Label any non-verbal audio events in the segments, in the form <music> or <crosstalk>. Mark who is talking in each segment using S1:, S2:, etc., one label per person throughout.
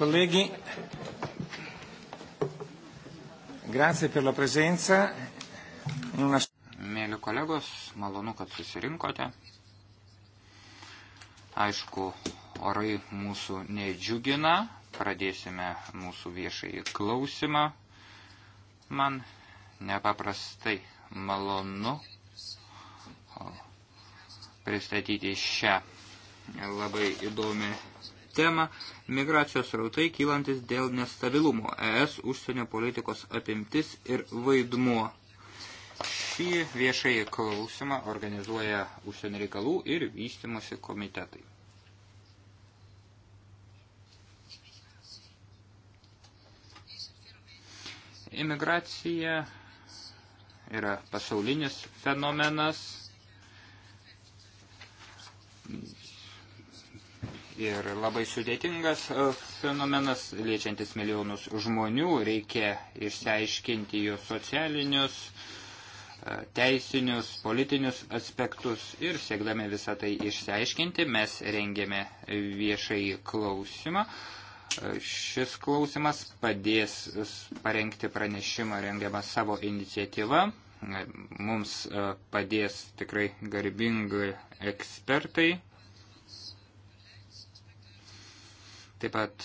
S1: Colleghi, grazie per la presenza.
S2: Una... Mėly kolegos, malonu, kad susirinkote. Aišku, orai mūsų nedžiugina. Pradėsime mūsų viešai klausimą. Man nepaprastai malonu pristatyti šią labai įdomią temą – migracijos rautai kylantis dėl nestabilumo, ES užsienio politikos apimtis ir vaidmuo. Šį viešai klausimą organizuoja užsienio reikalų ir vystimosi komitetai. Imigracija yra pasaulinis fenomenas ir labai sudėtingas e, fenomenas, liečiantis milijonus žmonių, reikia išsiaiškinti jų socialinius, e, teisinius, politinius aspektus ir siekdami visą tai išsiaiškinti, mes rengėme viešai klausimą. E, šis klausimas padės parengti pranešimą rengiamą savo iniciatyvą. Mums padės tikrai garbingai ekspertai Taip pat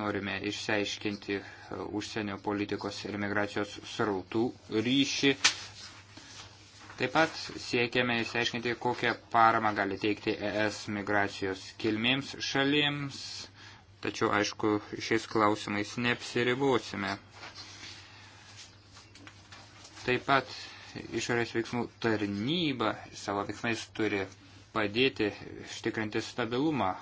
S2: norime išsiaiškinti užsienio politikos ir migracijos srautų ryšį. Taip pat siekiame išsiaiškinti, kokią paramą gali teikti ES migracijos kilmėms šalims, tačiau aišku, šiais klausimais neapsiribosime. Taip pat išorės veiksmų tarnyba savo veiksmais turi padėti ištikrinti stabilumą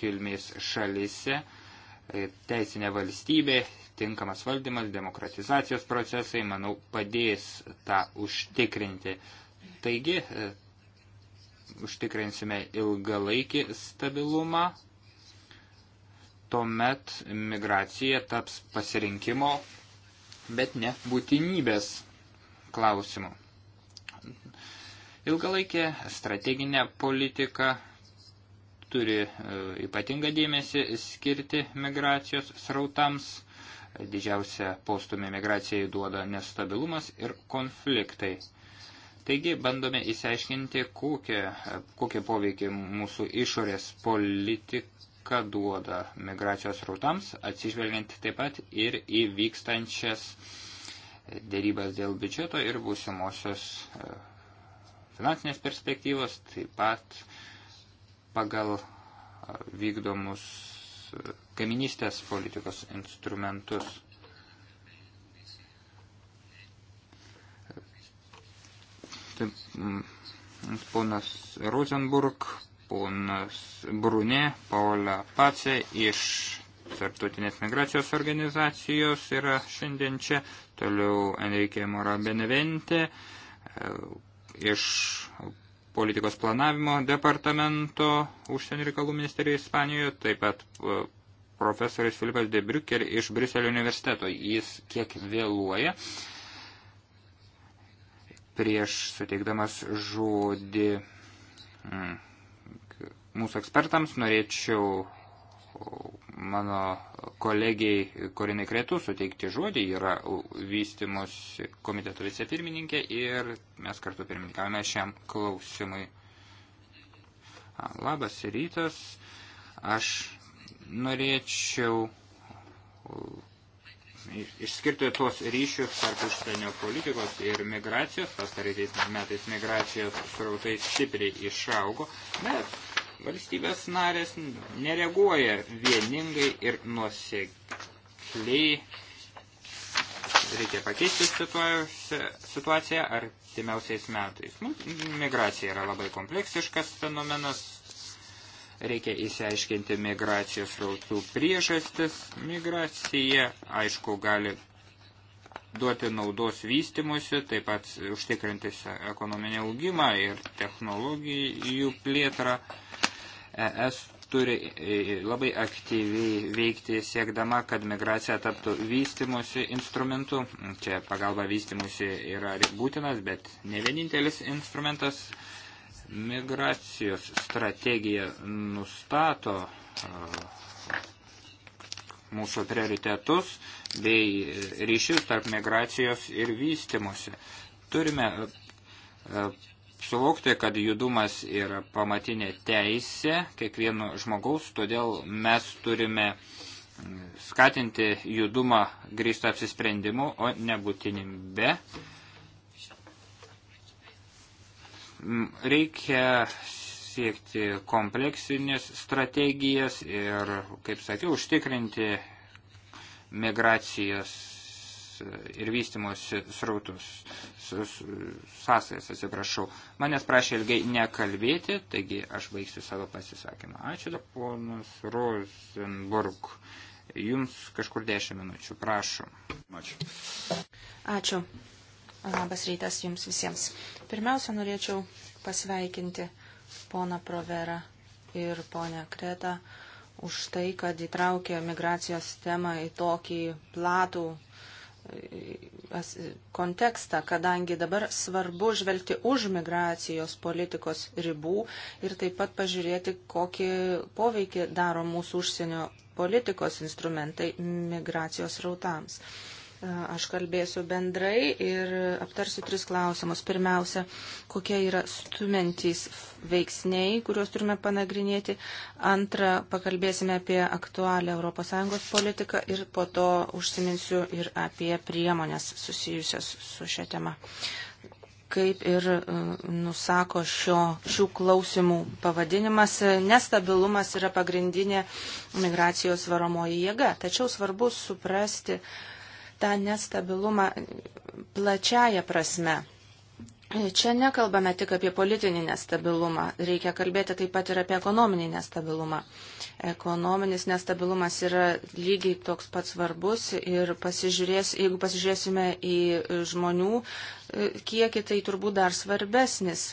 S2: kilmės šalise e, teisinė valstybė, tinkamas valdymas, demokratizacijos procesai, manau, padės tą užtikrinti. Taigi, e, užtikrinsime ilgalaikį stabilumą, tuomet migracija taps pasirinkimo, bet ne būtinybės klausimu. Ilgalaikė strateginė politika turi e, ypatingą dėmesį skirti migracijos srautams. Didžiausia postumė migracijai duoda nestabilumas ir konfliktai. Taigi bandome įsiaiškinti, kokie, kokie poveikiai mūsų išorės politika duoda migracijos rautams, atsižvelgiant taip pat ir į vykstančias dėrybas dėl biudžeto ir būsimosios e, finansinės perspektyvos, taip pat uh, pagal vykdomus e, kaiminystės politikos instrumentus. Taip, ponas Rosenburg, ponas Brunė, Paola Pace iš Tartutinės migracijos organizacijos yra šiandien čia, toliau Enrique Mora Benevente e, iš politikos planavimo departamento užsienio reikalų ministerijoje Ispanijoje, taip pat e, profesorius Filipas Debriuker iš Briuselio universiteto. Jis kiek vėluoja. Prieš suteikdamas žodį mm, mūsų ekspertams norėčiau mano kolegijai Korinai Kretų suteikti žodį, yra vystimus komiteto vicepirmininkė ir mes kartu pirmininkavome šiam klausimui. Labas rytas, aš norėčiau išskirti tuos ryšius tarp užsienio politikos ir migracijos, pastaraisiais metais migracijos srautai stipriai išaugo, bet Valstybės narės nereaguoja vieningai ir nuosekliai. Reikia pakeisti situaciją artimiausiais metais. Nu, migracija yra labai kompleksiškas fenomenas. Reikia įsiaiškinti migracijos rautų priežastis. Migracija, aišku, gali duoti naudos vystimusi, taip pat užtikrinti ekonominį augimą ir technologijų plėtrą. ES turi e, e, labai aktyviai veikti siekdama, kad migracija taptų vystimusi instrumentu. Čia pagalba vystimusi yra būtinas, bet ne vienintelis instrumentas. Migracijos strategija nustato e, mūsų prioritetus bei ryšius tarp migracijos ir vystimusi. Turime suvokti, kad judumas yra pamatinė teisė kiekvieno žmogaus, todėl mes turime skatinti judumą grįžtą apsisprendimu, o nebūtinimbe. Reikia siekti kompleksinės strategijas ir, kaip sakiau, užtikrinti migracijos ir vystimosi srautus, sąsajas, atsiprašau. Manęs prašė ilgai nekalbėti, taigi aš baigsiu savo pasisakymą. Ačiū, ponas Rosenburg. Jums kažkur 10 minučių, prašom. Ačiū.
S3: Ačiū. Labas rytas jums visiems. Pirmiausia, norėčiau pasveikinti poną Proverą ir ponę Kretą už tai, kad įtraukė migracijos temą į tokį platų kontekstą, kadangi dabar svarbu žvelgti už migracijos politikos ribų ir taip pat pažiūrėti, kokį poveikį daro mūsų užsienio politikos instrumentai migracijos rautams. Aš kalbėsiu bendrai ir aptarsiu tris klausimus. Pirmiausia, kokie yra stumentys veiksniai, kuriuos turime panagrinėti. Antra, pakalbėsime apie aktualią ES politiką ir po to užsiminsiu ir apie priemonės susijusias su šia tema kaip ir e, nusako šio, šių klausimų pavadinimas, nestabilumas yra pagrindinė migracijos varomoji jėga. Tačiau svarbu suprasti, tą nestabilumą plačiaja prasme. Čia nekalbame tik apie politinį nestabilumą, reikia kalbėti taip pat ir apie ekonominį nestabilumą. Ekonominis nestabilumas yra lygiai toks pat svarbus ir pasižiūrės, jeigu pasižiūrėsime į žmonių e, kiekį, tai turbūt dar svarbesnis.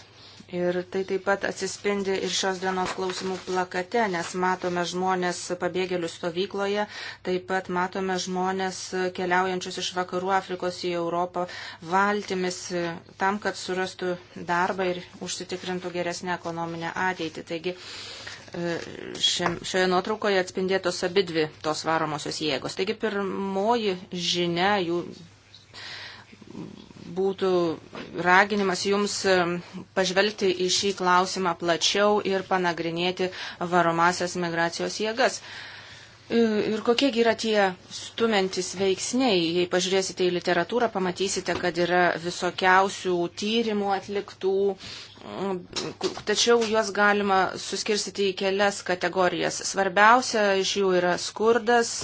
S3: Ir tai taip pat atsispindi ir šios dienos klausimų plakate, nes matome žmonės pabėgėlių stovykloje, taip pat matome žmonės keliaujančius iš vakarų Afrikos į Europą valtimis tam, kad surastų darbą ir užsitikrintų geresnę ekonominę ateitį. Taigi e, šioje nuotraukoje atspindėtos abidvi tos varomosios jėgos. Taigi pirmoji žinia jų būtų raginimas jums pažvelgti į šį klausimą plačiau ir panagrinėti varomasias migracijos jėgas. E, ir kokiegi yra tie stumentis veiksniai? Jei pažiūrėsite į literatūrą, pamatysite, kad yra visokiausių tyrimų atliktų, tačiau juos galima suskirstyti į kelias kategorijas. Svarbiausia iš jų yra skurdas,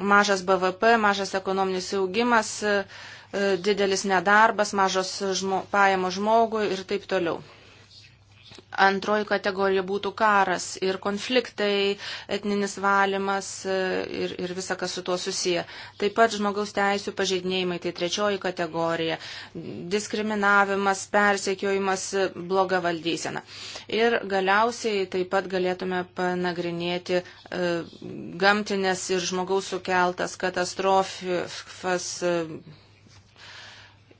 S3: mažas BVP, mažas ekonominis augimas E, didelis nedarbas, mažos žmo, pajamos žmogui ir taip toliau. Antroji kategorija būtų karas ir konfliktai, etninis valymas e, ir, ir visa, kas su tuo susiję. Taip pat žmogaus teisų pažeidinėjimai, tai trečioji kategorija, diskriminavimas, persekiojimas, e, bloga valdysena. Ir galiausiai taip pat galėtume panagrinėti e, gamtinės ir žmogaus sukeltas katastrofas. E,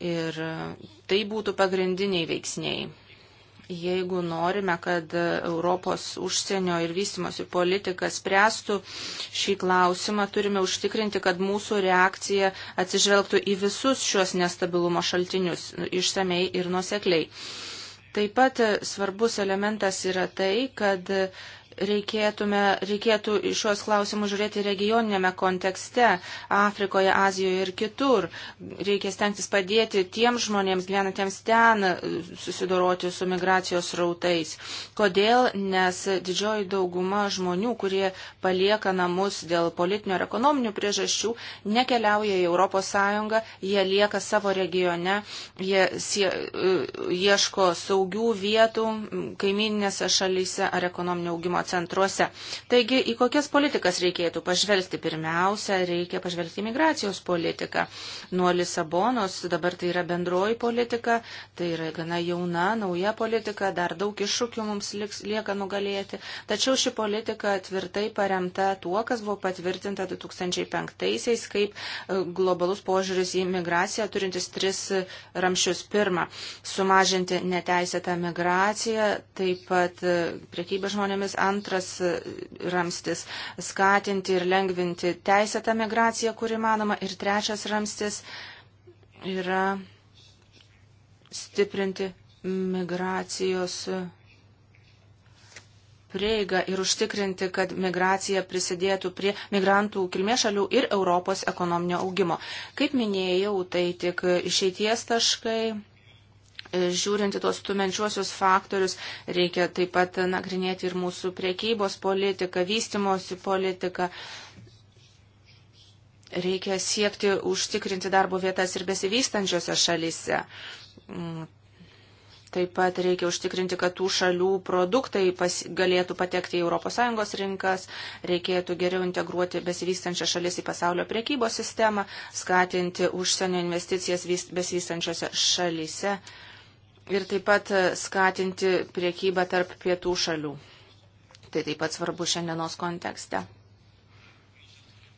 S3: Ir tai būtų pagrindiniai veiksniai. Jeigu norime, kad Europos užsienio ir vystimosi politika spręstų šį klausimą, turime užtikrinti, kad mūsų reakcija atsižvelgtų į visus šios nestabilumo šaltinius nu, išsamei ir nusekliai. Taip pat svarbus elementas yra tai, kad reikėtume, reikėtų šios klausimus žiūrėti regioninėme kontekste, Afrikoje, Azijoje ir kitur. Reikia stengtis padėti tiems žmonėms gyvenantiems ten e, susidoroti su migracijos rautais. Kodėl? Nes didžioji dauguma žmonių, kurie palieka namus dėl politinių ar ekonominių priežasčių, nekeliauja į ES, jie lieka savo regione, jie sie, e, ieško saugių vietų kaiminėse šalyse ar ekonominio augimo atsitikimą centruose. Taigi, į kokias politikas reikėtų pažvelgti? Pirmiausia, reikia pažvelgti į migracijos politiką. Nuo Lisabonos dabar tai yra bendroji politika, tai yra gana jauna, nauja politika, dar daug iššūkių mums liks, lieka nugalėti. Tačiau ši politika tvirtai paremta tuo, kas buvo patvirtinta 2005-aisiais, kaip e, globalus požiūris į migraciją turintis tris e, ramšius. Pirma, sumažinti neteisėtą migraciją, taip pat e, priekybę žmonėmis. Antra, Antras e, ramstis - skatinti ir lengvinti teisėtą migraciją, kuri manoma. Ir trečias ramstis yra stiprinti migracijos prieigą ir užtikrinti, kad migracija prisidėtų prie migrantų kilmės šalių ir Europos ekonominio augimo. Kaip minėjau, tai tik išeities taškai Žiūrint į tos stumenčiuosius faktorius, reikia taip pat nagrinėti ir mūsų priekybos politiką, vystimosi politiką. Reikia siekti užtikrinti darbo vietas ir besivystančiose šalyse. Mm. Taip pat reikia užtikrinti, kad tų šalių produktai pas, galėtų patekti į ES rinkas, reikėtų geriau integruoti besivystančią šalis į pasaulio priekybos sistemą, skatinti užsienio investicijas besivystančiose šalyse. Uh, ir taip pat e, skatinti priekybą tarp pietų šalių. Tai taip pat svarbu šiandienos kontekste.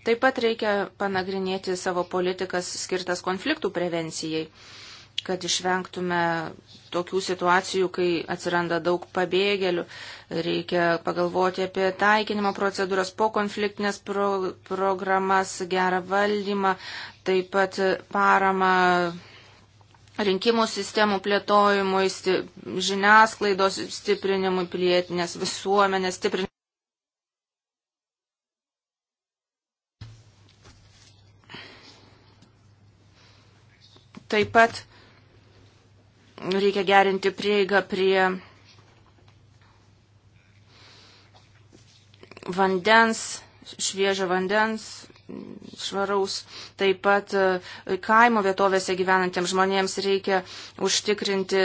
S3: Taip pat reikia panagrinėti savo politikas skirtas konfliktų prevencijai, kad išvengtume tokių situacijų, kai atsiranda daug pabėgėlių. Reikia pagalvoti apie taikinimo procedūras po konfliktinės pro programas, gerą valdymą, taip pat paramą rinkimų sistemų plėtojimui, žiniasklaidos stiprinimui, pilietinės visuomenės stiprinimui. Taip pat reikia gerinti prieigą prie vandens, šviežio vandens, švaraus. Taip pat e, kaimo vietovėse gyvenantiems žmonėms reikia užtikrinti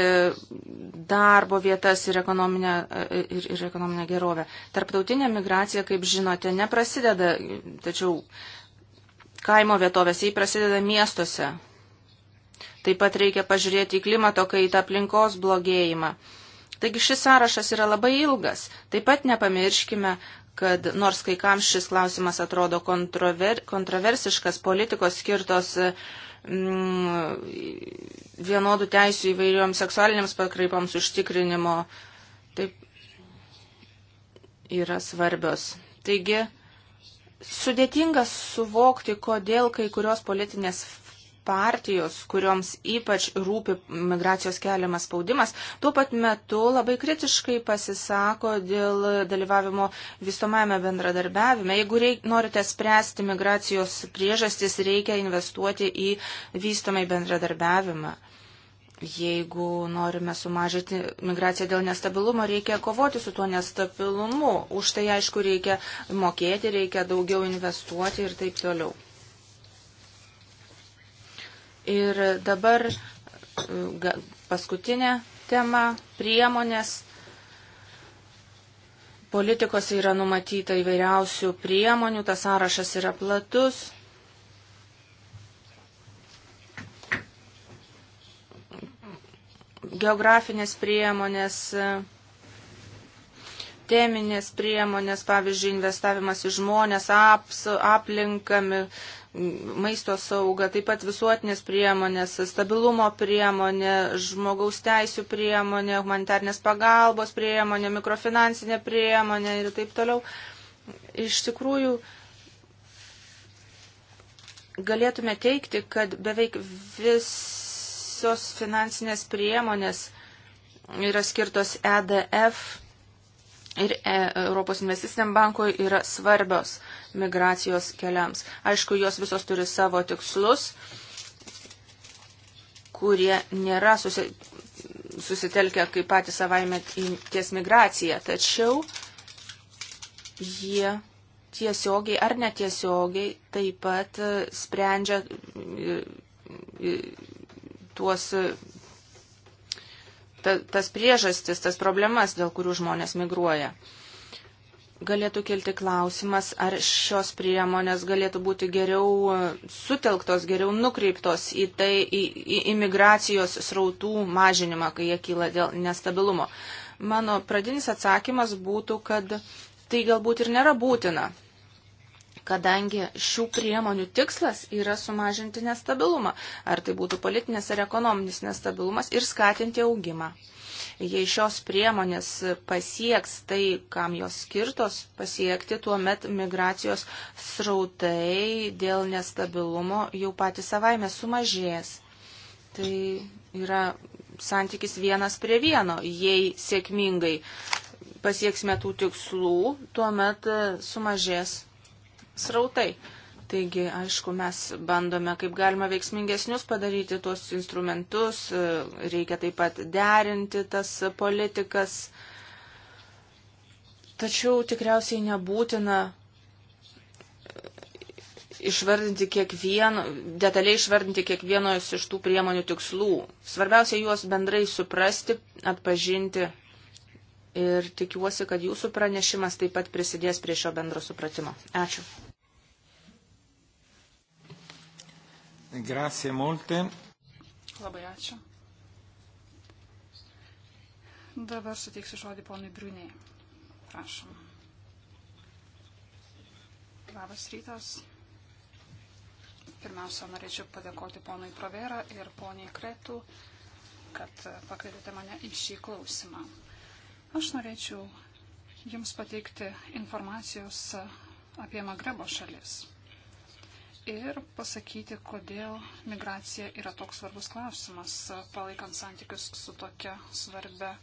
S3: darbo vietas ir ekonominę, e, e, ir, ir ekonominę gerovę. Tarptautinė migracija, kaip žinote, neprasideda, tačiau kaimo vietovėse jį prasideda miestuose. Taip pat reikia pažiūrėti į klimato kaitą aplinkos blogėjimą. Taigi šis sąrašas yra labai ilgas. Taip pat nepamirškime, kad nors kai kam šis klausimas atrodo kontrover, kontroversiškas, politikos skirtos mm, vienodų teisų įvairioms seksualinėms pakraipoms užtikrinimo taip yra svarbios. Taigi, sudėtinga suvokti, kodėl kai kurios politinės partijos, kurioms ypač rūpi migracijos keliamas spaudimas, tuo pat metu labai kritiškai pasisako dėl dalyvavimo vystomajame bendradarbiavime. Jeigu reik, norite spręsti migracijos priežastis, reikia investuoti į vystomai bendradarbiavimą. Jeigu norime sumažinti migraciją dėl nestabilumo, reikia kovoti su tuo nestabilumu. Už tai, aišku, reikia mokėti, reikia daugiau investuoti ir taip toliau. Ir dabar e, paskutinė tema - priemonės. Politikose yra numatyta įvairiausių priemonių, tas sąrašas yra platus. Geografinės priemonės, teminės priemonės, pavyzdžiui, investavimas į žmonės, aps, aplinkami, maisto saugą, taip pat visuotinės priemonės, stabilumo priemonė, žmogaus teisų priemonė, humanitarnės pagalbos priemonė, mikrofinansinė priemonė ir taip toliau. Iš tikrųjų, galėtume teikti, kad beveik visos finansinės priemonės yra skirtos EDF ir e, Europos investiciniam bankui yra svarbios migracijos keliams. Aišku, jos visos turi savo tikslus, kurie nėra susi, susitelkę kaip patį savaime ties migraciją, tačiau jie tiesiogiai ar netiesiogiai taip pat e, sprendžia e, tuos ta, tas priežastis, tas problemas, dėl kurių žmonės migruoja. Galėtų kilti klausimas, ar šios priemonės galėtų būti geriau sutelktos, geriau nukreiptos į tai, į, į imigracijos srautų mažinimą, kai jie kyla dėl nestabilumo. Mano pradinis atsakymas būtų, kad tai galbūt ir nėra būtina kadangi šių priemonių tikslas yra sumažinti nestabilumą, ar tai būtų politinis ar ekonominis nestabilumas ir skatinti augimą. Jei šios priemonės pasieks tai, kam jos skirtos pasiekti, tuomet migracijos srautai dėl nestabilumo jau patys savaime sumažės. Tai yra santykis vienas prie vieno. Jei sėkmingai pasieksime tų tikslų, tuomet sumažės srautai. Taigi, aišku, mes bandome kaip galima veiksmingesnius padaryti tuos instrumentus, reikia taip pat derinti tas politikas. Tačiau tikriausiai nebūtina išvardinti kiekvieno, detaliai išvardinti kiekvienos iš tų priemonių tikslų. Svarbiausia juos bendrai suprasti, atpažinti ir tikiuosi, kad jūsų pranešimas taip pat prisidės prie šio bendro supratimo. Ačiū.
S1: Grazie molte.
S4: Labai ačiū. Dabar suteiksiu žodį ponui Briuniai. Prašom. Labas rytas. Pirmiausia, norėčiau padėkoti ponui Provera ir poniai Kretų, kad pakvietėte mane į šį klausimą. Aš norėčiau Jums pateikti informacijos apie Magrebo šalis ir pasakyti, kodėl migracija yra toks svarbus klausimas, palaikant santykius su tokia svarbia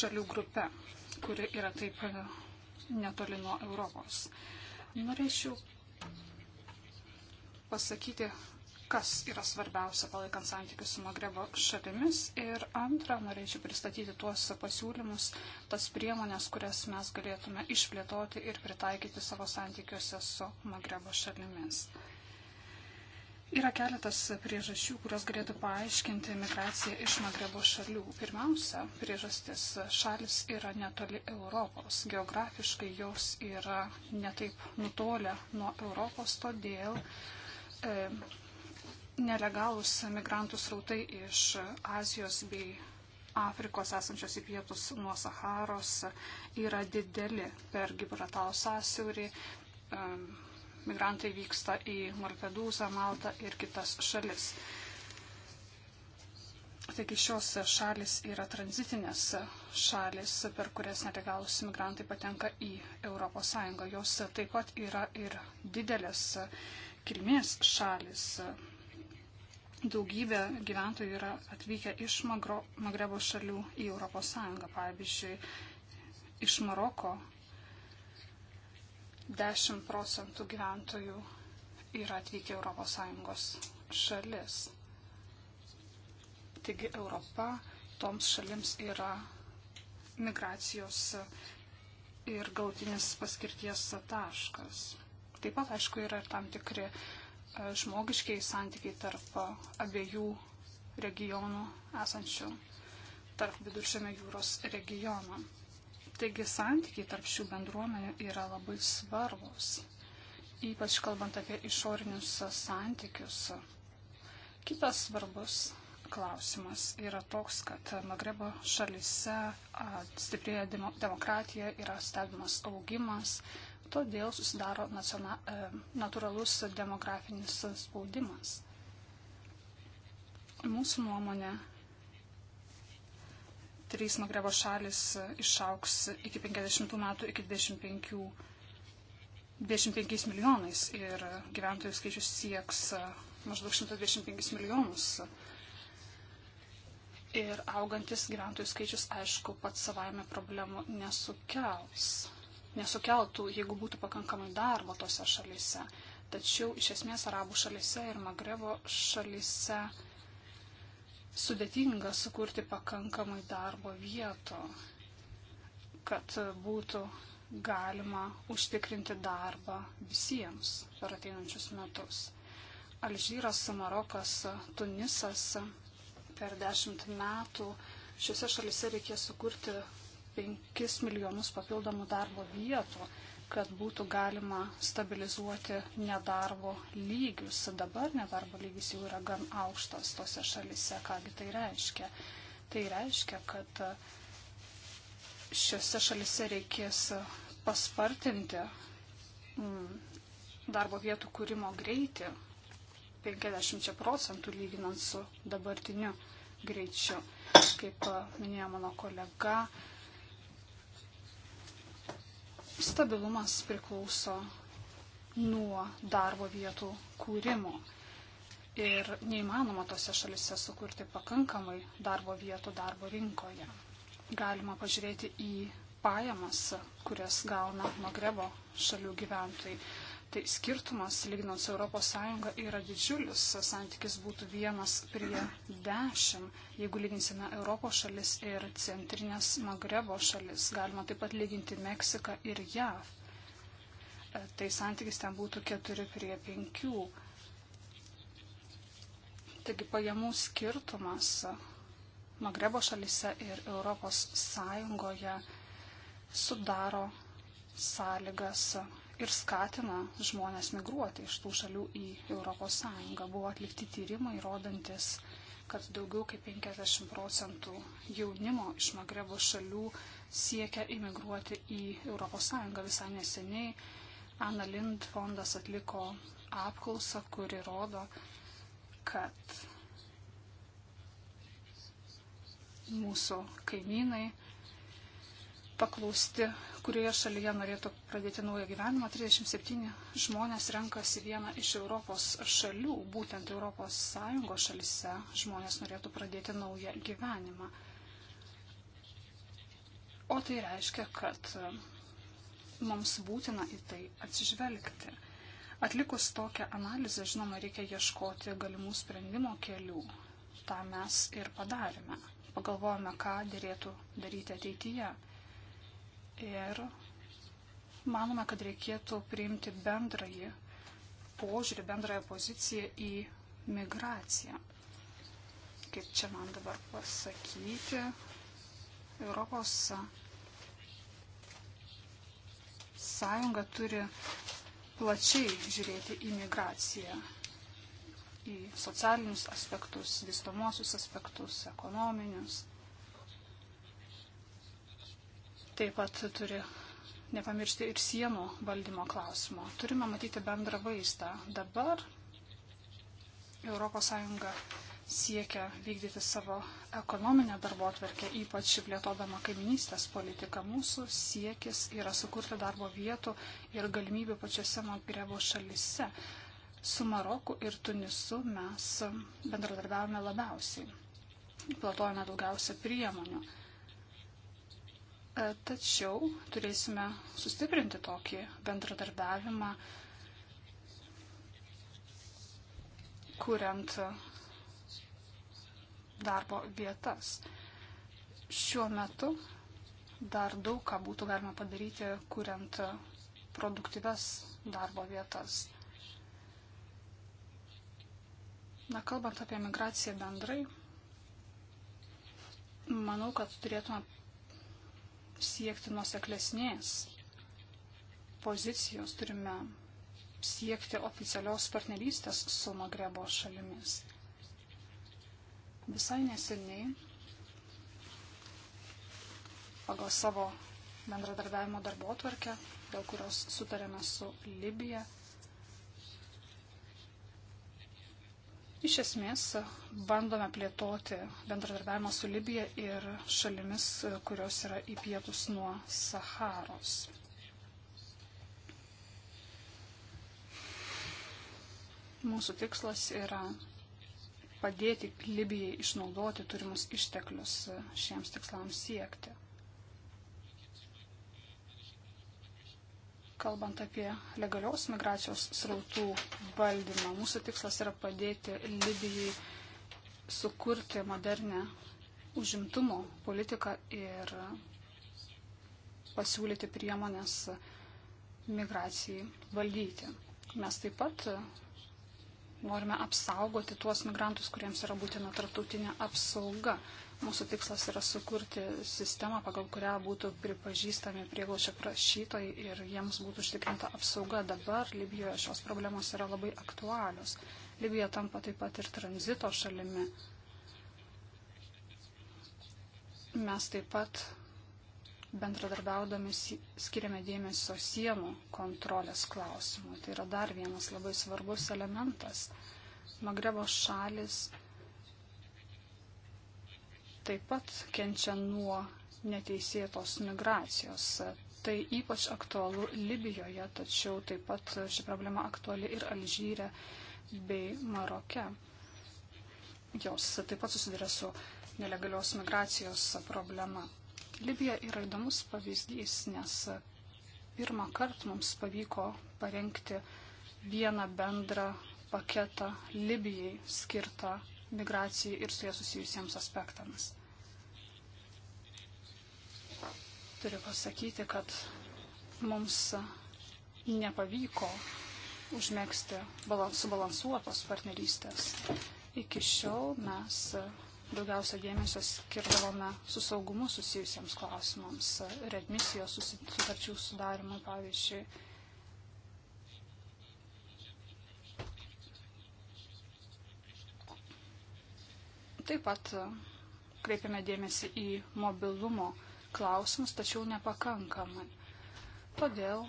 S4: šalių grupe, kuri yra taip netoli nuo Europos. Norėčiau pasakyti kas yra svarbiausia palaikant santykius su Magrebo šalimis. Ir antra, norėčiau pristatyti tuos pasiūlymus, tas priemonės, kurias mes galėtume išplėtoti ir pritaikyti savo santykiuose su Magrebo šalimis. Yra keletas priežasčių, kurios galėtų paaiškinti migraciją iš Magrebo šalių. Pirmiausia, priežastis šalis yra netoli Europos. Geografiškai jos yra netaip nutolę nuo Europos, todėl e, nelegalus migrantų srautai iš Azijos bei Afrikos esančios į pietus nuo Saharos yra dideli per Gibraltaro sąsiaurį. Migrantai vyksta į Morpedūzą, Maltą ir kitas šalis. Taigi šios šalis yra tranzitinės šalis, per kurias nelegalus migrantai patenka į ES. Jos taip pat yra ir didelės kilmės šalis daugybė gyventojų yra atvykę iš Magro, Magrebo šalių į ES. Pavyzdžiui, iš Maroko 10 procentų gyventojų yra atvykę ES šalis. Taigi Europa toms šalims yra migracijos ir gautinis paskirties taškas. Taip pat, aišku, yra ir tam tikri uh, E, žmogiškiai santykiai tarp abiejų regionų esančių tarp viduržėmio jūros regiono. Taigi santykiai tarp šių bendruomenių yra labai svarbus, ypač kalbant apie išorinius santykius. Kitas svarbus klausimas yra toks, kad Magrebo šalise stiprėja demokratija, yra stebimas augimas, todėl susidaro nacional, e, natūralus demografinis spaudimas. Mūsų nuomonė, trys Magrebo šalis išauks iki 50 metų iki 25, 25 milijonais ir gyventojų skaičius sieks e, maždaug 125 milijonus. Ir augantis gyventojų skaičius, aišku, pats savaime problemų nesukels nesukeltų, jeigu būtų pakankamai darbo tose šalise. Tačiau iš esmės arabų šalise ir Magrebo šalise sudėtinga sukurti pakankamai darbo vietų, kad būtų galima užtikrinti darbą visiems per ateinančius metus. Alžyras, Marokas, Tunisas per dešimt metų šiuose šalise reikės sukurti 5 milijonus papildomų darbo vietų, kad būtų galima stabilizuoti nedarbo lygius. Dabar nedarbo lygis jau yra gan aukštas tose šalise. Kągi tai reiškia? Tai reiškia, kad šiuose šalise reikės paspartinti mm, darbo vietų kūrimo greitį 50 procentų lyginant su dabartiniu greičiu. Kaip minėjo mano kolega, stabilumas priklauso nuo darbo vietų kūrimo. Ir neįmanoma tose šalise sukurti pakankamai darbo vietų darbo rinkoje. Galima pažiūrėti į pajamas, kurias gauna Magrebo šalių gyventojai. Tai skirtumas, lyginant su ES, yra didžiulis. Santykis būtų vienas prie dešimt, jeigu lyginsime Europos šalis ir centrinės Magrebo šalis. Galima taip pat lyginti Meksiką ir JAV. E, tai santykis ten būtų 4 prie 5. Taigi pajamų skirtumas Magrebo šalise ir ES sudaro sąlygas ir skatina žmonės migruoti iš tų šalių į ES. Buvo atlikti tyrimai rodantis, kad daugiau kaip 50 procentų jaunimo iš Magrebo šalių siekia imigruoti į ES. Visai neseniai Anna Lind fondas atliko apklausą, kuri rodo, kad mūsų kaimynai paklausti, kurioje šalyje norėtų pradėti naują gyvenimą, 37 žmonės renkasi vieną iš Europos šalių, būtent Europos Sąjungos šalise žmonės norėtų pradėti naują gyvenimą. O tai reiškia, kad mums būtina į tai atsižvelgti. Atlikus tokią analizę, žinoma, reikia ieškoti galimų sprendimo kelių. Ta mes ir padarėme. Pagalvojame, ką dėlėtų daryti ateityje ir manome, kad reikėtų priimti bendrąjį požiūrį, bendrąją poziciją į migraciją. Kaip čia man dabar pasakyti, Europos sąjunga turi plačiai žiūrėti į migraciją, į socialinius aspektus, vystomosius aspektus, ekonominius. Taip pat turi nepamiršti ir sienų valdymo klausimo. Turime matyti bendrą vaizdą. Dabar ES siekia vykdyti savo ekonominę darbo atverkę, ypač plėtodama kaiminystės politiką. Mūsų siekis yra sukurti darbo vietų ir galimybių pačiose Magrebo šalise. Su Maroku ir Tunisu mes bendradarbiavome labiausiai. Platojame daugiausia priemonių E, tačiau turėsime sustiprinti tokį bendradarbiavimą, kuriant darbo vietas. Šiuo metu dar daug ką būtų galima padaryti, kuriant produktyves darbo vietas. Na, kalbant apie migraciją bendrai, manau, kad turėtume siekti nuoseklesnės pozicijos, turime siekti oficialios partnerystės su Magrebo šalimis. Visai neseniai pagal savo bendradarbiavimo darbo tvarkę, dėl kurios sutarėme su Libija, Iš esmės bandome plėtoti bendradarbiavimą su Libija ir šalimis, kurios yra į pietus nuo Saharos. Mūsų tikslas yra padėti Libijai išnaudoti turimus išteklius šiems tikslams siekti. kalbant apie legalios migracijos srautų valdymą, mūsų tikslas yra padėti Libijai sukurti modernę užimtumo politiką ir pasiūlyti priemonės migracijai valdyti. Mes taip pat norime apsaugoti tuos migrantus, kuriems yra būtina tarptautinė apsauga. Mūsų tikslas yra sukurti sistemą, pagal kurią būtų pripažįstami prieglaušio prašytojai ir jiems būtų užtikrinta apsauga. Dabar Libijoje šios problemos yra labai aktualios. Libija tampa taip pat ir tranzito šalimi. Mes taip pat bendradarbiaudami skiriame dėmesio sienų kontrolės klausimui. Tai yra dar vienas labai svarbus elementas. Magrebo šalis taip pat kenčia nuo neteisėtos migracijos. Tai ypač aktualu Libijoje, tačiau taip pat ši problema aktuali ir Alžyre bei Maroke. Jos taip pat susiduria su nelegalios migracijos problema. Libija yra įdomus pavyzdys, nes pirmą kartą mums pavyko parengti vieną bendrą paketą Libijai skirtą migracijai ir su jie susijusiems aspektams. Turiu pasakyti, kad mums nepavyko užmėgsti subalansuotos partnerystės. Iki šiol mes daugiausia dėmesio skirdavome su saugumu susijusiems klausimams, redmisijos sutarčių sudarimui, pavyzdžiui, Taip pat e, kreipiame dėmesį į mobilumo klausimus, tačiau nepakankamai. Todėl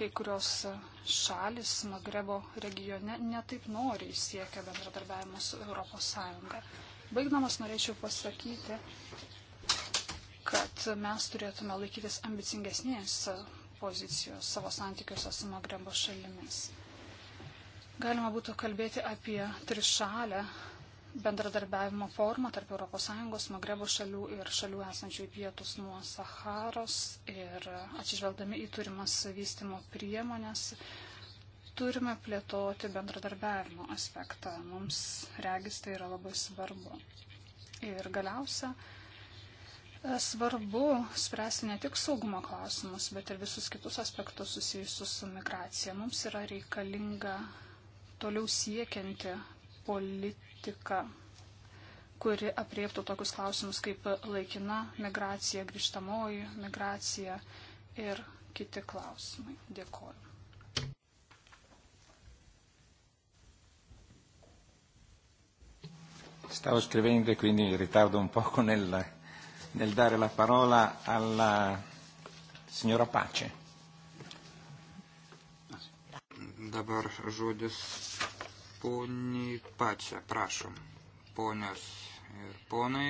S4: kai kurios šalis Magrebo regione netaip noriai siekia bendradarbiavimo su ES. Baigdamas norėčiau pasakyti, kad mes turėtume laikytis ambicingesnės pozicijos savo santykiuose su Magrebo šalimis. Galima būtų kalbėti apie trišalę bendradarbiavimo formą tarp ES, Magrebo šalių ir šalių esančių į pietus nuo Saharos ir atsižvelgdami į turimas vystimo priemonės turime plėtoti bendradarbiavimo aspektą. Mums regis tai yra labai svarbu. Ir galiausia, svarbu spręsti ne tik saugumo klausimus, bet ir visus kitus aspektus susijusius su migracija. Mums yra reikalinga toliau siekianti politika, kuri apriektų tokius klausimus kaip laikina migracija, grįžtamoji migracija ir kiti klausimai. Dėkoju.
S1: Stavo scrivendo e quindi ritardo un poco nel, nel dare la parola alla signora Pace.
S2: Dabar žodis poniai pačia, prašom. Ponios ir ponai,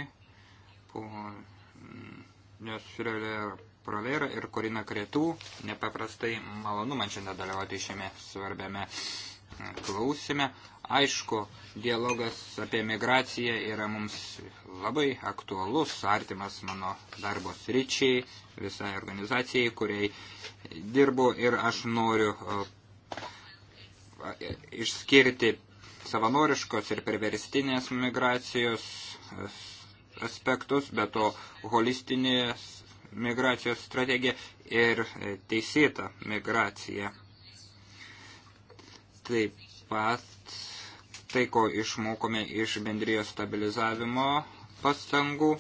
S2: ponios Fiorelė Provera ir Korina Kretų, nepaprastai malonu man šiandien dalyvauti šiame svarbiame klausime. Aišku, dialogas apie migraciją yra mums labai aktualus, artimas mano darbo sričiai, visai organizacijai, kuriai dirbu ir aš noriu išskirti savanoriškos ir perverstinės migracijos aspektus, bet to holistinės migracijos strategija ir teisėta migracija. Taip pat tai, ko išmokome iš bendrijos stabilizavimo pastangų,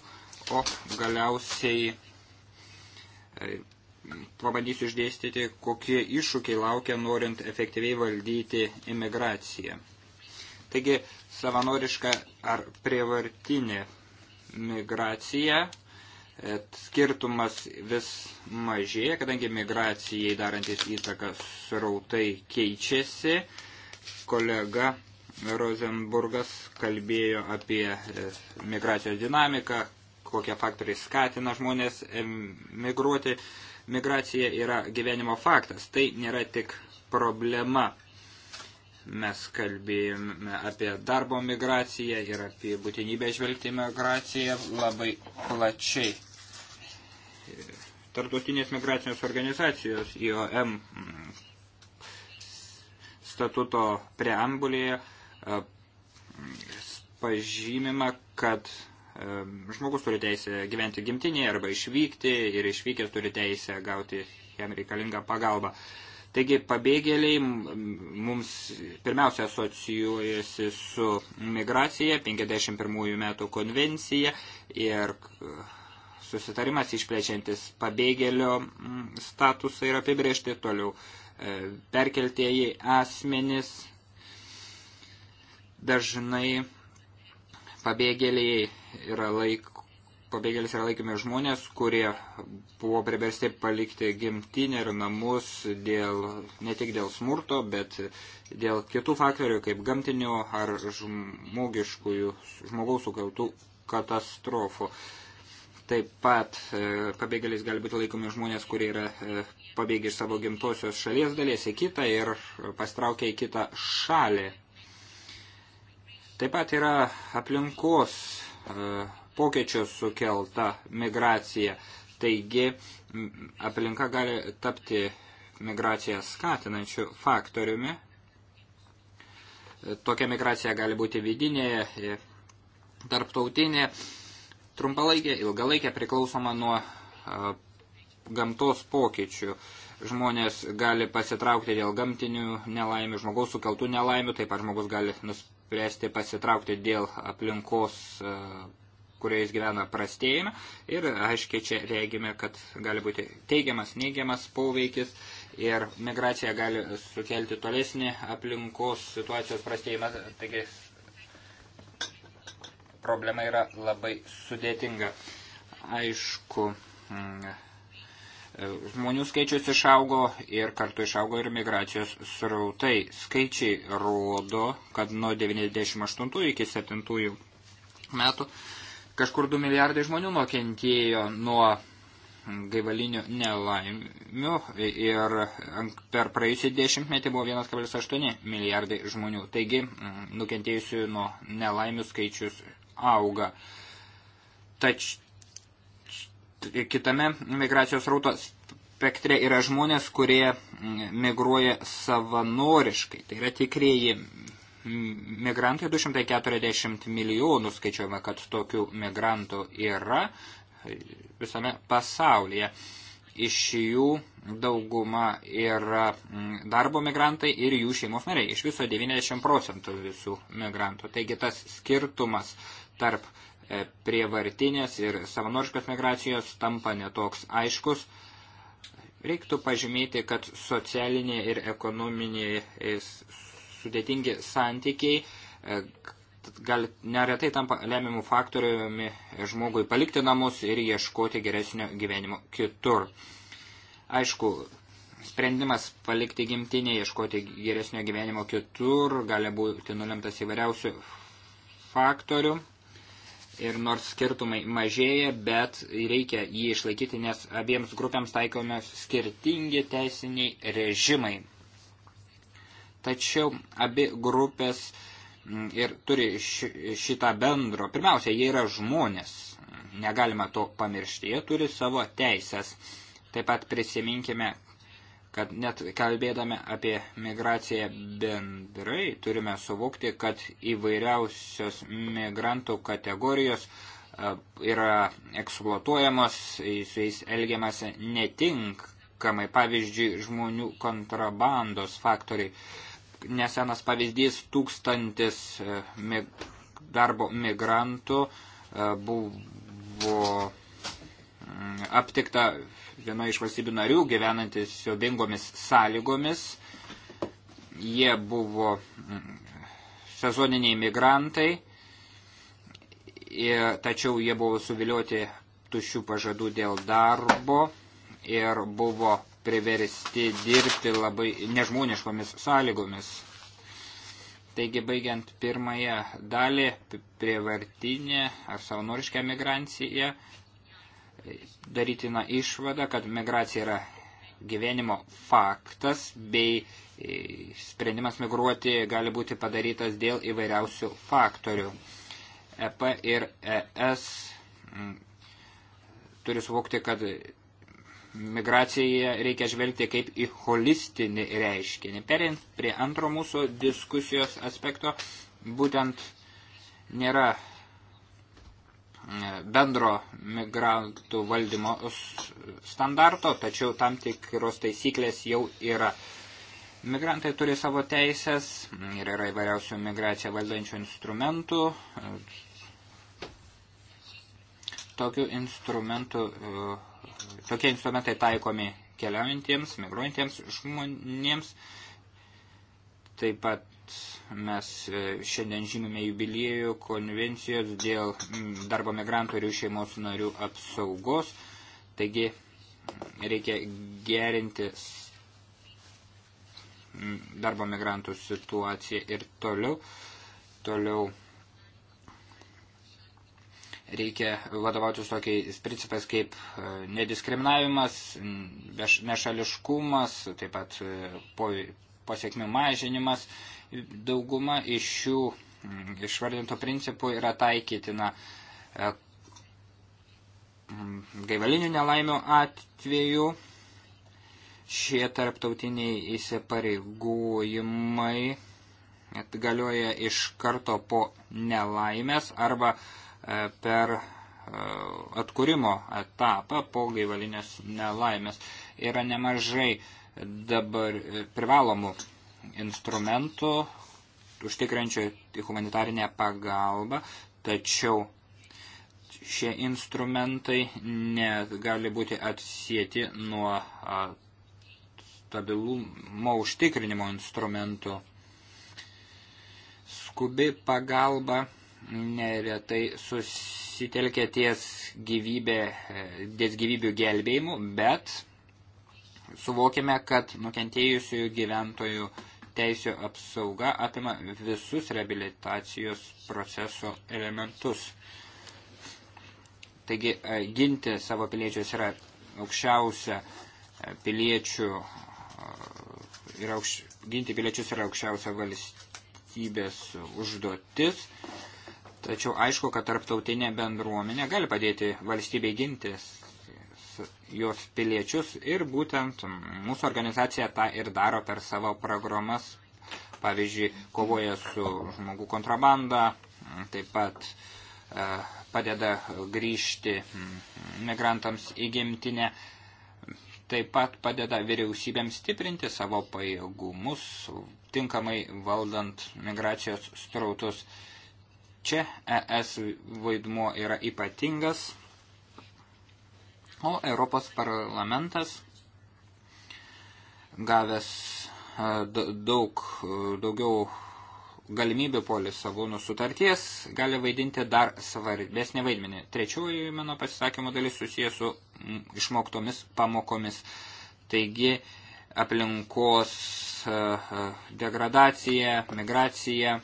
S2: o galiausiai pabandysiu išdėstyti, kokie iššūkiai laukia norint efektyviai valdyti imigraciją. Taigi, savanoriška ar prievartinė migracija, e, skirtumas vis mažėja, kadangi migracijai darantis įtaką srautai keičiasi. Kolega Rosenburgas kalbėjo apie e, migracijos dinamiką, kokie faktoriai skatina žmonės migruoti. Migracija yra gyvenimo faktas, tai nėra tik problema. Mes kalbėjome apie darbo migraciją ir apie būtinybę žvelgti migraciją labai plačiai. Tartutinės migracinės organizacijos IOM statuto preambulėje pažymima, kad Žmogus turi teisę gyventi gimtinėje arba išvykti ir išvykęs turi teisę gauti jam reikalingą pagalbą. Taigi pabėgėliai mums pirmiausia asocijuojasi su migracija, 51 metų konvencija ir susitarimas išplečiantis pabėgėlio statusą ir apibriežti toliau e, perkeltieji asmenys dažnai Pabėgėliai yra laik, pabėgėlis yra laikomi žmonės, kurie buvo priversti palikti gimtinę ir namus dėl, ne tik dėl smurto, bet dėl kitų faktorių, kaip gamtinių ar žmogiškųjų, žmogaus sukeltų katastrofų. Taip pat e, pabėgėlis gali būti laikomi žmonės, kurie yra e, pabėgę iš savo gimtosios šalies dalies į kitą ir pastraukia į kitą šalį. Taip pat yra aplinkos e, pokyčių sukelta migracija, taigi aplinka gali tapti migraciją skatinančių faktoriumi. Tokia migracija gali būti vidinė, e, tarptautinė, trumpalaikė, ilgalaikė priklausoma nuo e, gamtos pokyčių. Žmonės gali pasitraukti dėl gamtinių nelaimių, žmogaus sukeltų nelaimių, taip pat žmogus gali nus, priversti pasitraukti dėl aplinkos, e, kurioje jis gyvena prastėjime. Ir aiškiai čia reagime, kad gali būti teigiamas, neigiamas poveikis ir migracija gali sukelti tolesnį aplinkos situacijos prastėjimą. Taigi problema yra labai sudėtinga. Aišku, žmonių skaičius išaugo ir kartu išaugo ir migracijos srautai. Skaičiai rodo, kad nuo 98 iki 7 metų kažkur 2 milijardai žmonių nukentėjo nuo gaivalinių nelaimių ir per praėjusį dešimtmetį buvo 1,8 milijardai žmonių. Taigi nukentėjusių nuo nelaimių skaičius auga. Tačiau kitame migracijos rauto spektre yra žmonės, kurie migruoja savanoriškai. Tai yra tikrieji migrantai, 240 milijonų skaičiuojame, kad tokių migrantų yra visame pasaulyje. Iš jų dauguma yra darbo migrantai ir jų šeimos nariai. Iš viso 90 procentų visų migrantų. Taigi tas skirtumas tarp prievartinės ir savanoriškos migracijos tampa netoks aiškus. Reiktų pažymėti, kad socialinė ir ekonominė e, sudėtingi santykiai e, gal neretai tampa lemiamų faktoriumi e, žmogui palikti namus ir ieškoti geresnio gyvenimo kitur. Aišku, sprendimas palikti gimtinę, ieškoti geresnio gyvenimo kitur gali būti nulemtas įvairiausių faktorių ir nors skirtumai mažėja, bet reikia jį išlaikyti, nes abiems grupėms taikomi skirtingi teisiniai režimai. Tačiau abi grupės mm, ir turi šitą bendro. Pirmiausia, jie yra žmonės, negalima to pamiršti, jie turi savo teisės. Taip pat prisiminkime, kad net kalbėdami apie migraciją bendrai turime suvokti, kad įvairiausios migrantų kategorijos e, yra eksploatuojamos, su jais elgiamasi netinkamai, pavyzdžiui, žmonių kontrabandos faktoriai. Nesenas pavyzdys tūkstantis e, darbo migrantų e, buvo mm, aptikta viena iš valstybių narių gyvenantis siobingomis sąlygomis. Jie buvo mm, sezoniniai migrantai, tačiau jie buvo suvilioti tušių pažadų dėl darbo ir buvo priversti dirbti labai nežmoniškomis sąlygomis. Taigi, baigiant pirmąją dalį, prievartinė ar savanoriška migracija darytina išvada, kad migracija yra gyvenimo faktas bei e, sprendimas migruoti gali būti padarytas dėl įvairiausių faktorių. EP ir ES turi suvokti, kad migraciją reikia žvelgti kaip į holistinį reiškinį. Perint prie antro mūsų diskusijos aspekto, būtent nėra bendro migrantų valdymo standarto, tačiau tam tikros taisyklės jau yra. Migrantai turi savo teisės ir yra įvairiausių migraciją valdančių instrumentų. Tokių instrumentų, e, tokie instrumentai taikomi keliaujantiems, migruojantiems žmonėms. Taip pat mes e, šiandien žymime jubiliejų konvencijos dėl mm, darbo migrantų ir jų šeimos narių apsaugos. Taigi reikia gerinti mm, darbo migrantų situaciją ir toliau. Toliau reikia vadovautis tokiais principais kaip e, nediskriminavimas, nešališkumas, taip pat e, pasiekmių mažinimas Dauguma iš šių mm, išvardintų principų yra taikytina e, mm, gaivalinių nelaimių atveju. Šie tarptautiniai įsipareigojimai galioja iš karto po nelaimės arba e, per e, atkūrimo etapą po gaivalinės nelaimės. Yra nemažai dabar privalomų instrumentų užtikrančio humanitarinę pagalbą, tačiau šie instrumentai negali būti atsieti nuo stabilumo užtikrinimo instrumentų. Skubi pagalba neretai susitelkia ties, gyvybė, ties gyvybių gelbėjimu, bet suvokime, kad nukentėjusiųjų gyventojų uh, teisio apsauga apima visus rehabilitacijos proceso elementus. Taigi e, ginti savo piliečius yra aukščiausia e, piliečių ir e, aukš, ginti piliečius yra aukščiausia valstybės užduotis. Tačiau aišku, kad tarptautinė bendruomenė gali padėti valstybei gintis jos piliečius ir būtent mūsų organizacija tą ir daro per savo programas. Pavyzdžiui, kovoja su žmogų kontrabanda, taip pat e, padeda grįžti mm, migrantams į gimtinę, taip pat padeda vyriausybėms stiprinti savo pajėgumus, tinkamai valdant migracijos strautus. Čia ES vaidmuo yra ypatingas, O Europos parlamentas gavęs e, daug, e, daugiau galimybių po Lisabonų sutarties gali vaidinti dar svarbesnį vaidmenį. Trečioji mano pasisakymo dalis susijęs su išmoktomis pamokomis. Taigi aplinkos e, degradacija, migracija,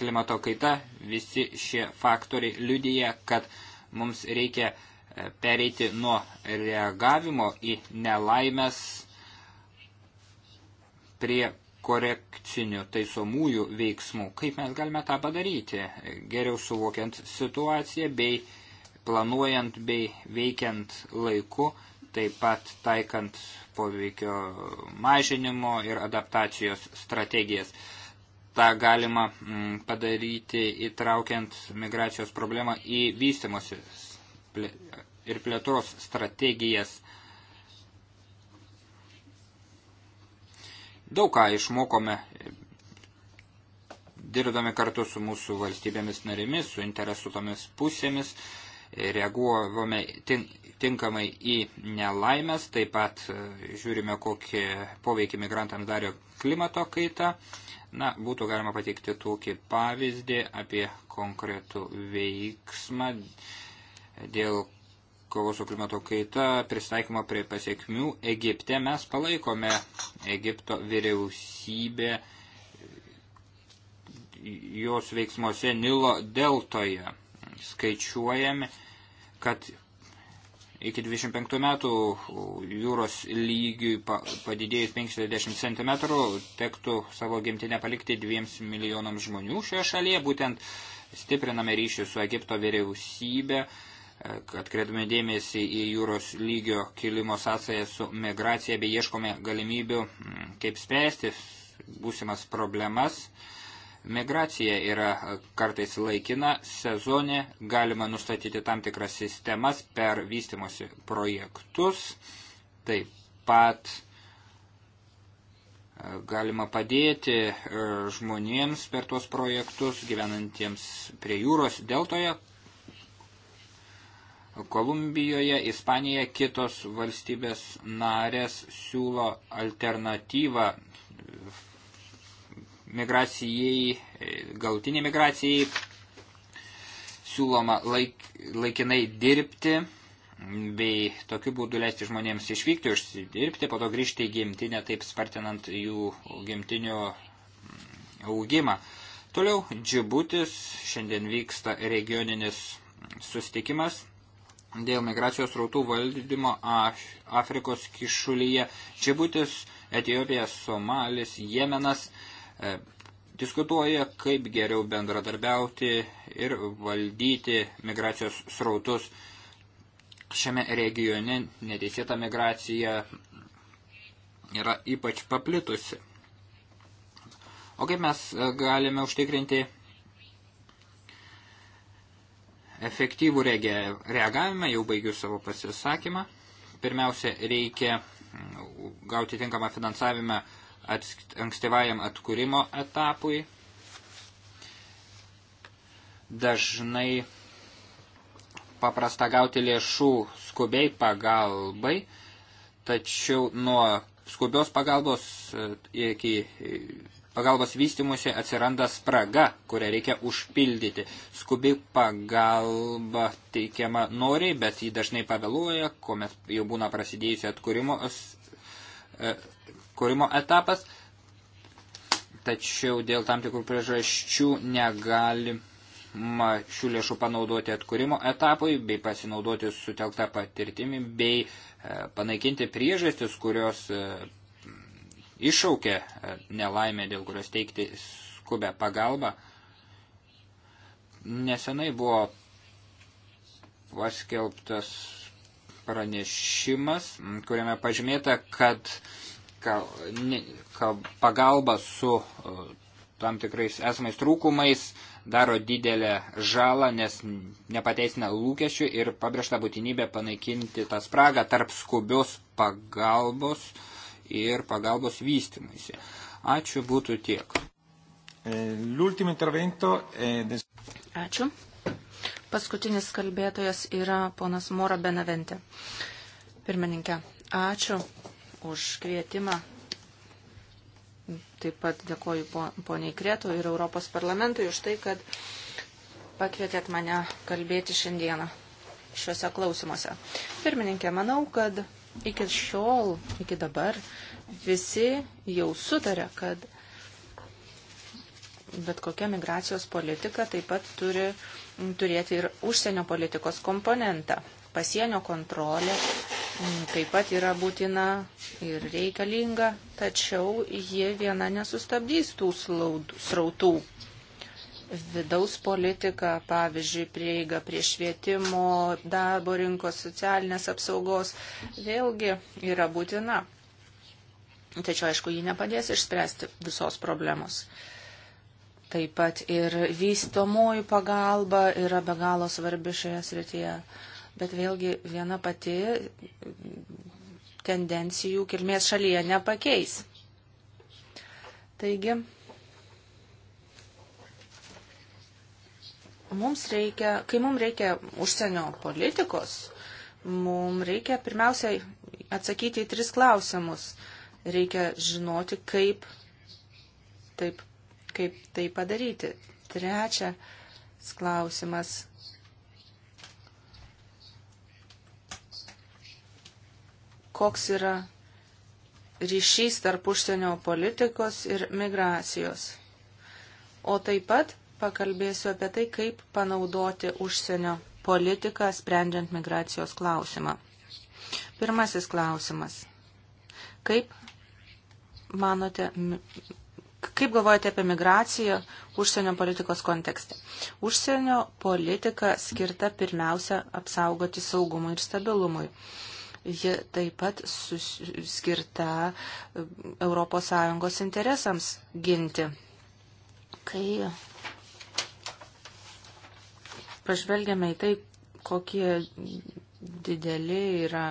S2: klimato kaita, visi šie faktoriai liudyje, kad mums reikia pereiti nuo reagavimo į nelaimės prie korekcinių taisomųjų veiksmų. Kaip mes galime tą padaryti? Geriau suvokiant situaciją bei planuojant bei veikiant laiku, taip pat taikant poveikio mažinimo ir adaptacijos strategijas. Ta galima mm, padaryti įtraukiant migracijos problemą į vystimosi ir plėtros strategijas. Daug ką išmokome, dirbdami kartu su mūsų valstybėmis narėmis, su interesuotomis pusėmis, reaguojame tinkamai į nelaimės, taip pat e, žiūrime, kokį poveikį migrantams darė klimato kaita. Na, būtų galima pateikti tokį pavyzdį apie konkretų veiksmą dėl kovos su klimato kaita, pristaikymo prie pasiekmių Egipte. Mes palaikome Egipto vyriausybę jos veiksmuose Nilo deltoje. Skaičiuojame, kad iki 25 metų jūros lygiui padidėjus 50 cm tektų savo gimtinę palikti 2 milijonams žmonių šioje šalyje. Būtent stipriname ryšį su Egipto vyriausybė atkreipdami dėmesį į jūros lygio kilimo sąsąją su migracija, bei ieškome galimybių, mm, kaip spręsti būsimas problemas. Migracija yra kartais laikina, sezonė, galima nustatyti tam tikras sistemas per vystimosi projektus, taip pat e, galima padėti e, žmonėms per tuos projektus gyvenantiems prie jūros deltoje, Kolumbijoje, Ispanija, kitos valstybės narės siūlo alternatyvą migracijai, galtiniai migracijai, siūloma laik, laikinai dirbti bei tokiu būdu leisti žmonėms išvykti, užsidirbti, po to grįžti į gimtinę, taip spartinant jų gimtinio augimą. Toliau Džibutis, šiandien vyksta regioninis sustikimas dėl migracijos rautų valdymo Af Afrikos kišulyje. Čiabutis, Etijopija, Somalis, Jemenas e, diskutuoja, kaip geriau bendradarbiauti ir valdyti migracijos srautus. Šiame regione neteisėta migracija yra ypač paplitusi. O kaip mes galime užtikrinti efektyvų reagavimą, jau baigiu savo pasisakymą. Pirmiausia, reikia mm, gauti tinkamą finansavimą ankstyvajam atkūrimo etapui. Dažnai paprasta gauti lėšų skubiai pagalbai, tačiau nuo skubios pagalbos e, iki pagalbos vystimuose atsiranda spraga, kurią reikia užpildyti. Skubi pagalba teikiama noriai, bet jį dažnai pavėluoja, kuomet jau būna prasidėjusi atkūrimo e, kūrimo etapas, tačiau dėl tam tikrų priežasčių negalima šių lėšų panaudoti atkūrimo etapui, bei pasinaudoti sutelktą patirtimi, bei e, panaikinti priežastis, kurios e, iššaukė e, nelaimę, dėl kurios teikti skubę pagalbą. Nesenai buvo paskelbtas pranešimas, kuriame pažymėta, kad kal, ne, kal, pagalba su e, tam tikrais esamais trūkumais daro didelę žalą, nes nepateisina lūkesčių ir pabrėžta būtinybė panaikinti tą spragą tarp skubios pagalbos uh, ir pagalbos vystimaisi. Ačiū būtų tiek.
S1: E,
S3: ačiū. Paskutinis kalbėtojas yra ponas Mora Benavente. Pirmininkė, ačiū už kvietimą. Taip pat dėkoju poniai Kretu ir Europos parlamentui už tai, kad pakvietėt mane kalbėti šiandieną šiuose klausimuose. Pirmininkė, manau, kad iki šiol, iki dabar visi jau sutarė, kad bet kokia migracijos politika taip pat turi turėti ir užsienio politikos komponentą. Pasienio kontrolė mm, taip pat yra būtina ir reikalinga, tačiau jie viena nesustabdys tų slautų, srautų vidaus politiką, pavyzdžiui, prieiga prie švietimo, darbo rinkos, socialinės apsaugos, vėlgi yra būtina. Tačiau, aišku, ji nepadės išspręsti visos problemos. Taip pat ir vystomoji pagalba yra be galo svarbi šioje srityje. Bet vėlgi viena pati tendencijų kilmės šalyje nepakeis. Taigi, mums reikia, kai mums reikia užsienio politikos, mums reikia pirmiausiai atsakyti į tris klausimus. Reikia žinoti, kaip, taip, kaip tai padaryti. Trečias klausimas. Koks yra ryšys tarp užsienio politikos ir migracijos? O taip pat pakalbėsiu apie tai, kaip panaudoti užsienio politiką sprendžiant migracijos klausimą. Pirmasis klausimas. Kaip manote, kaip galvojate apie migraciją užsienio politikos kontekste? Užsienio politika skirta pirmiausia apsaugoti saugumui ir stabilumui. Ji taip pat sus, skirta ES interesams ginti. Kai pažvelgiame į tai, kokie dideli yra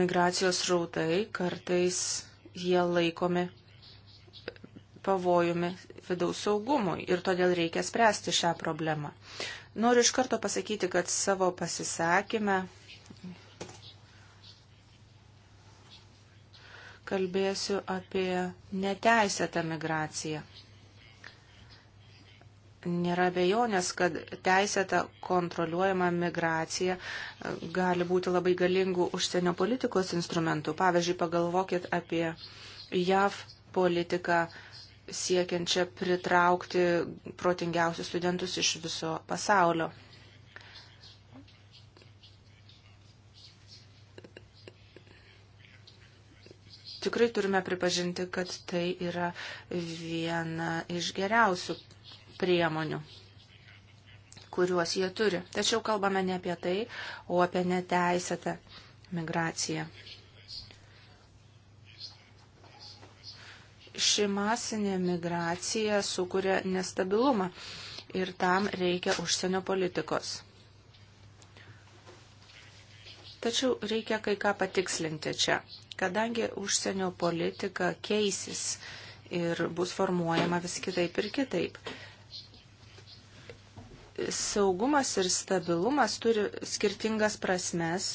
S3: migracijos rautai, kartais jie laikomi pavojumi vidaus saugumui ir todėl reikia spręsti šią problemą. Noriu iš karto pasakyti, kad savo pasisakymę kalbėsiu apie neteisėtą migraciją. Nėra bejonės, kad teisėta kontroliuojama migracija e, gali būti labai galingų užsienio politikos instrumentų. Pavyzdžiui, pagalvokit apie JAV politiką siekiančią pritraukti protingiausius studentus iš viso pasaulio. Tikrai turime pripažinti, kad tai yra viena iš geriausių priemonių kuriuos jie turi. Tačiau kalbame ne apie tai, o apie neteisėtą migraciją. Ši masinė migracija sukuria nestabilumą ir tam reikia užsienio politikos. Tačiau reikia kai ką patikslinti čia, kadangi užsienio politika keisis ir bus formuojama vis kitaip ir kitaip saugumas ir stabilumas turi skirtingas prasmes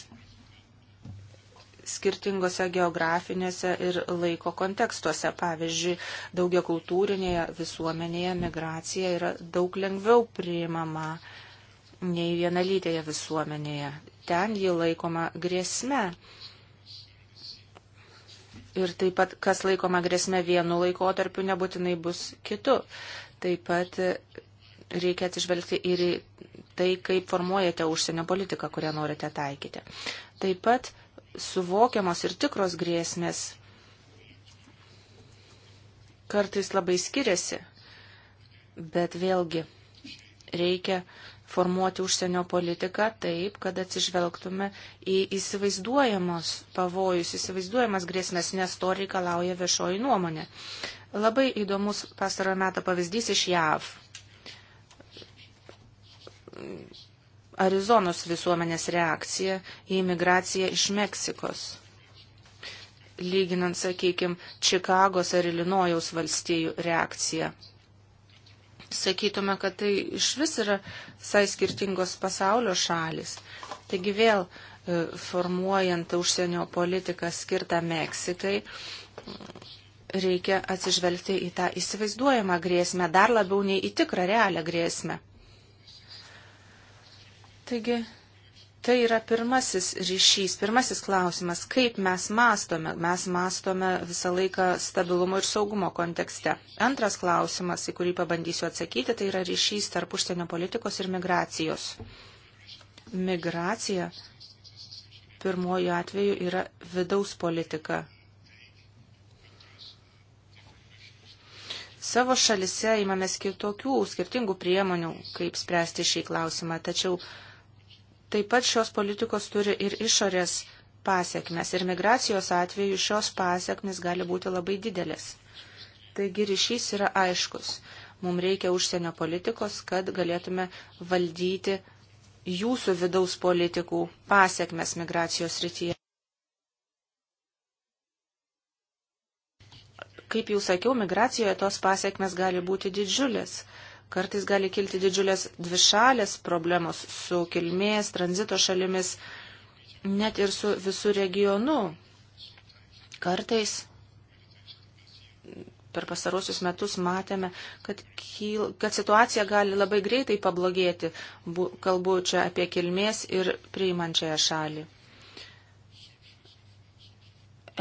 S3: skirtingose geografinėse ir laiko kontekstuose. Pavyzdžiui, daugia kultūrinėje visuomenėje migracija yra daug lengviau priimama nei vienalytėje visuomenėje. Ten ji laikoma grėsme. Ir taip pat, kas laikoma grėsme vienu laikotarpiu, nebūtinai bus kitu. Taip pat reikia atsižvelgti ir į tai, kaip formuojate užsienio politiką, kurią norite taikyti. Taip pat suvokiamos ir tikros grėsmės kartais labai skiriasi, bet vėlgi reikia formuoti užsienio politiką taip, kad atsižvelgtume į įsivaizduojamos pavojus, įsivaizduojamas grėsmės, nes to reikalauja viešoji nuomonė. Labai įdomus pastarojo meto pavyzdys iš JAV. Arizonos visuomenės reakcija į imigraciją iš Meksikos. Lyginant, sakykime, Čikagos ar Ilinojaus valstijų reakciją. Sakytume, kad tai iš vis yra visai skirtingos pasaulio šalis. Taigi vėl e, formuojant užsienio politiką skirtą Meksikai, reikia atsižvelgti į tą įsivaizduojamą grėsmę dar labiau nei į tikrą realią grėsmę. Taigi, tai yra pirmasis ryšys, pirmasis klausimas, kaip mes mastome. Mes mastome visą laiką stabilumo ir saugumo kontekste. Antras klausimas, į kurį pabandysiu atsakyti, tai yra ryšys tarp užsienio politikos ir migracijos. Migracija pirmoji atveju yra vidaus politika. Savo šalise įmamės kitokių skirtingų priemonių, kaip spręsti šį klausimą, tačiau Taip pat šios politikos turi ir išorės pasiekmes. Ir migracijos atveju šios pasiekmes gali būti labai didelės. Taigi ryšys yra aiškus. Mums reikia užsienio politikos, kad galėtume valdyti jūsų vidaus politikų pasiekmes migracijos rytyje. Kaip jau sakiau, migracijoje tos pasiekmes gali būti didžiulės. Kartais gali kilti didžiulės dvišalės problemos su kilmės, tranzito šalimis, net ir su visų regionu. Kartais per pasarosius metus matėme, kad, kyl, kad situacija gali labai greitai pablogėti, bu, kalbu čia apie kilmės ir priimančiąją šalį.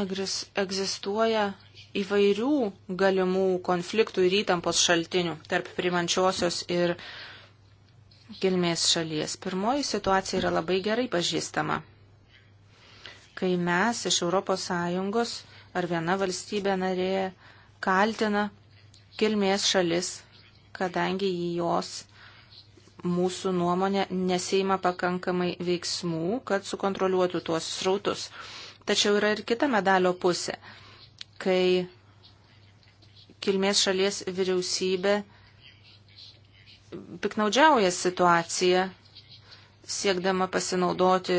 S3: Egris, egzistuoja įvairių galimų konfliktų ir įtampos šaltinių tarp primančiosios ir kilmės šalies. Pirmoji situacija yra labai gerai pažįstama. Kai mes iš ES ar viena valstybė narė kaltina kilmės šalis, kadangi jos mūsų nuomonė nesima pakankamai veiksmų, kad sukontroliuotų tuos srautus. Tačiau yra ir kita medalio pusė kai kilmės šalies vyriausybė piknaudžiauja situaciją, siekdama pasinaudoti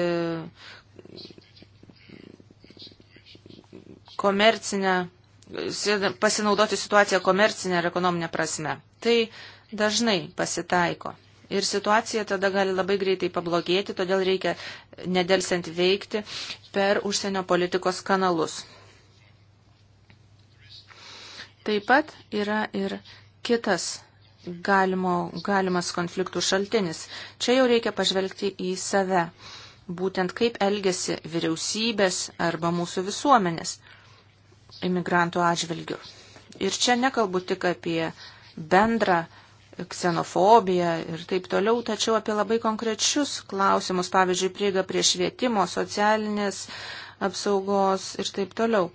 S3: komercinę, pasinaudoti situaciją komercinę ar ekonominę prasme. Tai dažnai pasitaiko. Ir situacija tada gali labai greitai pablogėti, todėl reikia nedelsiant veikti per užsienio politikos kanalus. Taip pat yra ir kitas galimo, galimas konfliktų šaltinis. Čia jau reikia pažvelgti į save, būtent kaip elgesi vyriausybės arba mūsų visuomenės imigrantų atžvilgių. Ir čia nekalbu tik apie bendrą ksenofobiją ir taip toliau, tačiau apie labai konkrečius klausimus, pavyzdžiui, prieiga prie švietimo, socialinės apsaugos ir taip toliau.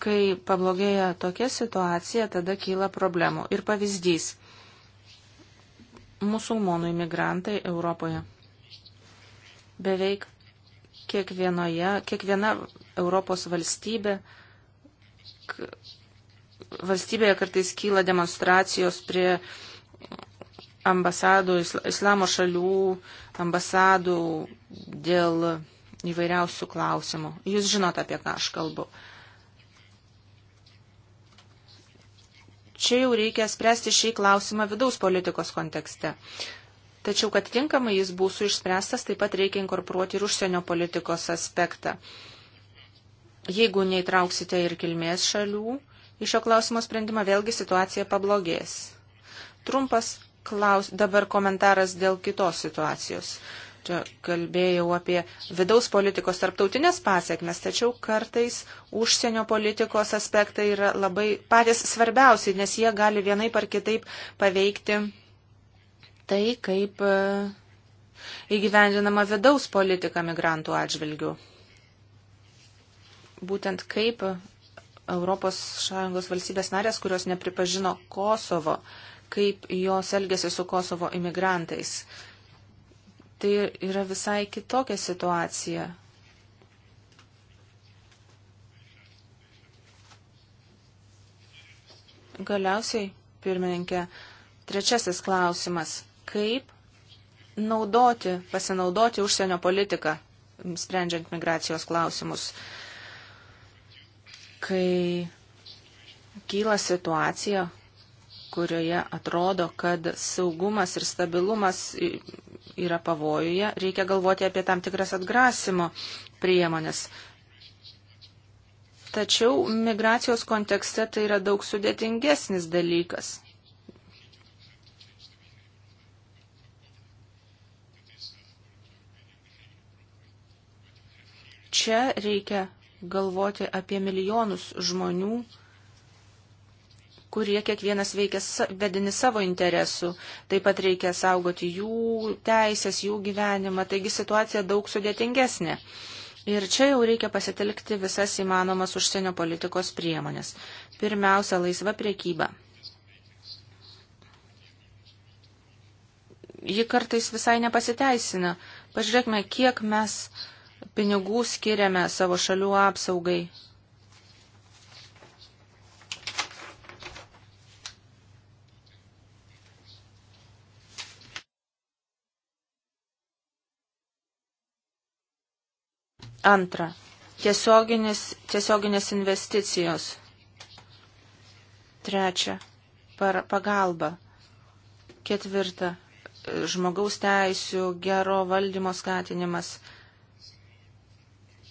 S3: Kai pablogėja tokia situacija, tada kyla problemų. Ir pavyzdys. Musulmonų imigrantai Europoje. Beveik kiekvienoje, kiekviena Europos valstybė, valstybėje kartais kyla demonstracijos prie ambasadų, islamo šalių ambasadų dėl įvairiausių klausimų. Jūs žinot, apie ką aš kalbu. čia jau reikia spręsti šį klausimą vidaus politikos kontekste. Tačiau, kad tinkamai jis būtų išspręstas, taip pat reikia inkorporuoti ir užsienio politikos aspektą. Jeigu neįtrauksite ir kilmės šalių, iš šio klausimo sprendimą vėlgi situacija pablogės. Trumpas klaus... dabar komentaras dėl kitos situacijos. Čia kalbėjau apie vidaus politikos tarptautinės pasiekmes, tačiau kartais užsienio politikos aspektai yra labai patys svarbiausi, nes jie gali vienaip ar kitaip paveikti tai, kaip e, įgyvendinama vidaus politika migrantų atžvilgių. Būtent kaip ES valstybės narės, kurios nepripažino Kosovo, kaip jos elgėsi su Kosovo imigrantais tai yra visai kitokia situacija. Galiausiai, pirmininkė, trečiasis klausimas. Kaip naudoti, pasinaudoti užsienio politiką, sprendžiant migracijos klausimus, kai kyla situacija, kurioje atrodo, kad saugumas ir stabilumas yra pavojuje, reikia galvoti apie tam tikras atgrasimo priemonės. Tačiau migracijos kontekste tai yra daug sudėtingesnis dalykas. Čia reikia galvoti apie milijonus žmonių, kurie kiekvienas veikia vedini savo interesų. Taip pat reikia saugoti jų teisės, jų gyvenimą, taigi situacija daug sudėtingesnė. Ir čia jau reikia pasitelkti visas įmanomas užsienio politikos priemonės. Pirmiausia, laisva priekyba. Ji kartais visai nepasiteisina. Pažiūrėkime, kiek mes pinigų skiriame savo šalių apsaugai Antra, tiesioginės, tiesioginės investicijos. Trečia, par, pagalba. Ketvirta, žmogaus teisų, gero valdymo skatinimas.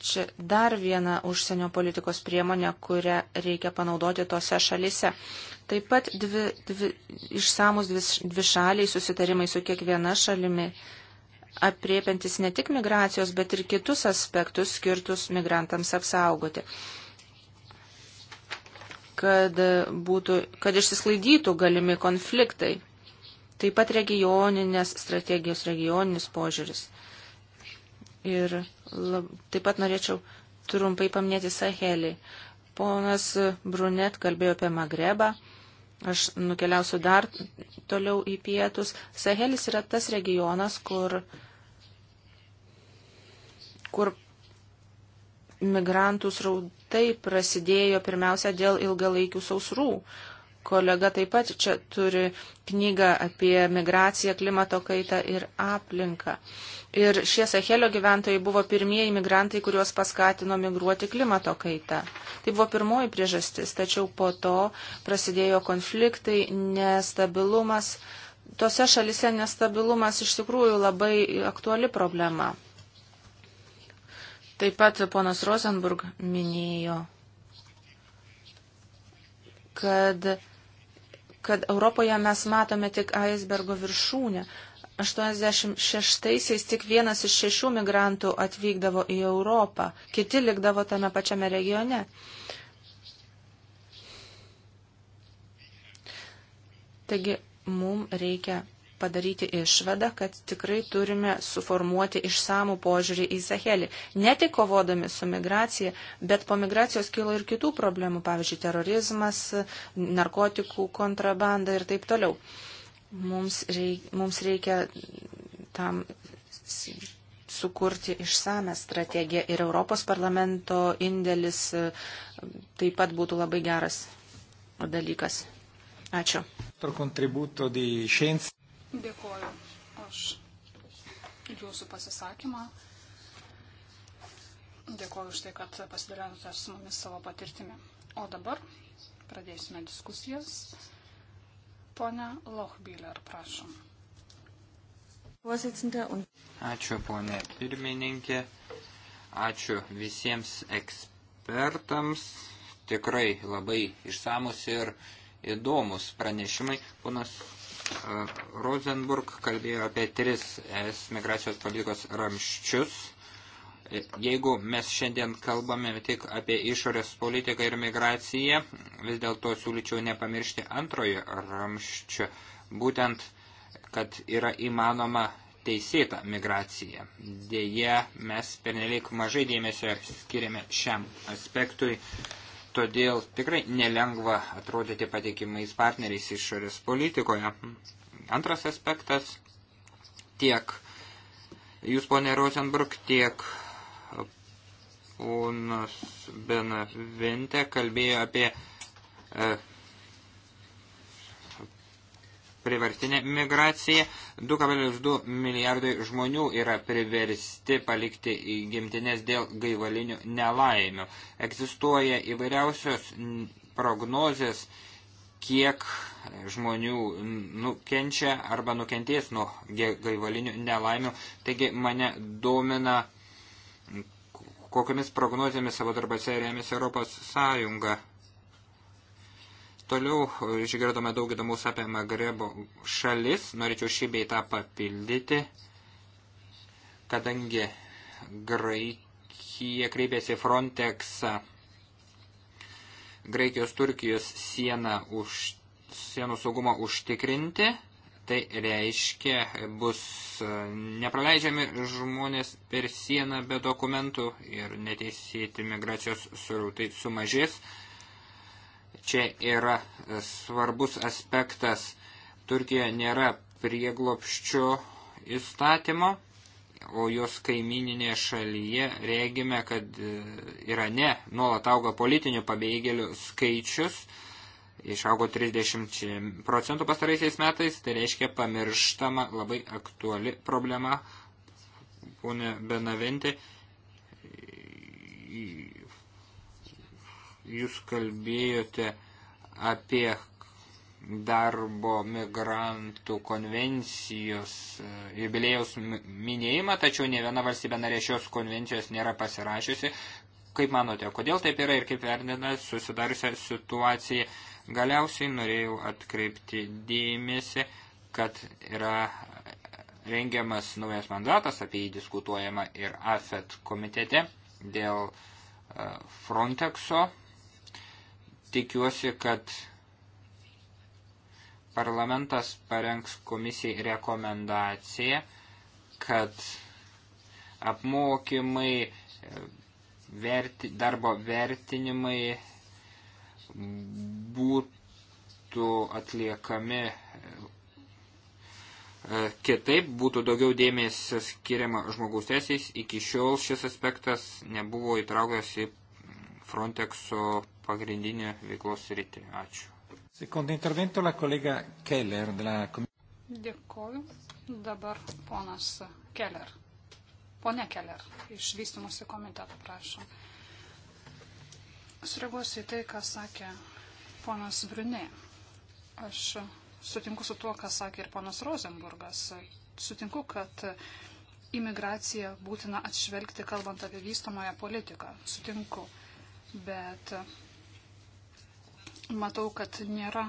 S3: Čia dar viena užsienio politikos priemonė, kurią reikia panaudoti tose šalise. Taip pat dvi, dvi, išsamus dvi, dvi šaliai susitarimai su kiekviena šalimi apriepiantis ne tik migracijos, bet ir kitus aspektus skirtus migrantams apsaugoti. Kad, būtų, kad išsisklaidytų galimi konfliktai. Taip pat regioninės strategijos, regioninis požiūris. Ir lab, taip pat norėčiau trumpai paminėti Sahelį. Ponas Brunet kalbėjo apie Magrebą Aš nukeliausiu dar toliau į pietus. Sahelis yra tas regionas, kur, kur migrantų srautai prasidėjo pirmiausia dėl ilgalaikių sausrų kolega taip pat čia turi knygą apie migraciją, klimato kaitą ir aplinką. Ir šie Sahelio gyventojai buvo pirmieji migrantai, kuriuos paskatino migruoti klimato kaita. Tai buvo pirmoji priežastis, tačiau po to prasidėjo konfliktai, nestabilumas. Tose šalise nestabilumas iš tikrųjų labai aktuali problema. Taip pat ponas Rosenburg minėjo, kad kad Europoje mes matome tik aisbergo viršūnę. 86-aisiais tik vienas iš šešių migrantų atvykdavo į Europą, kiti likdavo tame pačiame regione. Taigi mums reikia padaryti išvadą, kad tikrai turime suformuoti išsamų požiūrį į Sahelį. Ne tik kovodami su migracija, bet po migracijos kilo ir kitų problemų, pavyzdžiui, terorizmas, narkotikų kontrabanda ir taip toliau. Mums reikia, mums reikia tam sukurti išsame strategiją ir Europos parlamento indėlis taip pat būtų labai geras dalykas. Ačiū.
S4: Dėkoju už jūsų pasisakymą. Dėkoju už tai, kad pasidalinote su mumis savo patirtimi. O dabar pradėsime diskusijas. Pone Lochbiller, prašom. Ačiū,
S2: ponė pirmininkė. Ačiū visiems ekspertams. Tikrai labai išsamus ir įdomus pranešimai. Ponas Rosenburg kalbėjo apie tris es migracijos politikos ramščius. Jeigu mes šiandien kalbame tik apie išorės politiką ir migraciją, vis dėlto siūlyčiau nepamiršti antrojo ramščio, būtent, kad yra įmanoma teisėta migracija. Deja, mes pernelik mažai dėmesio skiriame šiam aspektui Todėl tikrai nelengva atrodyti patikimais partneriais išorės politikoje. Antras aspektas tiek jūs, ponė Rosenbrug, tiek ponas Benavente kalbėjo apie e, priverstinė migracija. 2,2 milijardai žmonių yra priversti palikti gimtinės dėl gaivalinių nelaimių. Egzistuoja įvairiausios prognozės, kiek žmonių nukenčia arba nukentės nuo gaivalinių nelaimių. Taigi mane domina, kokiamis prognozėmis savo darbose remiasi Europos Sąjunga. Toliau išgirdome daug įdomus apie Magrebo šalis. Norėčiau šį bei tą papildyti, kadangi Graikija kreipėsi Frontexą Graikijos-Turkijos sieną už, sienų saugumą užtikrinti. Tai reiškia, bus e, nepraleidžiami žmonės per sieną be dokumentų ir neteisėti migracijos srautai sumažės. Tai Čia yra e, svarbus aspektas. Turkija nėra prieglopščio įstatymo, o jos kaimininėje šalyje regime, kad e, Irane nuolat auga politinių pabėgėlių skaičius išaugo 30 procentų pastaraisiais metais, tai reiškia pamirštama labai aktuali problema, ponė Benaventi, jūs kalbėjote apie darbo migrantų konvencijos e, jubilėjaus minėjimą, tačiau ne viena valstybė narė šios konvencijos nėra pasirašiusi. Kaip manote, kodėl taip yra ir kaip vertina susidariusią situaciją? Galiausiai norėjau atkreipti dėmesį, kad yra rengiamas naujas mandatas, apie jį diskutuojama ir AFET komitete dėl e, Frontexo Tikiuosi, kad parlamentas parengs komisijai rekomendaciją, kad apmokymai, verti, darbo vertinimai būtų atliekami e, kitaip, būtų daugiau dėmesio skiriama žmogaus teisės. Iki šiol šis aspektas nebuvo įtraukęs į Frontexo pagrindinę veiklos rytį. Ačiū.
S1: Secondo intervento la kolega Keller. Della...
S4: Dėkoju. Dabar ponas Keller. Pone Keller, iš vystymosi komiteto prašom. Sureaguosiu į tai, ką sakė ponas Brunė. Aš sutinku su tuo, ką sakė ir ponas Rosenburgas. Sutinku, kad imigraciją būtina atšvelgti, kalbant apie vystomąją politiką. Sutinku. Bet matau, kad nėra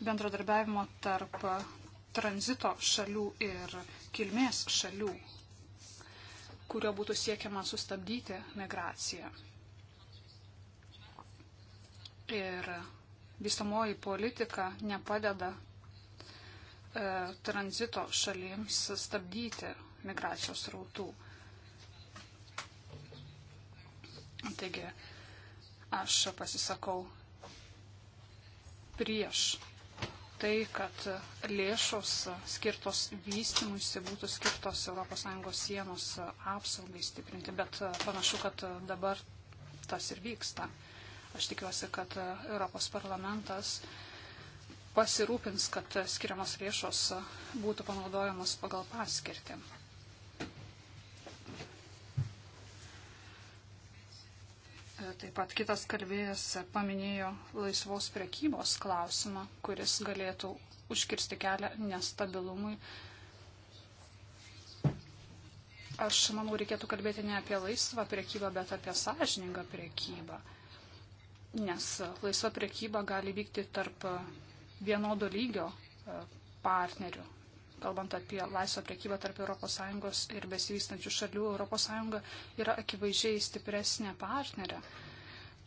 S4: bendradarbiavimo tarp tranzito šalių ir kilmės šalių, kurio būtų siekiama sustabdyti migraciją. Ir visamoji politika nepadeda e, tranzito šalims stabdyti migracijos rautų. Taigi, aš pasisakau prieš tai, kad lėšos skirtos vystymuisi būtų skirtos ES sienos apsaugai stiprinti, bet panašu, kad dabar tas ir vyksta. Aš tikiuosi, kad Europos parlamentas pasirūpins, kad skiriamos lėšos būtų panaudojamos pagal paskirtį. E, taip pat kitas kalbėjas paminėjo laisvos prekybos klausimą, kuris galėtų užkirsti kelią nestabilumui. Aš manau, reikėtų kalbėti ne apie laisvą prekybą, bet apie sąžiningą prekybą. Nes laisva prekyba gali vykti tarp vienodo lygio e, partnerių kalbant apie laisvą priekybą tarp ES ir besivystančių šalių, ES yra akivaizdžiai stipresnė partnerė.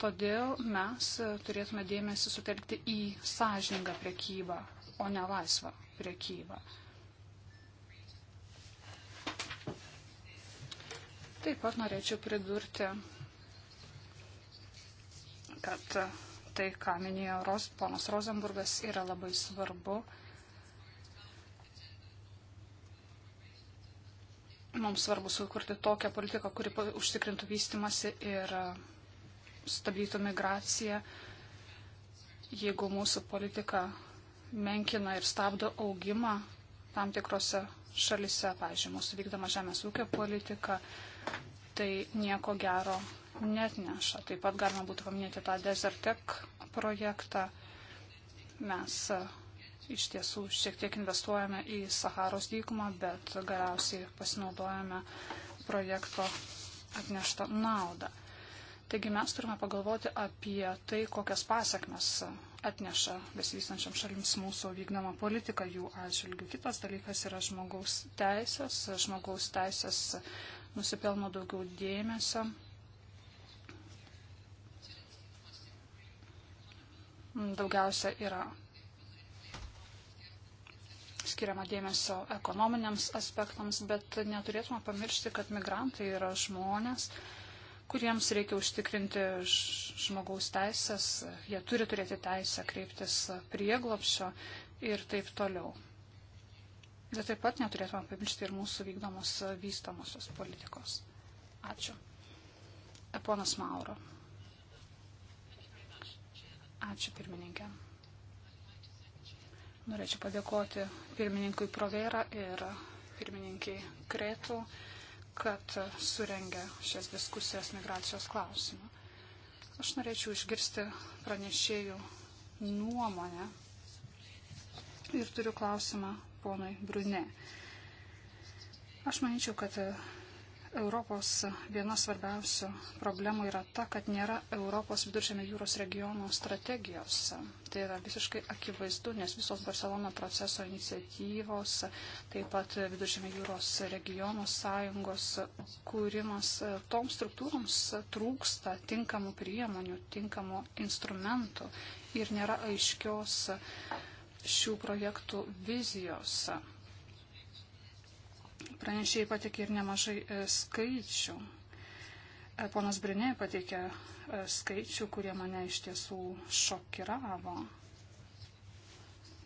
S4: Todėl mes turėtume dėmesį sutelkti į sąžiningą priekybą, o ne laisvą priekybą. Taip pat norėčiau pridurti, kad tai, ką minėjo Ros, ponas Rosenburgas, yra labai svarbu Mums svarbu sukurti tokią politiką, kuri užtikrintų vystimasi ir e, stabdytų migraciją. Jeigu mūsų politika menkina ir stabdo augimą tam tikrose šalise, pavyzdžiui, mūsų vykdama žemės ūkio politika, tai nieko gero net neša. Taip pat galima būtų paminėti tą Desertec projektą. Mes e, iš tiesų šiek tiek investuojame į Saharos dykumą, bet galiausiai pasinaudojame projekto atneštą naudą. Taigi mes turime pagalvoti apie tai, kokias pasiekmes atneša besivystančiam šalims mūsų vykdoma politika jų atžvilgių. Kitas dalykas yra žmogaus teisės. Žmogaus teisės nusipelno daugiau dėmesio. Daugiausia yra skiriama dėmesio ekonominiams aspektams, bet neturėtume pamiršti, kad migrantai yra žmonės, kuriems reikia užtikrinti žmogaus teisės, jie turi turėti teisę kreiptis prieglopšio ir taip toliau. Bet taip pat neturėtume pamiršti ir mūsų vykdomos vystamosios politikos. Ačiū. Ponas Mauro. Ačiū pirmininkė. Norėčiau padėkoti pirmininkui Provera ir pirmininkiai Kretų, kad surengė šias diskusijas migracijos klausimu. Aš norėčiau išgirsti pranešėjų nuomonę ir turiu klausimą ponui Brune. Aš manyčiau, kad Europos viena svarbiausių problemų yra ta, kad nėra Europos viduržėmio jūros regiono strategijos. Tai yra visiškai akivaizdu, nes visos Barcelona proceso iniciatyvos, taip pat viduržėmio jūros regiono sąjungos kūrimas, toms struktūroms trūksta tinkamų priemonių, tinkamų instrumentų ir nėra aiškios šių projektų vizijos. Pranešėjai patikė ir nemažai e, skaičių. E, ponas Brinė patikė e, skaičių, kurie mane iš tiesų šokiravo.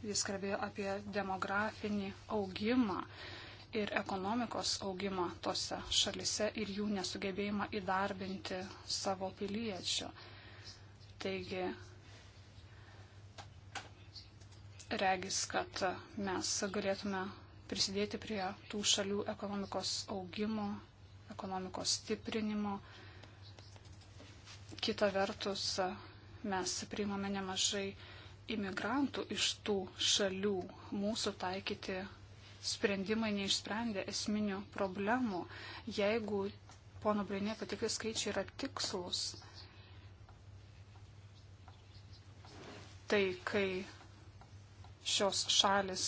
S4: Jis kalbėjo apie demografinį augimą ir ekonomikos augimą tose šalise ir jų nesugebėjimą įdarbinti savo piliečių. Taigi, regis, kad mes galėtume prisidėti prie tų šalių ekonomikos augimo, ekonomikos stiprinimo. Kita vertus, mes priimame nemažai imigrantų iš tų šalių. Mūsų taikyti sprendimai neišsprendė esminių problemų. Jeigu pono Brinė patikri skaičiai yra tikslus, tai kai šios šalis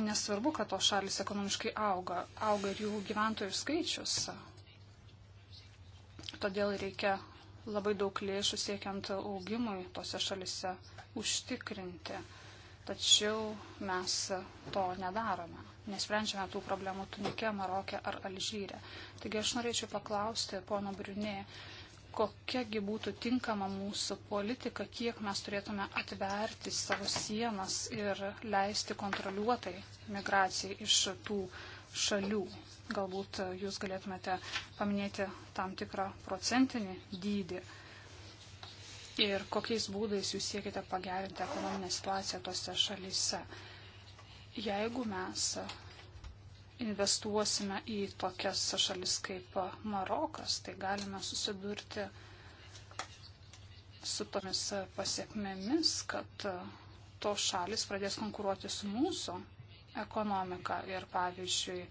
S4: nesvarbu, kad tos šalis ekonomiškai auga, auga ir jų gyventojų skaičius. Todėl reikia labai daug lėšų siekiant augimui tose šalise užtikrinti. Tačiau mes to nedarome, nesprendžiame tų problemų Tunike, Marokė ar Alžyre. Taigi aš norėčiau paklausti pono Briunė, kokiagi būtų tinkama mūsų politika, kiek mes turėtume atverti savo sienas ir leisti kontroliuotai migracijai iš tų šalių. Galbūt jūs galėtumėte paminėti tam tikrą procentinį dydį ir kokiais būdais jūs siekite pagerinti ekonominę situaciją tose šalyse. Jeigu mes investuosime į tokias šalis kaip Marokas, tai galime susidurti su tomis pasiekmėmis, kad tos šalis pradės konkuruoti su mūsų ekonomika. Ir pavyzdžiui,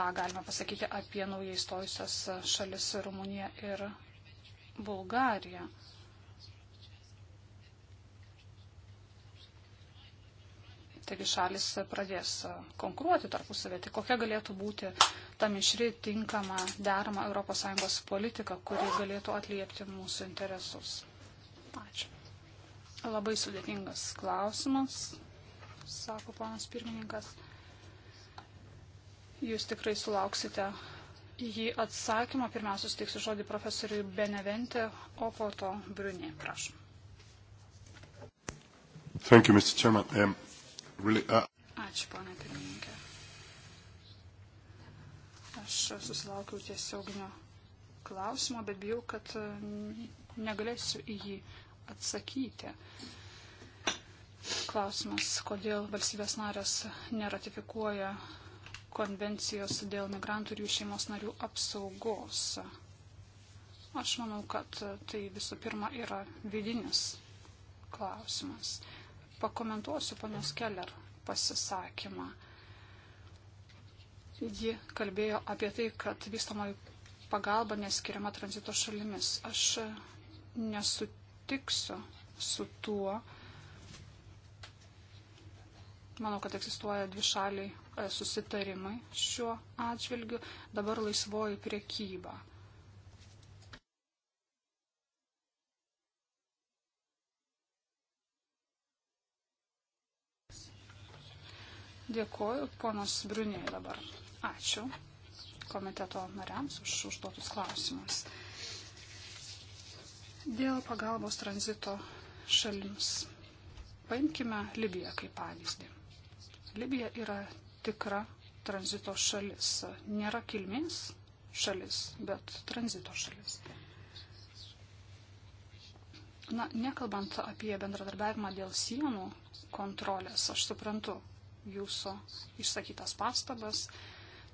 S4: tą galime pasakyti apie naujai stojusias šalis Rumuniją ir Bulgariją. Taigi šalis pradės e, konkuruoti tarpusavė. Tai kokia galėtų būti ta mišri, tinkama, derama ES politika, kuri galėtų atliepti mūsų interesus? Ačiū. Labai sudėtingas klausimas, sako ponas pirmininkas. Jūs tikrai sulauksite jį atsakymą. Pirmiausia, suteiksiu žodį profesoriui Benevente, o po to Brunė. Prašom.
S5: Thank you,
S3: Mr. Chairman. Um, really, uh...
S4: Ačiū, ponė pirmininkė. Aš susilaukiau tiesioginio klausimo, bet bijau, kad mm, negalėsiu į jį atsakyti. Klausimas, kodėl valstybės narės neratifikuoja konvencijos dėl migrantų ir jų šeimos narių apsaugos. Aš manau, kad tai visų pirma yra vidinis klausimas pakomentuosiu ponios Keller pasisakymą. Ji kalbėjo apie tai, kad vystamoji pagalba neskiriama tranzito šalimis. Aš nesutiksiu su tuo. Manau, kad egzistuoja dvi šaliai e, susitarimai šiuo atžvilgiu. Dabar laisvoji priekyba. Dėkuoju ponas Bruniai dabar. Ačiū komiteto nariams už užduotus klausimus. Dėl pagalbos tranzito šalims. Paimkime Libiją kaip pavyzdį. Libija yra tikra tranzito šalis. Nėra kilmės šalis, bet tranzito šalis. Na, nekalbant apie bendradarbiavimą dėl sienų kontrolės, aš suprantu, jūsų išsakytas pastabas.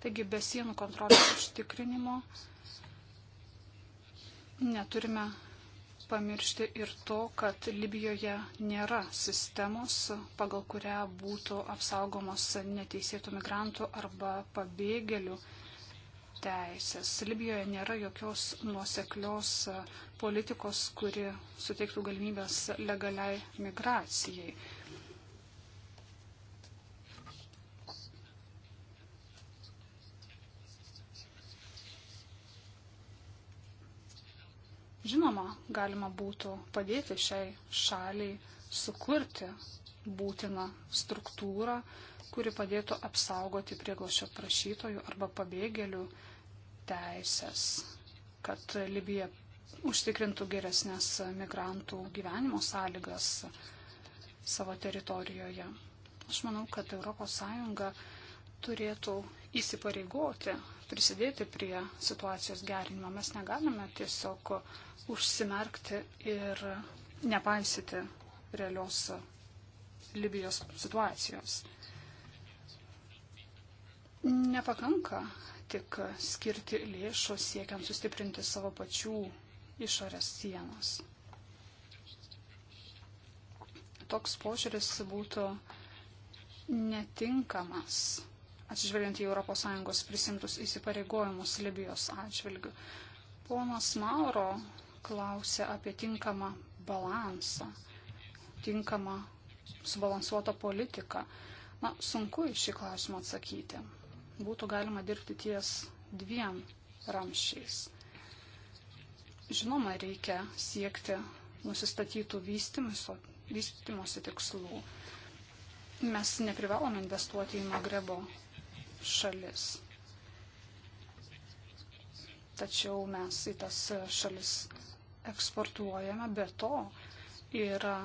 S4: Taigi be sienų kontrolės užtikrinimo neturime pamiršti ir to, kad Libijoje nėra sistemos, pagal kurią būtų apsaugomos neteisėtų migrantų arba pabėgėlių teisės. Libijoje nėra jokios nuoseklios politikos, kuri suteiktų galimybės legaliai migracijai. Žinoma, galima būtų padėti šiai šaliai sukurti būtiną struktūrą, kuri padėtų apsaugoti prieglošio prašytojų arba pabėgėlių teisės, kad Libija užtikrintų geresnės migrantų gyvenimo sąlygas savo teritorijoje. Aš manau, kad ES turėtų įsipareigoti prisidėti prie situacijos gerinimo. Mes negalime tiesiog uh, užsimerkti ir nepaisyti realios Libijos situacijos. Nepakanka tik skirti lėšų siekiant sustiprinti savo pačių išorės sienas. Toks požiūris būtų netinkamas, atsižvelgiant į ES prisimtus įsipareigojimus Libijos atžvilgių. Ponas Mauro klausė apie tinkamą balansą, tinkamą subalansuotą politiką. Na, sunku į šį klausimą atsakyti. Būtų galima dirbti ties dviem ramšiais. Žinoma, reikia siekti nusistatytų vystimosi tikslų. Mes neprivalome investuoti į Magrebo šalis. Tačiau mes į tas šalis eksportuojame, be to yra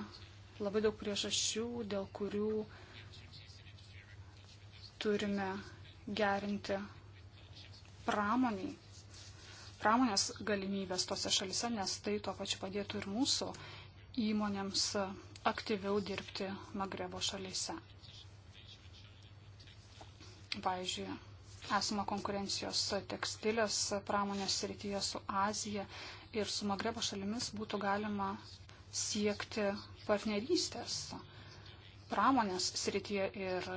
S4: labai daug priežasčių, dėl kurių turime gerinti pramoniai, pramonės galimybės tose šalise, nes tai tuo pačiu padėtų ir mūsų įmonėms aktyviau dirbti Magrebo šalyse. Pavyzdžiui, esama konkurencijos tekstilės pramonės srityje su Azija ir su Magrebo šalimis būtų galima siekti partnerystės pramonės srityje ir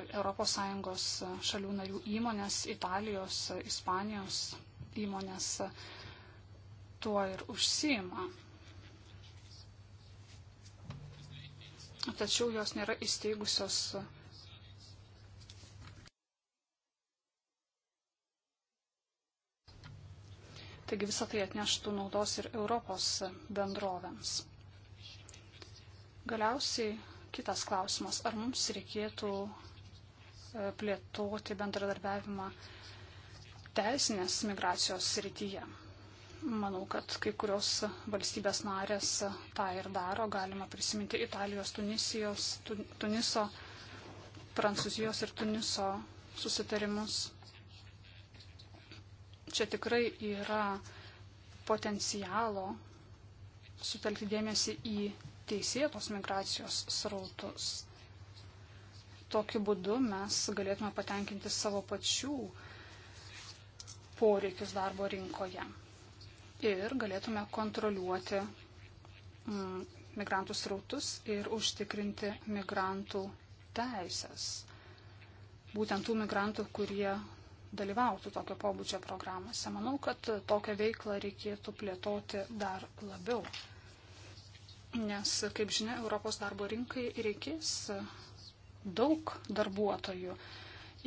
S4: ES šalių narių įmonės, Italijos, Ispanijos įmonės tuo ir užsima. Tačiau jos nėra įsteigusios Taigi visą tai atneštų naudos ir Europos bendrovėms. Galiausiai kitas klausimas, ar mums reikėtų e, plėtoti bendradarbiavimą teisinės migracijos srityje. Manau, kad kai kurios valstybės narės tą ir daro. Galima prisiminti Italijos, Tunisijos, Tuniso, Prancūzijos ir Tuniso susitarimus. Čia tikrai yra potencialo sutelkti dėmesį į teisėtos migracijos srautus. Tokiu būdu mes galėtume patenkinti savo pačių poreikius darbo rinkoje ir galėtume kontroliuoti mm, migrantų srautus ir užtikrinti migrantų teisės. Būtent tų migrantų, kurie dalyvautų tokio pobūdžio programuose. Manau, kad tokią veiklą reikėtų plėtoti dar labiau. Nes, kaip žinia, Europos darbo rinkai reikės daug darbuotojų.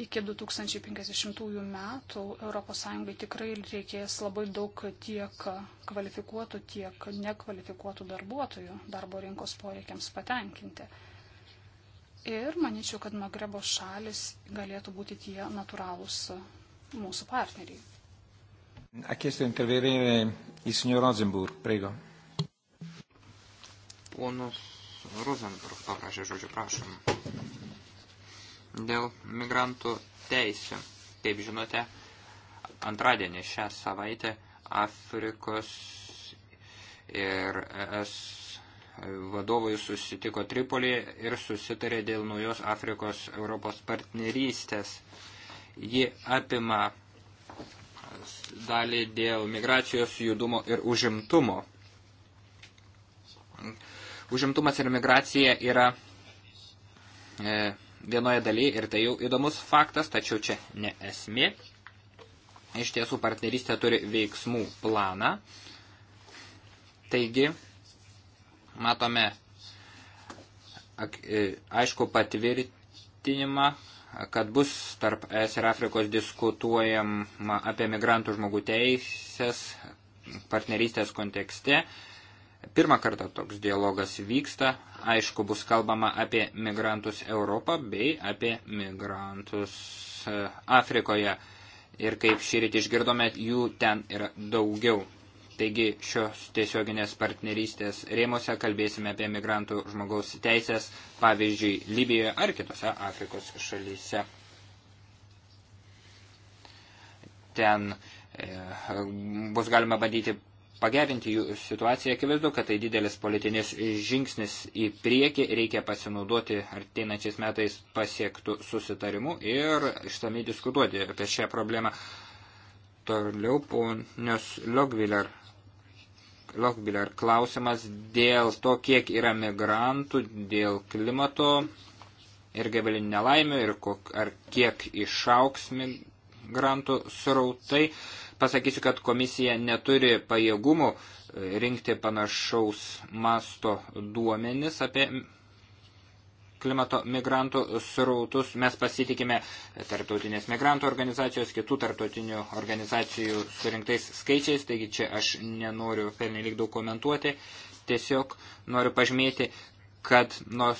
S4: Iki 2050 metų ES tikrai reikės labai daug tiek kvalifikuotų, tiek nekvalifikuotų darbuotojų darbo rinkos poreikiams patenkinti. Ir manyčiau, kad Magrebo šalis galėtų būti tie natūralūs mūsų partneriai.
S1: Ha chiesto di intervenire eh, il signor Rosenburg, prego.
S2: Ponas Rosenburg paprašė žodžio, prašom. Dėl migrantų teisų. Kaip žinote, antradienį šią savaitę Afrikos ir ES vadovai susitiko Tripolėje ir susitarė dėl naujos Afrikos Europos partnerystės. Ji apima dalį dėl migracijos judumo ir užimtumo. Užimtumas ir migracija yra e, vienoje dalyje ir tai jau įdomus faktas, tačiau čia ne esmė. Iš tiesų partnerystė turi veiksmų planą. Taigi, matome e, aišku patvirtinimą, kad bus tarp ES ir Afrikos diskutuojama apie migrantų žmogų teisės partnerystės kontekste. Pirmą kartą toks dialogas vyksta, aišku, bus kalbama apie migrantus Europą bei apie migrantus e, Afrikoje. Ir kaip šį rytį išgirdome, jų ten yra daugiau. Taigi šios tiesioginės partnerystės rėmose kalbėsime apie migrantų žmogaus teisės, pavyzdžiui, Libijoje ar kitose Afrikos šalyse. Ten e, bus galima bandyti pagerinti jų situaciją. Akivaizdu, kad tai didelis politinis žingsnis į priekį. Reikia pasinaudoti arteinančiais metais pasiektų susitarimų ir ištamiai diskutuoti apie šią problemą. Toliau ponios Logviller Lochbiller klausimas dėl to, kiek yra migrantų, dėl klimato ir gabalinių nelaimių ir kok, ar kiek išauks migrantų srautai. Pasakysiu, kad komisija neturi pajėgumų rinkti panašaus masto duomenis apie klimato migrantų srautus. Mes pasitikime tarptautinės migrantų organizacijos, kitų tarptautinių organizacijų surinktais skaičiais, taigi čia aš nenoriu pernelyg daug komentuoti. Tiesiog noriu pažymėti kad nors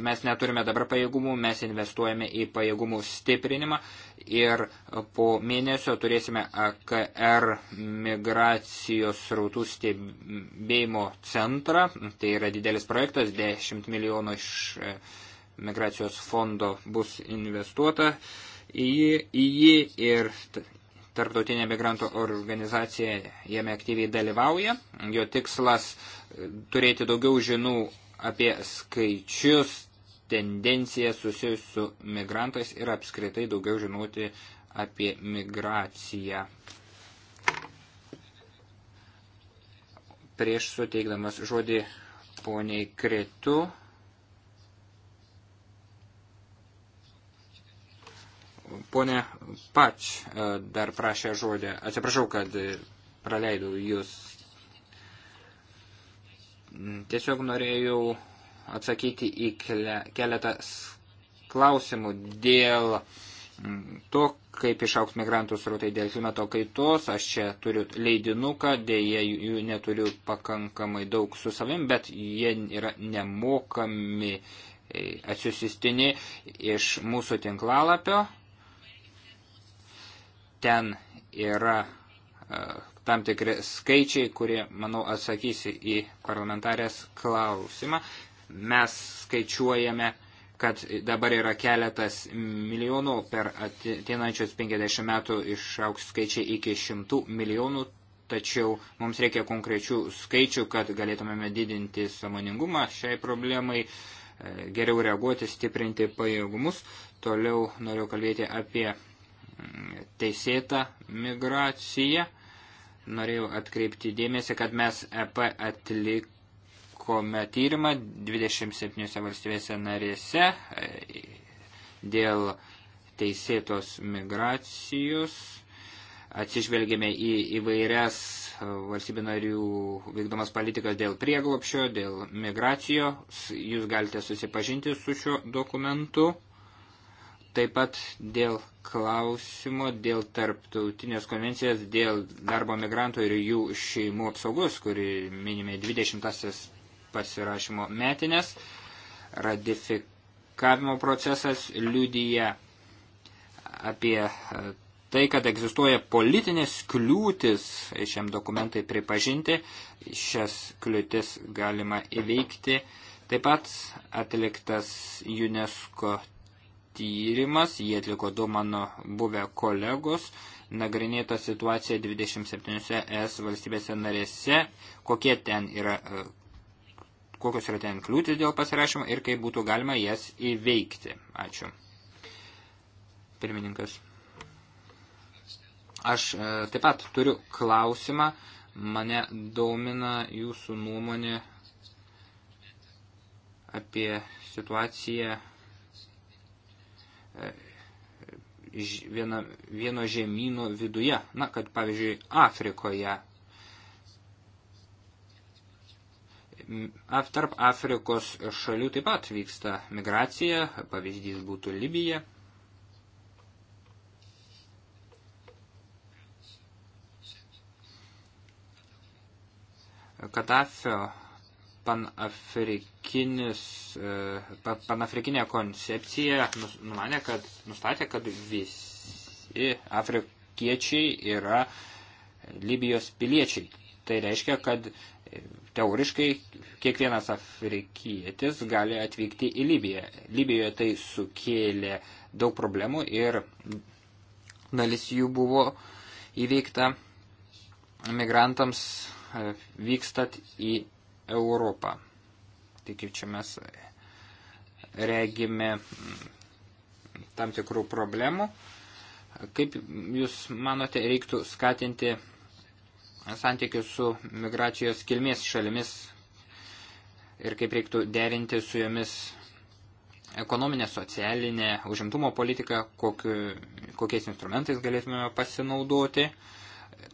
S2: mes neturime dabar pajėgumų, mes investuojame į pajėgumų stiprinimą ir po mėnesio turėsime AKR migracijos srautų stebėjimo centrą. Tai yra didelis projektas, 10 milijonų iš e, migracijos fondo bus investuota į jį, į jį ir tarptautinė migrantų organizacija jame aktyviai dalyvauja. Jo tikslas e, turėti daugiau žinių apie skaičius, tendencijas susijusius su migrantais ir apskritai daugiau žinoti apie migraciją. Prieš suteikdamas žodį poniai Kretu, ponė Pač e, dar prašė žodį. Atsiprašau, kad praleidau jūs Tiesiog norėjau atsakyti į keletą klausimų dėl mm, to, kaip išauks migrantų srautai dėl klimato kaitos. Aš čia turiu leidinuką, dėje jų neturiu pakankamai daug su savim, bet jie yra nemokami e, atsisistini iš mūsų tinklalapio. Ten yra uh, tam tikri skaičiai, kurie, manau, atsakysi į parlamentarės klausimą. Mes skaičiuojame, kad dabar yra keletas milijonų, per ateinančius 50 metų išauks skaičiai iki 100 milijonų, tačiau mums reikia konkrečių skaičių, kad galėtumėme didinti samoningumą šiai problemai, e, geriau reaguoti, stiprinti pajėgumus. Toliau noriu kalbėti apie mm, teisėtą migraciją norėjau atkreipti dėmesį, kad mes EP atlikome tyrimą 27 valstybėse narėse e, dėl teisėtos migracijos. Atsižvelgėme į įvairias valstybių narių vykdomas politikas dėl prieglopšio, dėl migracijos. Jūs galite susipažinti su šiuo dokumentu. Taip pat dėl klausimo, dėl tarptautinės konvencijos, dėl darbo migrantų ir jų šeimų apsaugos, kuri minime 20-asis pasirašymo metinės, ratifikavimo procesas liudyja apie tai, kad egzistuoja politinės kliūtis šiam dokumentai pripažinti, šias kliūtis galima įveikti. Taip pat atliktas UNESCO tyrimas, jie atliko du mano buvę kolegos, nagrinėta situacija 27 ES valstybėse narėse, kokie ten yra, e, kokios yra ten kliūtis dėl pasirašymo ir kaip būtų galima jas įveikti. Ačiū. Pirmininkas. Aš e, taip pat turiu klausimą, mane domina jūsų nuomonė apie situaciją E, viena, vieno žemynų viduje. Na, kad pavyzdžiui, Afrikoje. Tarp Afrikos šalių taip pat vyksta migracija, pavyzdys būtų Libija. Katafio panafrikinis, e, panafrikinė koncepcija numanė, kad nustatė, kad visi afrikiečiai yra Libijos piliečiai. Tai reiškia, kad teoriškai kiekvienas afrikietis gali atvykti į Libiją. Libijoje tai sukėlė daug problemų ir dalis jų buvo įveikta migrantams e, vykstat į Europą. Taigi čia mes regime tam tikrų problemų. Kaip Jūs manote, reiktų skatinti santykius su migracijos kilmės šalimis ir kaip reiktų derinti su jomis ekonominę, socialinę, užimtumo politiką, kokiu, kokiais instrumentais galėtume pasinaudoti. Uh,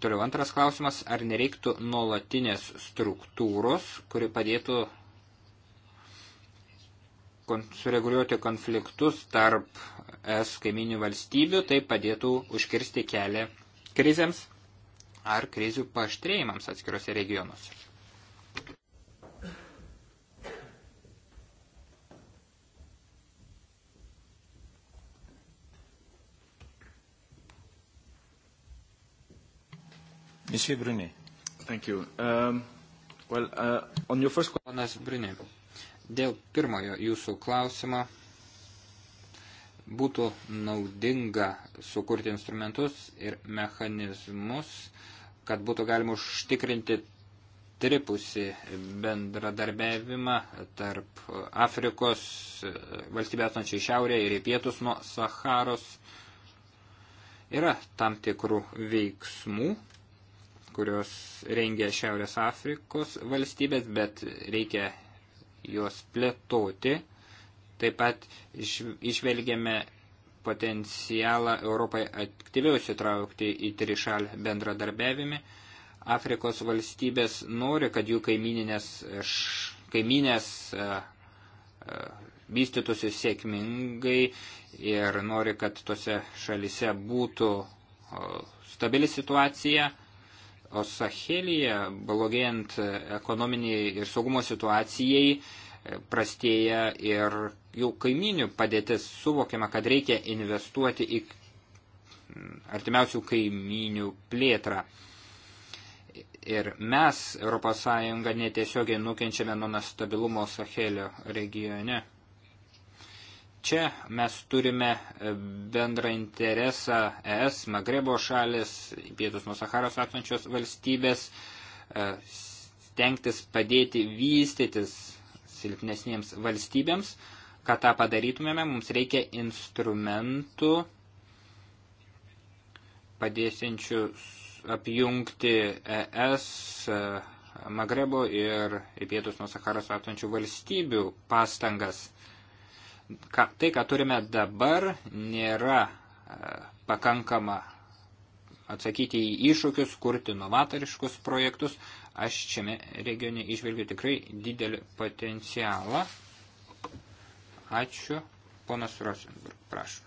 S2: Toliau antras klausimas, ar nereiktų nuolatinės struktūros, kuri padėtų sureguliuoti konfliktus tarp es kaiminių valstybių, tai padėtų užkirsti kelią krizėms ar krizių paštrėjimams atskiruose regionuose. Monsieur Brunet. Thank you. Um, well, uh, on your first question... Ponas Brunet, dėl pirmojo jūsų klausimo būtų naudinga sukurti instrumentus ir mechanizmus, kad būtų galima užtikrinti tripusi bendradarbiavimą tarp Afrikos e, valstybės esančiai šiaurėje ir į pietus nuo Saharos. Yra tam tikrų veiksmų, kurios rengia Šiaurės Afrikos valstybės, bet reikia juos plėtoti. Taip pat išvelgėme potencialą Europai aktyviau sitraukti į trišalį bendradarbiavimą. Afrikos valstybės nori, kad jų kaimininės, kaiminės vystytųsi sėkmingai ir nori, kad tose šalise būtų stabili situacija. O Sahelija, blogėjant ekonominiai ir saugumo situacijai, prastėja ir jau kaiminių padėtis. Suvokiama, kad reikia investuoti į artimiausių kaiminių plėtrą. Ir mes, ES, netiesiogiai nukenčiame nuo nestabilumo Sahelio regione. Čia mes turime e, bendrą interesą ES, Magrebo šalis, pietus nuo Saharos atsančios valstybės, e, stengtis padėti vystytis silpnesniems valstybėms. Kad tą padarytumėme, mums reikia instrumentų padėsiančių apjungti ES, e, Magrebo ir pietus nuo Saharos atsančių valstybių pastangas ka, tai, ką turime dabar, nėra e, pakankama atsakyti į iššūkius, kurti novatoriškus projektus. Aš šiame regione išvelgiu tikrai didelį potencialą. Ačiū. Ponas Rosenberg, prašom.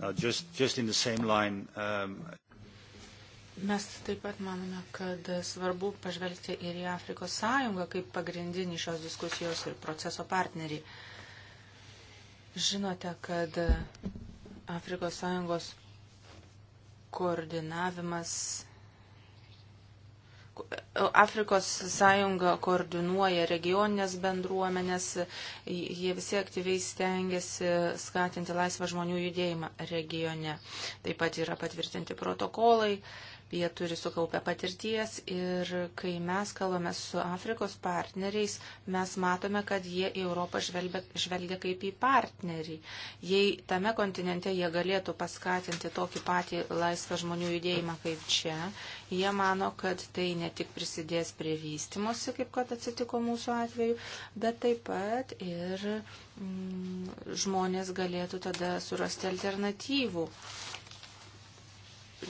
S2: Uh, just, just in the same line, um...
S3: Mes taip pat manome, kad svarbu pažvelgti ir į Afrikos sąjungą kaip pagrindinį šios diskusijos ir proceso partnerį. Uh, Žinote, kad Afrikos Sąjungos koordinavimas Afrikos sąjunga koordinuoja regioninės bendruomenės, jie visi aktyviai stengiasi skatinti laisvą žmonių judėjimą regione. Taip pat yra patvirtinti protokolai jie turi sukaupę patirties ir kai mes kalbame su Afrikos partneriais, mes matome, kad jie į Europą žvelgia, žvelgia kaip į partnerį. Jei tame kontinente jie galėtų paskatinti tokį patį laisvą žmonių judėjimą kaip čia, jie mano, kad tai ne tik prisidės prie vystimosi, kaip kad atsitiko mūsų atveju, bet taip pat ir mm, žmonės galėtų tada surasti alternatyvų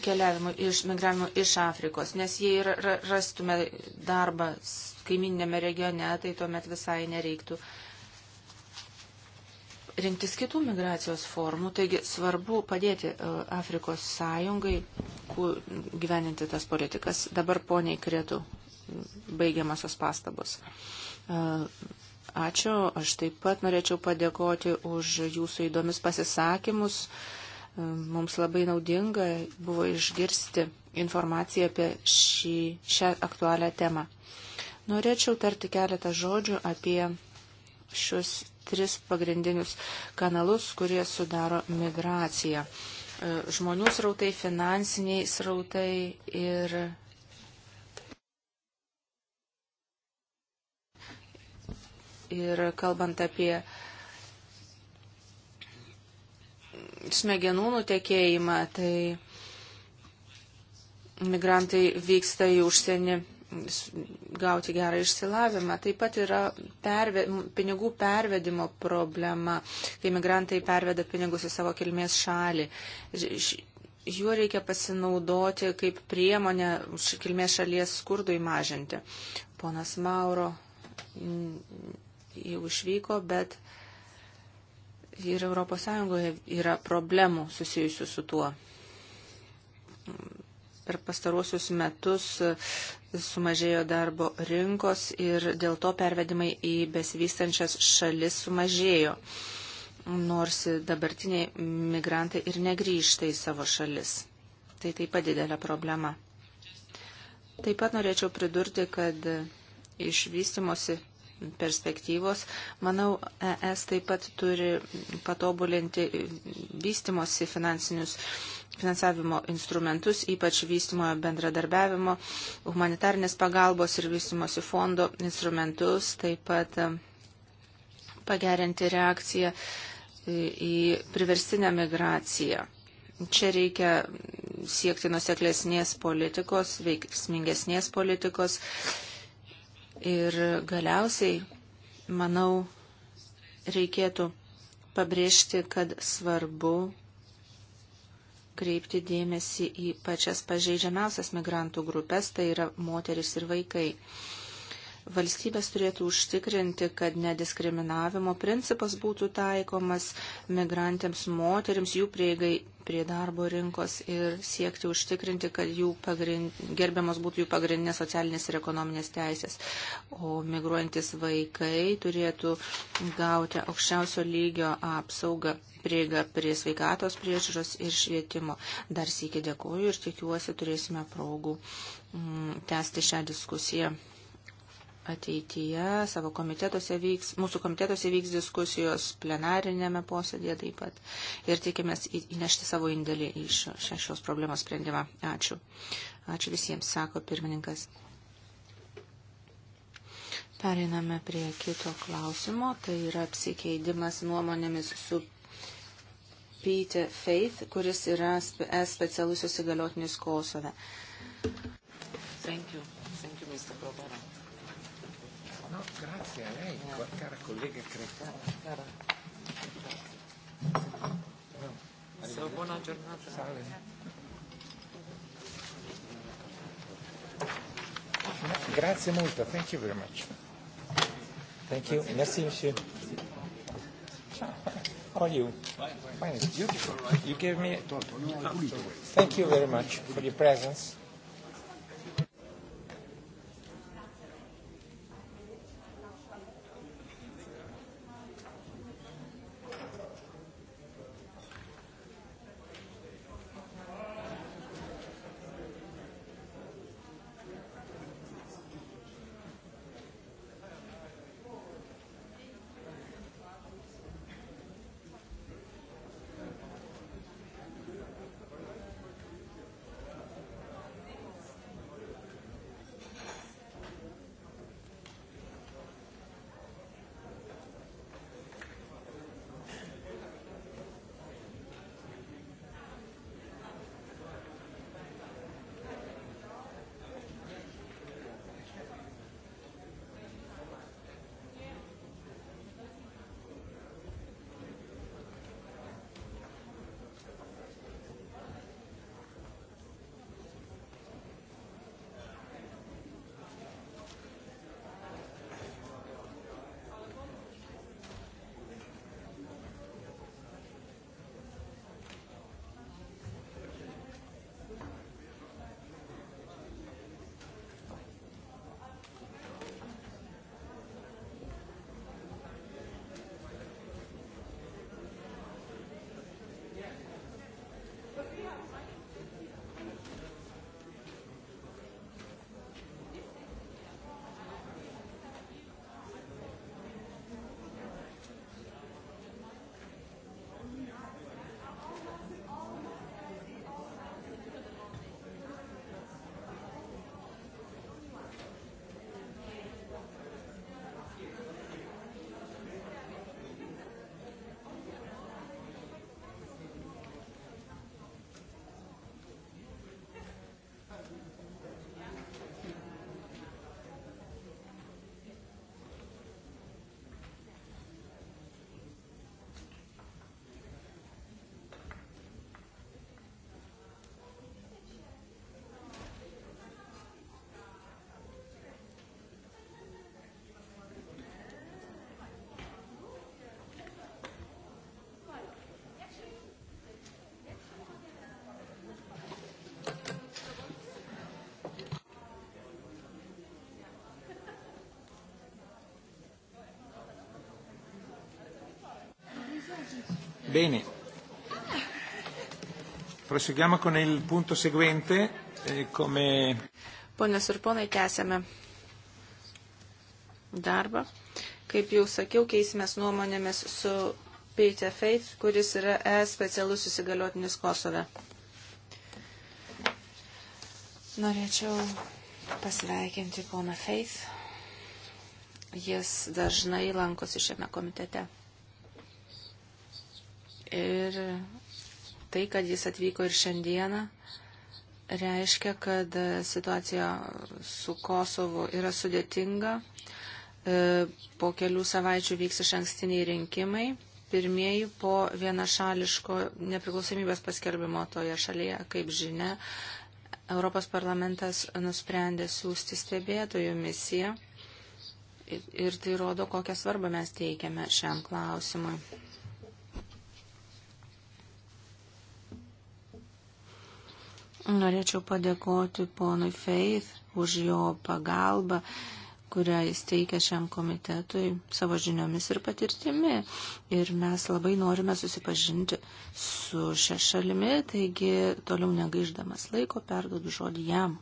S3: keliavimo iš, migravimo iš Afrikos, nes jei rastume darbą kaiminėme regione, tai tuomet visai nereiktų rinktis kitų migracijos formų. Taigi svarbu padėti e, Afrikos sąjungai gyveninti tas politikas. Dabar poniai krėtų baigiamasios pastabos. E, ačiū. Aš taip pat norėčiau padėkoti už jūsų įdomius pasisakymus. Mums labai naudinga buvo išgirsti informaciją apie šį, šią aktualią temą. Norėčiau tarti keletą žodžių apie šius tris pagrindinius kanalus, kurie sudaro migraciją. E, žmonių srautai, finansiniai srautai ir ir kalbant apie smegenų nutekėjimą, tai migrantai vyksta į užsienį gauti gerą išsilavimą. Taip pat yra perve, pinigų pervedimo problema, kai migrantai perveda pinigus į savo kilmės šalį. Juo reikia pasinaudoti kaip priemonę kilmės šalies skurdui mažinti. Ponas Mauro jau išvyko, bet uh, ir ES yra problemų susijusių su tuo. Per pastaruosius metus sumažėjo darbo rinkos ir dėl to pervedimai į besivystančias šalis sumažėjo, nors dabartiniai migrantai ir negrįžta į savo šalis. Tai taip pat didelė problema. Taip pat norėčiau pridurti, kad iš vystimosi perspektyvos. Manau, ES taip pat turi patobulinti vystimosi finansinius finansavimo instrumentus, ypač vystimojo bendradarbiavimo, humanitarnės pagalbos ir vystimosi fondo instrumentus, taip pat e, pagerinti reakciją į priversinę migraciją. Čia reikia siekti nuseklesnės politikos, veiksmingesnės politikos Ir galiausiai, manau, reikėtų pabrėžti, kad svarbu kreipti dėmesį į pačias pažeidžiamiausias migrantų grupės, tai yra moteris ir vaikai. Valstybės turėtų užtikrinti, kad nediskriminavimo principas būtų taikomas migrantėms moteriams, jų prieigai prie darbo rinkos ir siekti užtikrinti, kad jų pagrind, gerbiamos būtų jų pagrindinės socialinės ir ekonominės teisės. O migruojantis vaikai turėtų gauti aukščiausio lygio apsaugą, prieigą prie sveikatos priežiūros ir švietimo. Dar sėkiai dėkoju ir tikiuosi turėsime progų m, mm, tęsti šią diskusiją ateityje savo komitetuose vyks, mūsų komitetuose vyks diskusijos plenarinėme posėdėje taip pat ir tikimės įnešti savo indėlį į šios problemos sprendimą. Ačiū. Ačiū visiems, sako pirmininkas. Pereiname prie kito klausimo, tai yra apsikeidimas nuomonėmis su Peter Faith, kuris yra specialusios įgaliotinis Kosove. Thank you. Thank you, Mr. Provera. No, grazie a lei, no. cara collega Cretano. Cara.
S1: No. So, buona giornata. Salve. No, grazie molto, thank you very much. Thank you, merci monsieur. Ciao, how are you? Fine, it's beautiful. You gave me... Thank you very much for your presence. Bene. Proseguiamo con il punto seguente. Eh, come...
S3: Ponios ir ponai, tęsiame darbą. Kaip jau sakiau, keisimės nuomonėmis su Peter Faith, kuris yra ES specialus įsigaliotinis Kosove. Norėčiau pasveikinti poną Faith. Jis dažnai lankosi šiame komitete. Ir tai, kad jis atvyko ir šiandieną, reiškia, kad situacija su Kosovu yra sudėtinga. E, po kelių savaičių vyks iš ankstiniai rinkimai, pirmieji po vienašališko nepriklausomybės paskelbimo toje šalyje, kaip žinia. Europos parlamentas nusprendė siūsti stebėtojų misiją ir tai rodo, kokią svarbą mes teikiame šiam klausimui. Norėčiau padėkoti ponui Faith už jo pagalbą kurią jis teikia šiam komitetui savo žiniomis ir patirtimi. Ir mes labai norime susipažinti su šia šalimi, taigi toliau negaiždamas laiko perdodu žodį jam.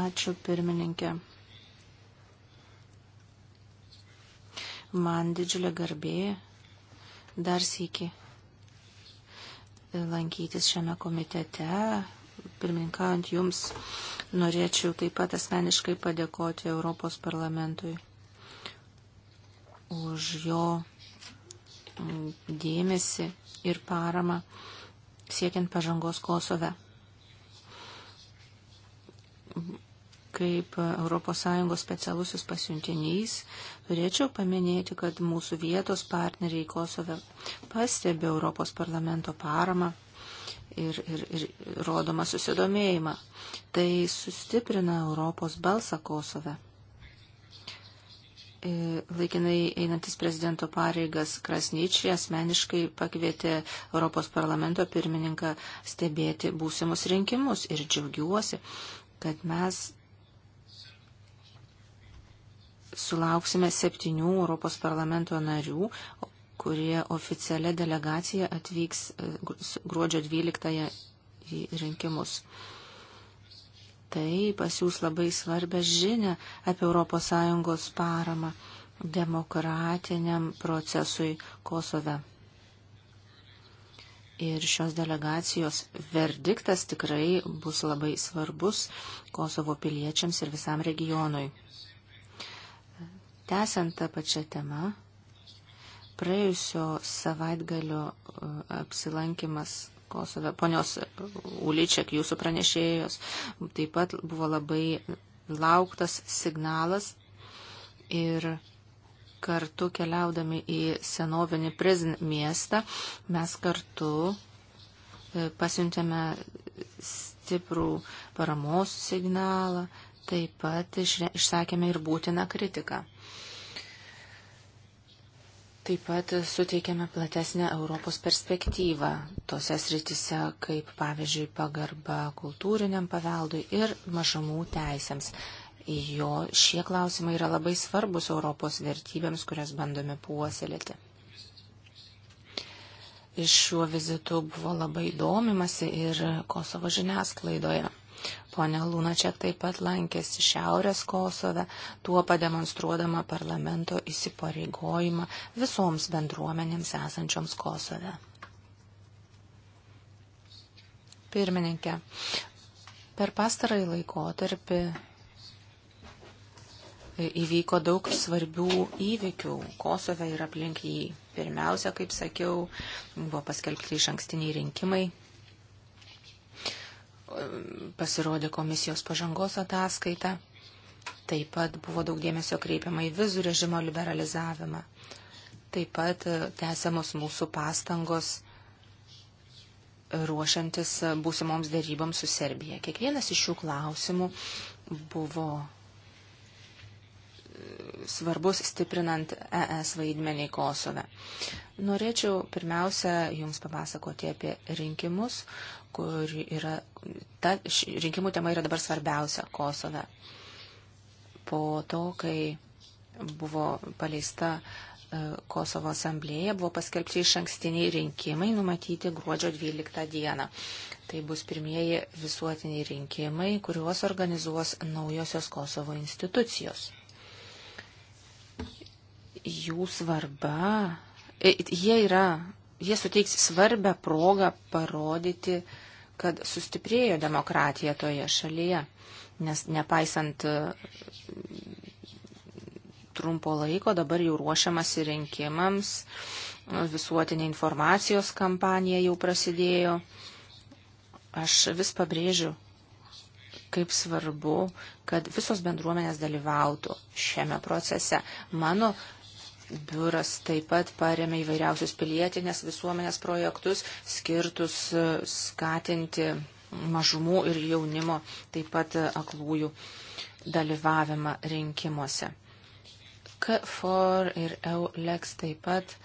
S3: Ačiū pirmininkė. Man didžiulė garbė dar sėki lankytis šiame komitete. Pirminkaujant jums, norėčiau taip pat asmeniškai padėkoti Europos parlamentui už jo dėmesį ir paramą siekiant pažangos Kosove kaip ES specialusis pasiuntinys, turėčiau paminėti, kad mūsų vietos partneriai Kosove pastebė Europos parlamento paramą ir, ir, ir rodomą susidomėjimą. Tai sustiprina Europos balsą Kosove. E, laikinai einantis prezidento pareigas Krasnyčiai asmeniškai pakvietė Europos parlamento pirmininką stebėti būsimus rinkimus ir džiaugiuosi, kad mes sulauksime septynių Europos parlamento narių, kurie oficialia delegacija atvyks e, gruodžio 12 į rinkimus. Tai pasiūs labai svarbę žinę apie ES paramą demokratiniam procesui Kosove. Ir šios delegacijos verdiktas tikrai bus labai svarbus Kosovo piliečiams ir visam regionui. Tęsiant tą pačią temą, praėjusio savaitgalio e, apsilankimas Kosove, ponios e, Uličiak, jūsų pranešėjos, taip pat buvo labai lauktas signalas ir kartu keliaudami į senovinį Prizn miestą mes kartu e, pasiuntėme stiprų paramos signalą, taip pat išsakėme ir būtiną kritiką. Taip pat suteikiame platesnę Europos perspektyvą tose sritise, kaip pavyzdžiui pagarba kultūriniam paveldui ir mažamų teisėms. Jo šie klausimai yra labai svarbus Europos vertybėms, kurias bandome puoselėti. Iš šiuo vizitu buvo labai domimasi ir Kosovo žiniasklaidoje. Pone Lunačiak taip pat lankėsi Šiaurės Kosove, tuo pademonstruodama parlamento įsipareigojimą visoms bendruomenėms esančioms Kosove. Pirmininkė, per pastarąjį laikotarpį įvyko daug svarbių įvykių Kosove ir aplink jį. Pirmiausia, kaip sakiau, buvo paskelbti iš ankstiniai rinkimai pasirodė komisijos pažangos ataskaita. Taip pat buvo daug dėmesio kreipiama į vizų režimo liberalizavimą. Taip pat e, tęsiamos mūsų pastangos e, ruošiantis e, būsimoms daryboms su Serbija. Kiekvienas iš šių klausimų buvo svarbus stiprinant ES vaidmenį Kosove. Norėčiau pirmiausia Jums papasakoti apie rinkimus, kur yra, ta rinkimų tema yra dabar svarbiausia Kosove. Po to, kai buvo paleista e, Kosovo asamblėje, buvo paskelbti iš ankstiniai rinkimai numatyti gruodžio 12 dieną. Tai bus pirmieji visuotiniai rinkimai, kuriuos organizuos naujosios Kosovo institucijos. Jų svarba, e, jie yra, jie suteiks svarbę progą parodyti, uh, kad sustiprėjo demokratija toje šalyje, nes nepaisant e, trumpo laiko dabar jau ruošiamasi rinkimams, visuotinė informacijos kampanija jau prasidėjo. Aš vis pabrėžiu, kaip svarbu, kad visos bendruomenės dalyvautų šiame procese. Mano Biuras taip pat paremė įvairiausius pilietinės visuomenės projektus skirtus e, skatinti mažumų ir jaunimo, taip pat e, aklųjų dalyvavimą rinkimuose. K4 ir EULEX taip pat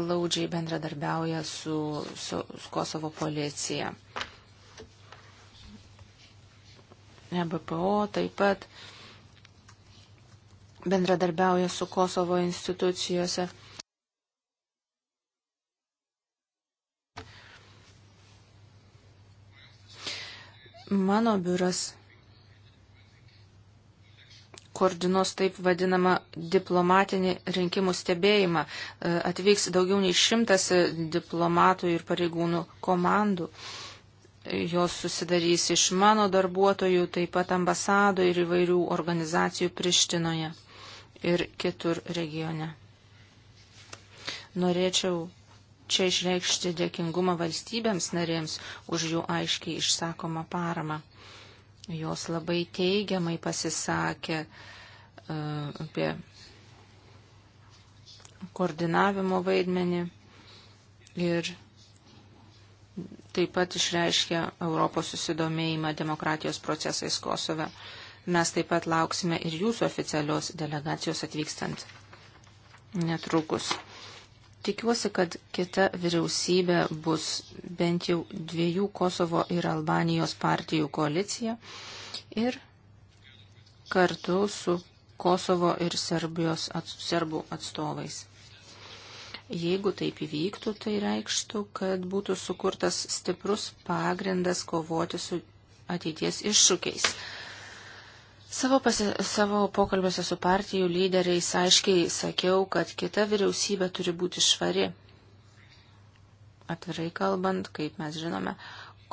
S3: glaudžiai bendradarbiauja su, su, su Kosovo policija. EBPO taip pat uh, bendradarbiauja su Kosovo institucijose. Mano biuras koordinuos taip vadinamą diplomatinį rinkimų stebėjimą. E, atvyks daugiau nei šimtas diplomatų ir pareigūnų komandų. Jos susidarys iš mano darbuotojų, taip pat ambasadų ir įvairių organizacijų Prištinoje ir kitur regione. Norėčiau čia išreikšti dėkingumą valstybėms narėms už jų aiškiai išsakomą paramą. Jos labai teigiamai pasisakė uh, apie koordinavimo vaidmenį ir taip pat išreiškė Europos susidomėjimą demokratijos procesais Kosove. Uh, Mes taip pat lauksime ir jūsų oficialios delegacijos atvykstant netrukus. Tikiuosi, kad kita vyriausybė bus bent jau dviejų Kosovo ir Albanijos partijų koalicija ir kartu su Kosovo ir Serbijos ats, serbų atstovais. Jeigu taip įvyktų, tai reikštų, kad būtų sukurtas stiprus pagrindas kovoti su ateities iššūkiais. Savo, pasi, savo pokalbėse su partijų lyderiais aiškiai sakiau, kad kita vyriausybė turi būti švari. Atvirai kalbant, kaip mes žinome,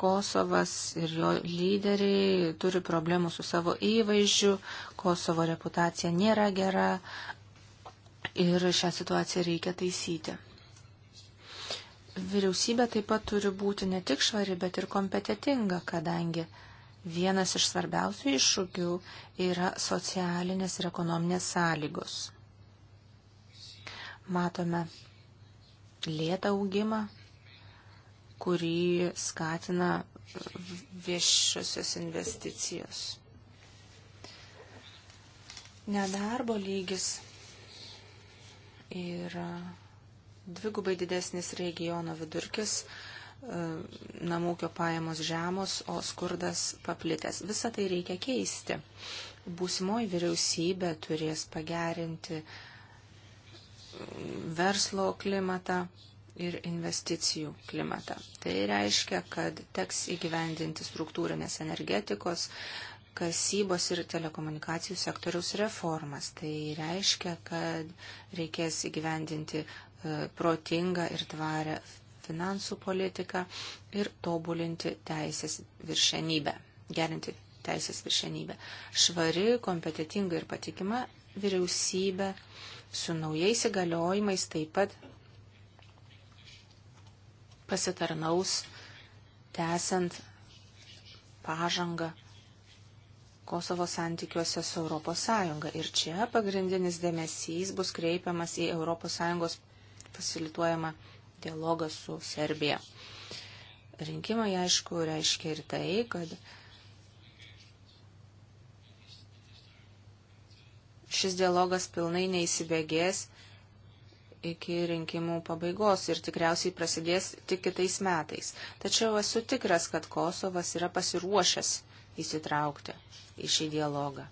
S3: Kosovas ir jo lyderiai turi problemų su savo įvaizdžiu, Kosovo reputacija nėra gera ir šią situaciją reikia taisyti. Vyriausybė taip pat turi būti ne tik švari, bet ir kompetitinga, kadangi Vienas iš svarbiausių iššūkių yra socialinės ir ekonominės sąlygos. Matome lėtą augimą, kurį skatina viešosios investicijos. Nedarbo lygis yra dvigubai didesnis regiono vidurkis E, namūkio pajamos žemos, o skurdas paplitęs. Visą tai reikia keisti. Būsimoji vyriausybė turės pagerinti verslo klimatą ir investicijų klimatą. Tai reiškia, kad teks įgyvendinti struktūrinės energetikos, kasybos ir telekomunikacijų sektoriaus reformas. Tai reiškia, kad reikės įgyvendinti e, protingą ir tvarę finansų politiką ir tobulinti teisės viršenybę, gerinti teisės viršenybę. Švari, kompetitinga ir patikima vyriausybė su naujais įgaliojimais taip pat pasitarnaus tęsiant pažangą Kosovo santykiuose su Europos Sąjunga. Ir čia pagrindinis dėmesys bus kreipiamas į Europos Sąjungos facilituojamą dialogą su Serbija. Rinkimai, aišku, reiškia ir tai, kad šis dialogas pilnai neįsibėgės iki rinkimų pabaigos ir tikriausiai prasidės tik kitais metais. Tačiau esu tikras, kad Kosovas yra pasiruošęs įsitraukti į šį dialogą.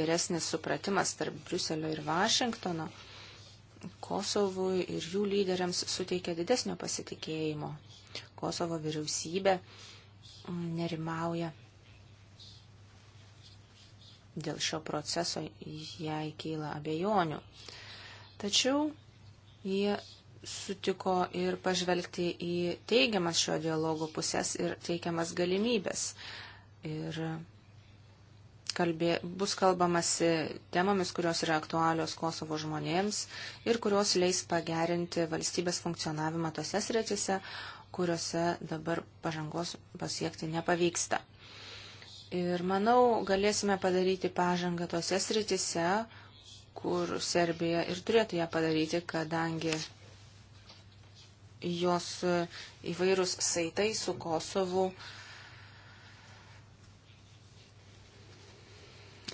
S3: Geresnis supratimas tarp Briuselio ir Vašingtono Kosovui ir jų lyderiams suteikia didesnio pasitikėjimo. Kosovo vyriausybė nerimauja dėl šio proceso, jai kyla abejonių. Tačiau jie sutiko ir pažvelgti į teigiamas šio dialogo pusės ir teikiamas galimybės. Ir kalbė, bus kalbamasi temomis, kurios yra aktualios Kosovo žmonėms ir kurios leis pagerinti valstybės funkcionavimą tose sritise, kuriuose dabar pažangos pasiekti nepavyksta. Ir manau, galėsime padaryti pažangą tose sritise, kur Serbija ir turėtų ją padaryti, kadangi jos įvairūs saitai su Kosovu uh,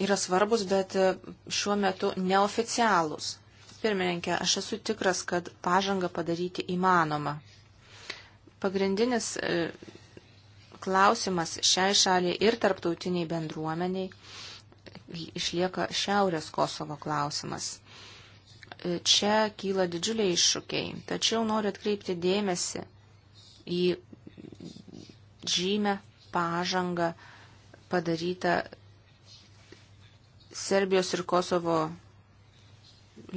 S3: yra svarbus, bet e, šiuo metu neoficialūs. Pirmininkė, aš esu tikras, kad pažangą padaryti įmanoma. Pagrindinis e, klausimas šiai šaliai ir tarptautiniai bendruomeniai išlieka Šiaurės Kosovo klausimas. E, čia kyla didžiuliai iššūkiai, tačiau noriu atkreipti dėmesį į žymę pažangą padarytą Serbijos ir Kosovo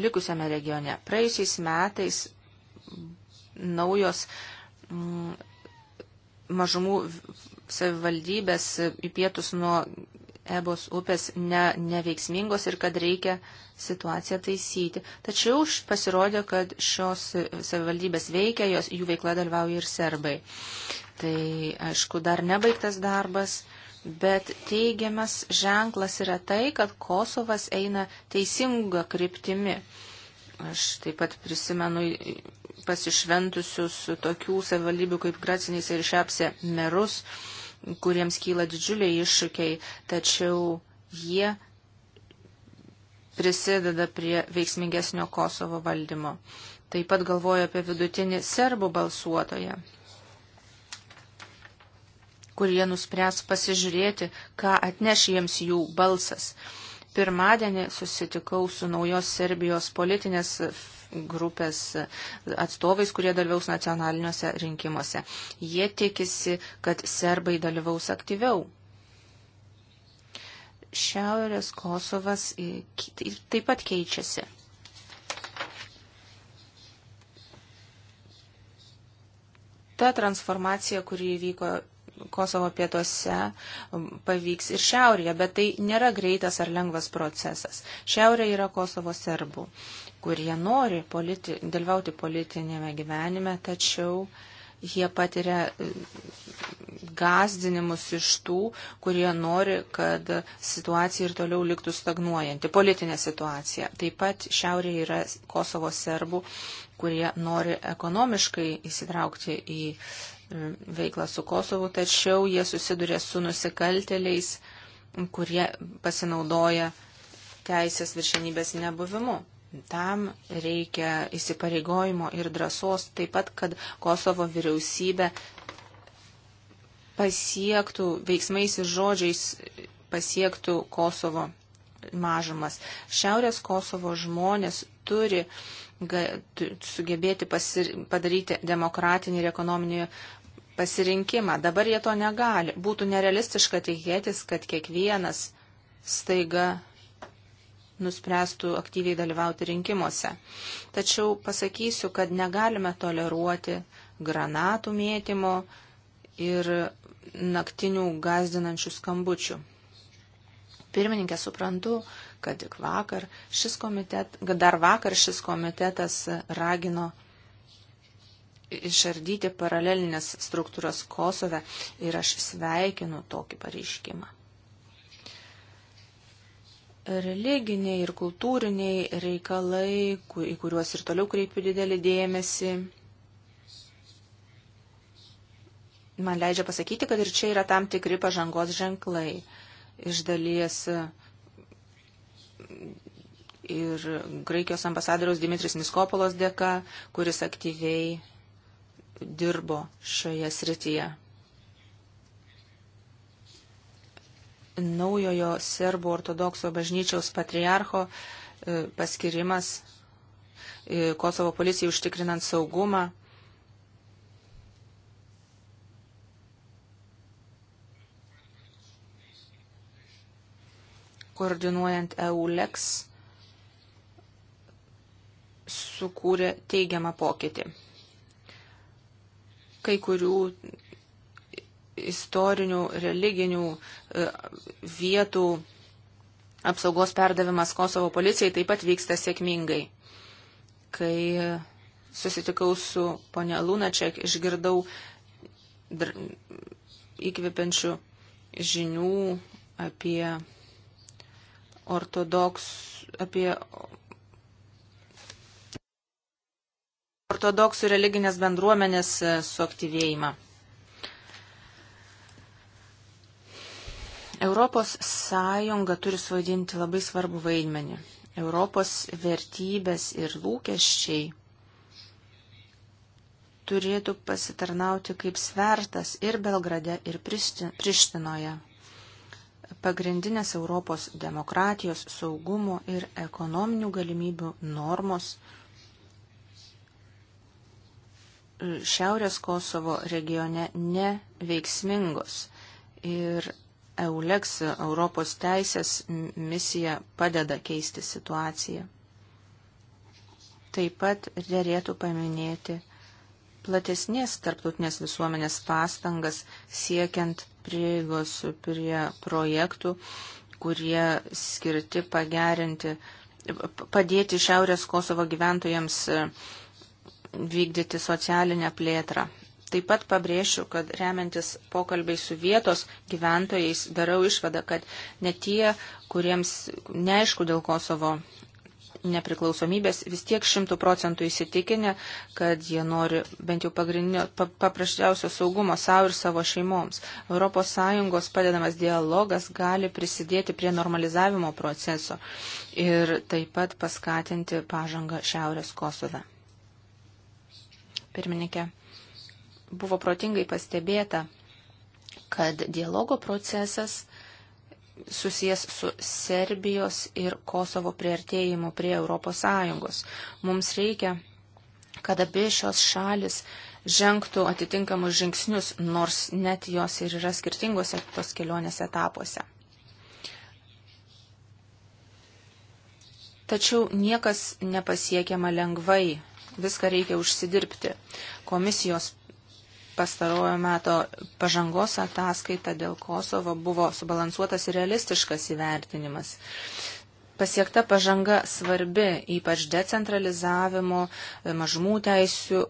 S3: likusiame regione. Praėjusiais metais naujos mm, mažumų savivaldybės į pietus nuo Ebos upės ne, neveiksmingos ir kad reikia situaciją taisyti. Tačiau pasirodė, kad šios savivaldybės veikia, jos, jų veikla dalyvauja ir serbai. Tai, aišku, dar nebaigtas darbas. Bet teigiamas ženklas yra tai, kad Kosovas eina teisinga kryptimi. Aš taip pat prisimenu pasišventusius tokių savivalybių kaip Gracinys ir Šepsė merus, kuriems kyla didžiuliai iššūkiai, tačiau jie prisideda prie veiksmingesnio Kosovo valdymo. Taip pat galvoju apie vidutinį serbų balsuotoją kurie nuspręs pasižiūrėti, ką atneš jiems jų balsas. Pirmadienį susitikau su naujos Serbijos politinės grupės atstovais, kurie dalyvaus nacionaliniuose rinkimuose. Jie tikisi, kad serbai dalyvaus aktyviau. Šiaurės Kosovas e, taip pat keičiasi. Ta transformacija, kuri įvyko Kosovo pietuose pavyks ir šiaurėje, bet tai nėra greitas ar lengvas procesas. Šiaurė yra Kosovo serbų, kurie nori politi dalyvauti politinėme gyvenime, tačiau jie patiria gazdinimus iš tų, kurie nori, kad situacija ir toliau liktų stagnuojanti, politinė situacija. Taip pat šiaurėje yra Kosovo serbų, kurie nori ekonomiškai įsitraukti į veiklą su Kosovu, tačiau jie susiduria su nusikalteliais, kurie pasinaudoja teisės viršenybės nebuvimu. Tam reikia įsipareigojimo ir drąsos, taip pat, kad Kosovo vyriausybė pasiektų veiksmais ir žodžiais pasiektų Kosovo mažumas. Šiaurės Kosovo žmonės turi sugebėti pasir, padaryti demokratinį ir ekonominį pasirinkimą. Dabar jie to negali. Būtų nerealistiška tikėtis, kad kiekvienas staiga nuspręstų aktyviai dalyvauti rinkimuose. Tačiau pasakysiu, kad negalime toleruoti granatų mėtymo ir naktinių gazdinančių skambučių. Pirmininkė, suprantu, kad tik vakar šis komitet, kad dar vakar šis komitetas ragino išardyti paralelinės struktūros Kosove ir aš sveikinu tokį pareiškimą. Religiniai ir kultūriniai reikalai, į kuriuos ir toliau kreipiu didelį dėmesį, man leidžia pasakyti, kad ir čia yra tam tikri pažangos ženklai. Iš dalies ir Graikijos ambasadoriaus Dimitris Miskopolos dėka, kuris aktyviai dirbo šioje srityje. Naujojo serbų ortodokso bažnyčiaus patriarcho e, paskirimas e, Kosovo policijai užtikrinant saugumą. koordinuojant EULEX, sukūrė teigiamą pokytį kai kurių istorinių, religinių e, vietų apsaugos perdavimas Kosovo policijai taip pat vyksta sėkmingai. Kai e, susitikau su ponia Lunaček, išgirdau įkvepiančių žinių apie ortodoks, apie ortodoksų religinės bendruomenės e, suaktyvėjimą. Europos sąjunga turi suvaidinti labai svarbų vaidmenį. Europos vertybės ir lūkesčiai turėtų pasitarnauti kaip svertas ir Belgrade, ir Prištinoje. Pagrindinės Europos demokratijos, saugumo ir ekonominių galimybių normos – šiaurės Kosovo regione neveiksmingos. Ir EULEX Europos teisės misija padeda keisti situaciją. Taip pat dėrėtų paminėti platesnės tarptautinės visuomenės pastangas siekiant prieigos prie projektų, kurie skirti pagerinti, padėti Šiaurės Kosovo gyventojams vykdyti socialinę plėtrą. Taip pat pabrėšiu, kad remiantis pokalbiai su vietos gyventojais darau išvadą, kad ne tie, kuriems neaišku dėl Kosovo nepriklausomybės, vis tiek šimtų procentų įsitikinę, kad jie nori bent jau pagrindinio, paprasčiausio saugumo savo ir savo šeimoms. ES padedamas dialogas gali prisidėti prie normalizavimo proceso ir taip pat paskatinti pažangą Šiaurės Kosove pirmininkė. Buvo protingai pastebėta, kad dialogo procesas susijęs su Serbijos ir Kosovo priartėjimu prie ES. Mums reikia, kad abi šios šalis žengtų atitinkamus žingsnius, nors net jos ir yra skirtingose tos kelionės etapuose. Tačiau niekas nepasiekiama lengvai viską reikia užsidirbti. Komisijos pastarojo meto pažangos ataskaita dėl Kosovo buvo subalansuotas ir realistiškas įvertinimas. Pasiekta pažanga svarbi, ypač decentralizavimo, mažmų teisių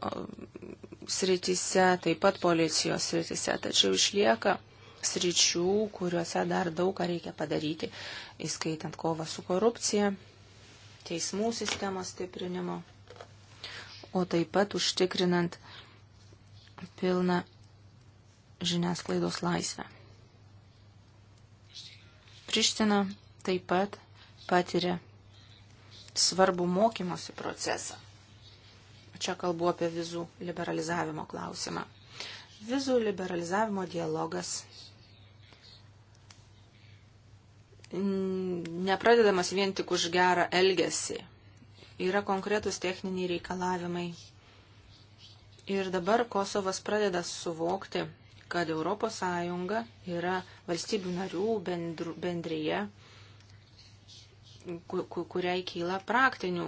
S3: srityse, taip pat policijos srityse, tačiau išlieka sričių, kuriuose dar daug ką reikia padaryti, įskaitant kovą su korupcija, teismų sistemos stiprinimo o taip pat užtikrinant pilną žiniasklaidos laisvę. Priština taip pat patiria svarbų mokymosi procesą. Čia kalbu apie vizų liberalizavimo klausimą. Vizų liberalizavimo dialogas nepradedamas vien tik už gerą elgesį, yra konkretus techniniai reikalavimai. Ir dabar Kosovas pradeda suvokti, kad ES yra valstybių narių bendru, bendryje, kuriai kyla praktinių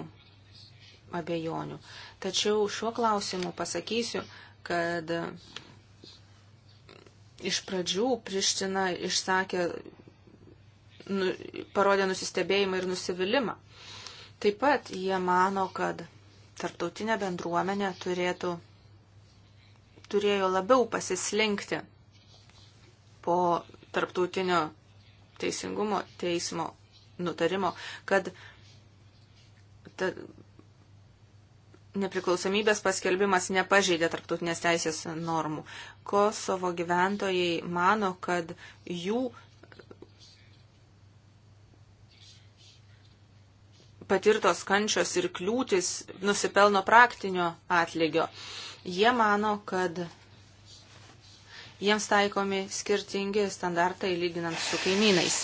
S3: abejonių. Tačiau šiuo klausimu pasakysiu, kad iš pradžių Priština išsakė, nu, parodė nusistebėjimą ir nusivylimą. Taip pat jie mano, kad tarptautinė bendruomenė turėtų, turėjo labiau pasislinkti po tarptautinio teisingumo teismo nutarimo, kad ta, nepriklausomybės paskelbimas nepažeidė tarptautinės teisės normų. Kosovo gyventojai mano, kad jų patirtos kančios ir kliūtis nusipelno praktinio atlygio. Jie mano, kad jiems taikomi skirtingi standartai lyginant su kaimynais.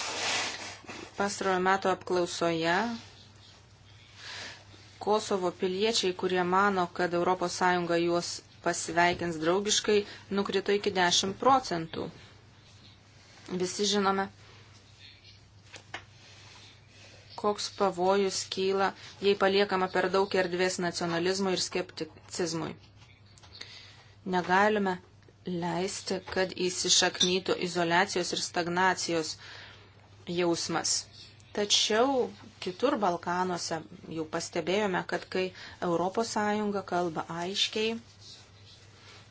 S3: Pastarojo meto apklausoje Kosovo piliečiai, kurie mano, kad ES juos pasveikins draugiškai, nukrito iki 10 procentų. Visi žinome, koks pavojus kyla, jei paliekama per daug erdvės nacionalizmui ir skepticizmui. Negalime leisti, kad įsišaknytų izolacijos ir stagnacijos jausmas. Tačiau kitur Balkanuose jau pastebėjome, kad kai ES kalba aiškiai,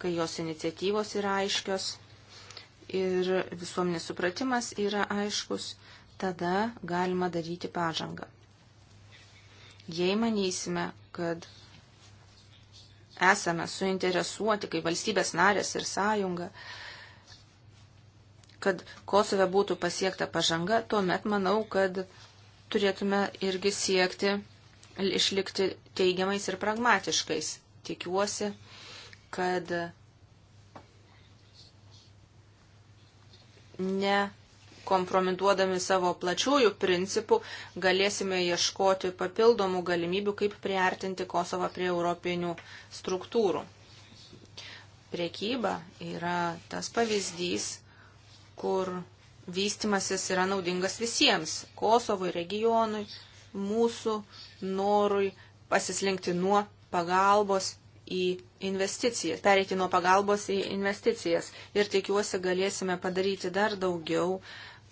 S3: kai jos iniciatyvos yra aiškios ir visuomenės supratimas yra aiškus, tada galima daryti pažangą. Jei manysime, kad esame suinteresuoti, kaip valstybės narės ir sąjunga, kad Kosove būtų pasiekta pažanga, tuomet manau, kad turėtume irgi siekti išlikti teigiamais ir pragmatiškais. Tikiuosi, kad ne kompromituodami savo plačiųjų principų, galėsime ieškoti papildomų galimybių, kaip priartinti Kosovą prie europinių struktūrų. Priekyba yra tas pavyzdys, kur vystimasis yra naudingas visiems - Kosovui, regionui, mūsų norui pasislinkti nuo pagalbos į investicijas, pereiti nuo pagalbos į investicijas. Ir tikiuosi galėsime padaryti dar daugiau,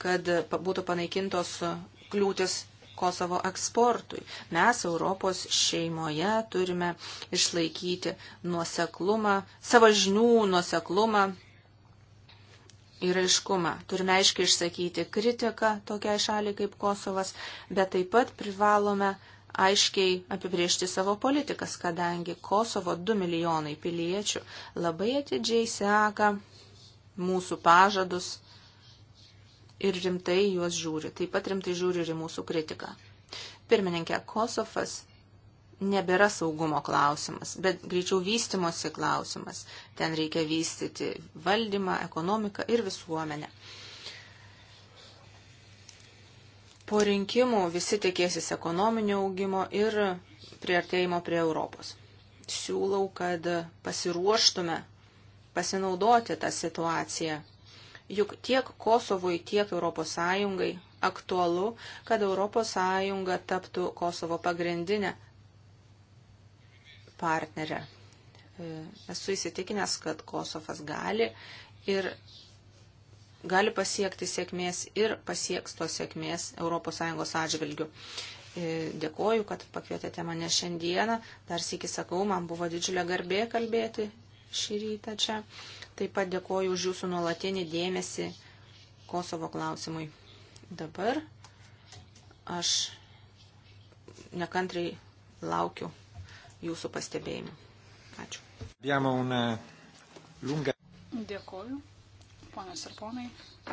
S3: kad būtų panaikintos kliūtis Kosovo eksportui. Mes Europos šeimoje turime išlaikyti nuoseklumą, savo žinių nuoseklumą ir aiškumą. Turime aiškiai išsakyti kritiką tokiai šaliai kaip Kosovas, bet taip pat privalome aiškiai apibriežti savo politikas, kadangi Kosovo 2 milijonai piliečių labai atidžiai seka mūsų pažadus ir rimtai juos žiūri. Taip pat rimtai žiūri ir mūsų kritiką. Pirmininkė, Kosovas nebėra saugumo klausimas, bet greičiau vystimosi klausimas. Ten reikia vystyti valdymą, ekonomiką ir visuomenę. Po rinkimų visi tikėsis ekonominio augimo ir prieartėjimo prie Europos. Siūlau, kad pasiruoštume pasinaudoti tą situaciją Juk tiek Kosovui, tiek ES aktualu, kad ES taptų Kosovo pagrindinę partnerę. E, esu įsitikinęs, kad Kosovas gali ir gali pasiekti sėkmės ir pasieks tos sėkmės ES atžvilgių. E, dėkoju, kad pakvietėte mane šiandieną. Dar sėki sakau, man buvo didžiulė garbė kalbėti šį rytą čia. Taip pat dėkoju už jūsų nuolatinį dėmesį Kosovo klausimui. Dabar aš nekantrai laukiu jūsų pastebėjimų.
S1: Ačiū. Eh,
S4: dėkoju, ponios ir ponai.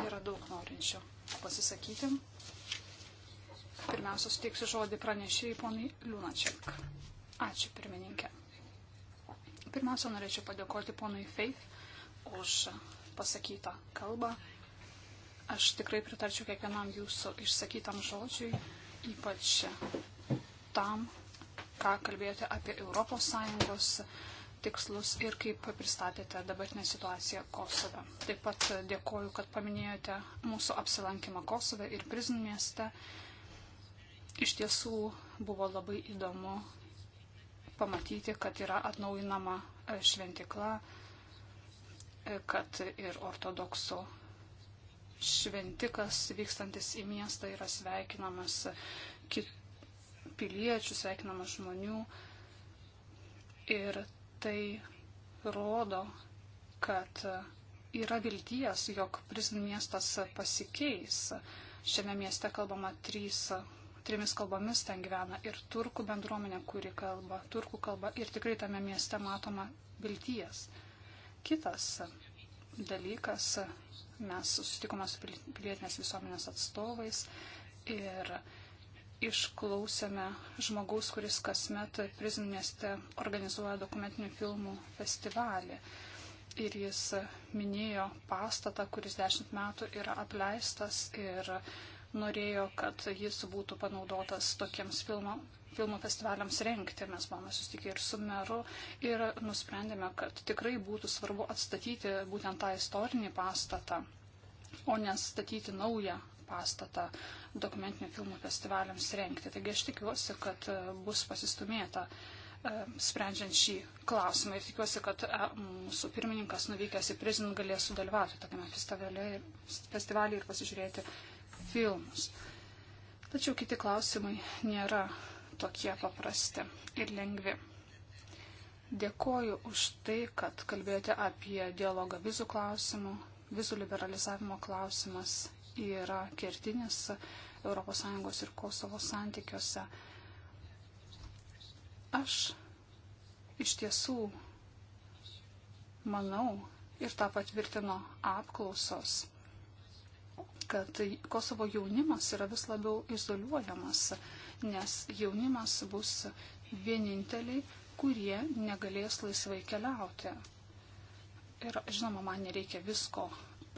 S4: Yra daug norinčių pasisakyti. Pirmiausia, suteiksiu žodį pranešėjai poniai Liūnačiak. Ačiū, pirmininkė. Pirmiausia, norėčiau padėkoti ponui Faith už pasakytą kalbą. Aš tikrai pritarčiau kiekvienam jūsų išsakytam žodžiui, ypač tam, ką kalbėjote apie ES tikslus ir kaip pristatėte dabartinę situaciją Kosove. Taip pat dėkoju, kad paminėjote mūsų apsilankymą Kosove ir Prizm mieste. Iš tiesų buvo labai įdomu pamatyti, kad yra atnaujinama šventikla kad ir ortodoksų šventikas vykstantis į miestą yra sveikinamas kit, piliečių, sveikinamas žmonių. Ir tai rodo, kad yra vilties, jog Prizm miestas pasikeis. Šiame mieste kalbama trys, trimis kalbomis ten gyvena ir turkų bendruomenė, kuri kalba turkų kalba ir tikrai tame mieste matoma vilties. Kitas dalykas, mes susitikome su pilietinės visuomenės atstovais ir išklausėme žmogaus, kuris kasmet Prizm mieste organizuoja dokumentinių filmų festivalį. Ir jis minėjo pastatą, kuris dešimt metų yra apleistas ir norėjo, kad jis būtų panaudotas tokiems filmam, filmų festivaliams renkti. Mes buvome susitikę ir su meru ir nusprendėme, kad tikrai būtų svarbu atstatyti būtent tą istorinį pastatą, o ne statyti naują pastatą dokumentinių filmų festivaliams renkti. Taigi aš tikiuosi, kad e, bus pasistumėta e, sprendžiant šį klausimą ir tikiuosi, kad e, mūsų pirmininkas nuvykęs į Prizin galės sudalyvauti tokiame festivalyje ir pasižiūrėti filmus. Tačiau kiti klausimai nėra tokie paprasti ir lengvi. Dėkoju už tai, kad kalbėjote apie dialogą vizų klausimų. Vizų liberalizavimo klausimas yra kertinis ES ir Kosovo santykiuose. Aš iš tiesų manau ir tą patvirtino apklausos kad Kosovo jaunimas yra vis labiau izoliuojamas, nes jaunimas bus vieninteliai, kurie negalės laisvai keliauti. Ir žinoma, man nereikia visko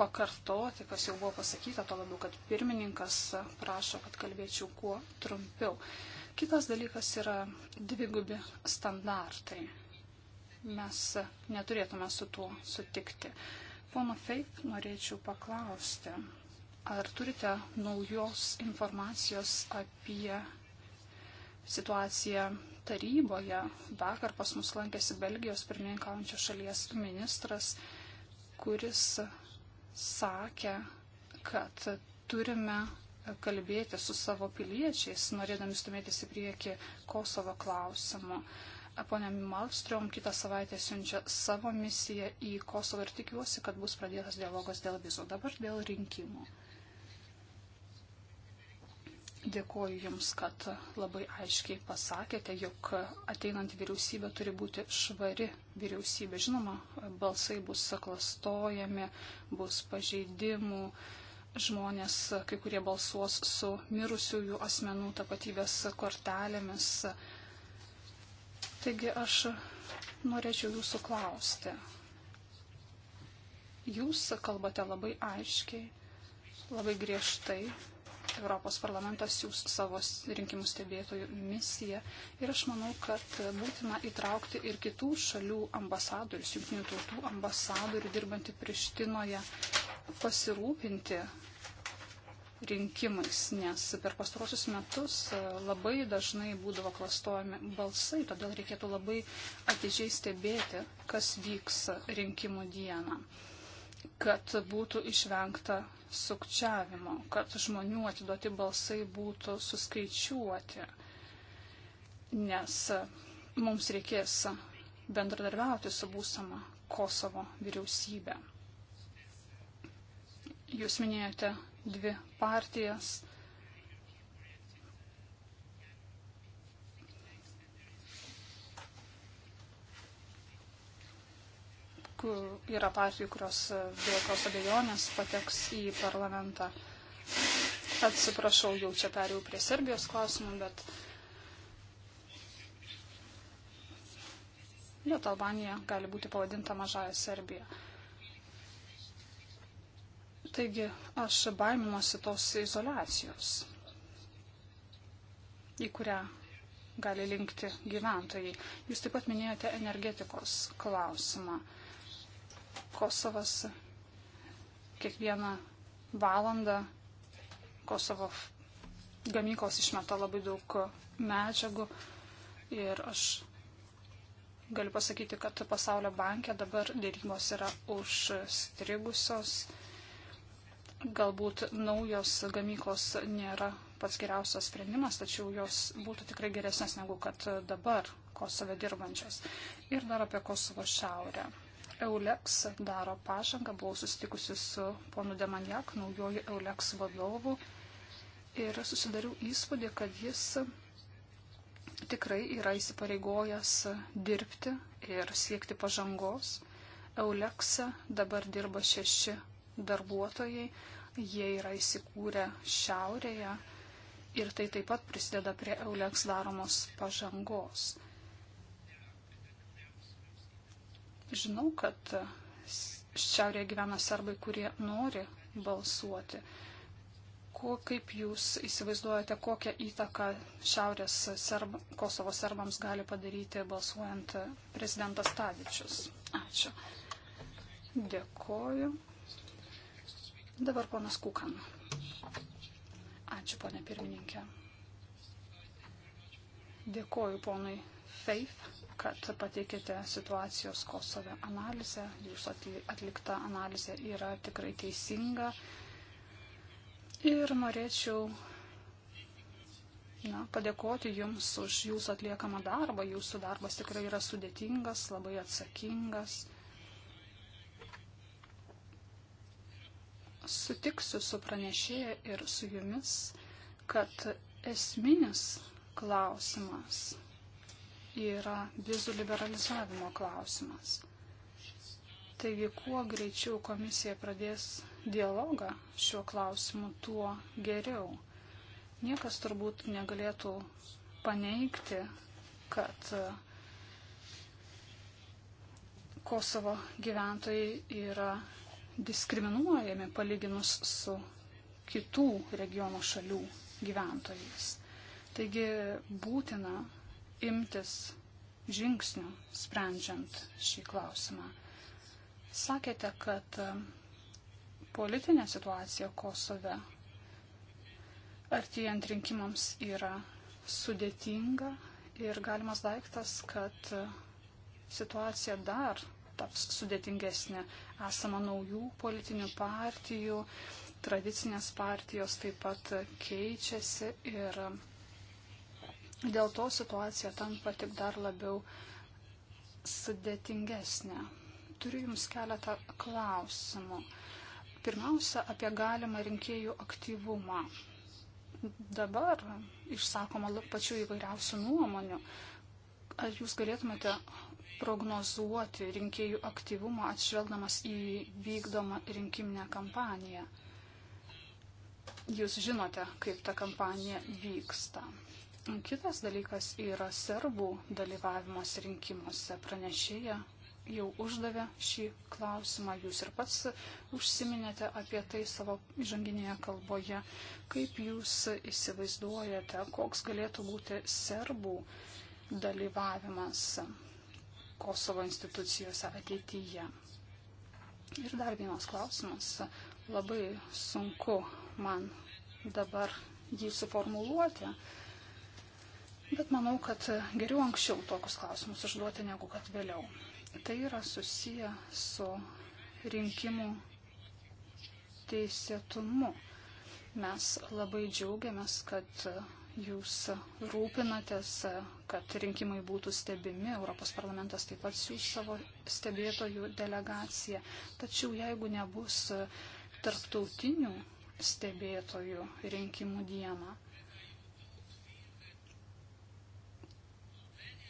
S4: pakartoti, kas jau buvo pasakyta, to labiau, kad pirmininkas prašo, kad kalbėčiau kuo trumpiau. Kitas dalykas yra dvigubi standartai. Mes neturėtume su tuo sutikti. Pono Feik norėčiau paklausti, ar turite naujos informacijos apie situaciją taryboje. Vakar pas mus lankėsi Belgijos pirmininkaujančios šalies ministras, kuris sakė, kad turime kalbėti su savo piliečiais, norėdami stumėtis į priekį Kosovo klausimu. Pone Malstrom kitą savaitę siunčia savo misiją į Kosovą ir tikiuosi, kad bus pradėtas dialogas dėl vizų, dabar dėl rinkimų. Dėkuoju Jums, kad labai aiškiai pasakėte, jog ateinant vyriausybė turi būti švari vyriausybė. Žinoma, balsai bus saklastojami, bus pažeidimų, žmonės, kai kurie balsuos su mirusiųjų asmenų tapatybės kortelėmis. Taigi aš norėčiau Jūsų klausti. Jūs kalbate labai aiškiai, labai griežtai Europos parlamentas siūs savo rinkimų stebėtojų misiją. Ir aš manau, kad būtina įtraukti ir kitų šalių ambasadorius, jungtinių tautų ambasadorių dirbantį Prištinoje, pasirūpinti rinkimais, nes per pastarosius metus e, labai dažnai būdavo klastojami balsai, todėl reikėtų labai atidžiai stebėti, kas vyks rinkimų dieną kad būtų išvengta sukčiavimo, kad žmonių atiduoti balsai būtų suskaičiuoti, nes mums reikės bendradarbiauti su būsama Kosovo vyriausybė. Jūs minėjote dvi partijas yra partijų, kurios be jokios abejonės pateks į parlamentą. Atsiprašau, jau čia perėjau prie Serbijos klausimų, bet Bet Albanija gali būti pavadinta mažąją Serbiją. Taigi aš baiminuosi tos izolacijos, į kurią gali linkti gyventojai. Jūs taip pat minėjote energetikos klausimą. Kosovas kiekvieną valandą Kosovo gamyklos išmeta labai daug medžiagų ir aš galiu pasakyti, kad pasaulio bankė dabar dėrybos yra užstrigusios. Galbūt naujos gamyklos nėra pats geriausias sprendimas, tačiau jos būtų tikrai geresnės negu kad dabar Kosove dirbančios. Ir dar apie Kosovo šiaurę. Euleks daro pažangą, buvau susitikusi su ponu Demanjak, naujoju Euleks vadovu ir susidariau įspūdį, kad jis tikrai yra įsipareigojęs dirbti ir siekti pažangos. Eulekse dabar dirba šeši darbuotojai, jie yra įsikūrę šiaurėje ir tai taip pat prisideda prie Euleks daromos pažangos. Žinau, kad šiaurėje gyvena serbai, kurie nori balsuoti. Ko, kaip jūs įsivaizduojate, kokią įtaką šiaurės serb, Kosovo serbams gali padaryti balsuojant prezidentas Tadičius? Ačiū. Dėkoju. Dabar ponas Kukan. Ačiū, ponė pirmininkė. Dėkoju ponui Feif kad pateikėte situacijos Kosove analizę. Jūsų atlikta analizė yra tikrai teisinga. Ir norėčiau na, padėkoti Jums už Jūsų atliekamą darbą. Jūsų darbas tikrai yra sudėtingas, labai atsakingas. Sutiksiu su pranešėja ir su Jumis, kad esminis klausimas yra vizų liberalizavimo klausimas. Taigi, kuo greičiau komisija pradės dialogą šiuo klausimu, tuo geriau. Niekas turbūt negalėtų paneigti, kad e, Kosovo gyventojai yra diskriminuojami palyginus su kitų regiono šalių gyventojais. Taigi būtina imtis žingsnių sprendžiant šį klausimą. Sakėte, kad e, politinė situacija Kosove artėjant rinkimams yra sudėtinga ir galimas daiktas, kad e, situacija dar taps sudėtingesnė. Esama naujų politinių partijų, tradicinės partijos taip pat keičiasi ir Dėl to situacija tampa tik dar labiau sudėtingesnė. Turiu Jums keletą klausimų. Pirmiausia, apie galimą rinkėjų aktyvumą. Dabar išsakoma pačių įvairiausių nuomonių. Ar Jūs galėtumėte prognozuoti rinkėjų aktyvumą atšvelgdamas į vykdomą rinkiminę kampaniją? Jūs žinote, kaip ta kampanija vyksta. Kitas dalykas yra serbų dalyvavimas rinkimuose. Pranešėja jau uždavė šį klausimą, jūs ir pats užsiminėte apie tai savo įžanginėje kalboje. Kaip jūs įsivaizduojate, koks galėtų būti serbų dalyvavimas Kosovo institucijose ateityje? Ir dar vienas klausimas. Labai sunku man dabar jį suformuluoti Bet manau, kad geriau anksčiau tokius klausimus užduoti negu kad vėliau. Tai yra susiję su rinkimų teisėtumu. Mes labai džiaugiamės, kad jūs rūpinatės, kad rinkimai būtų stebimi. Europos parlamentas taip pat siūs savo stebėtojų delegaciją. Tačiau jeigu nebus tarptautinių stebėtojų rinkimų dieną,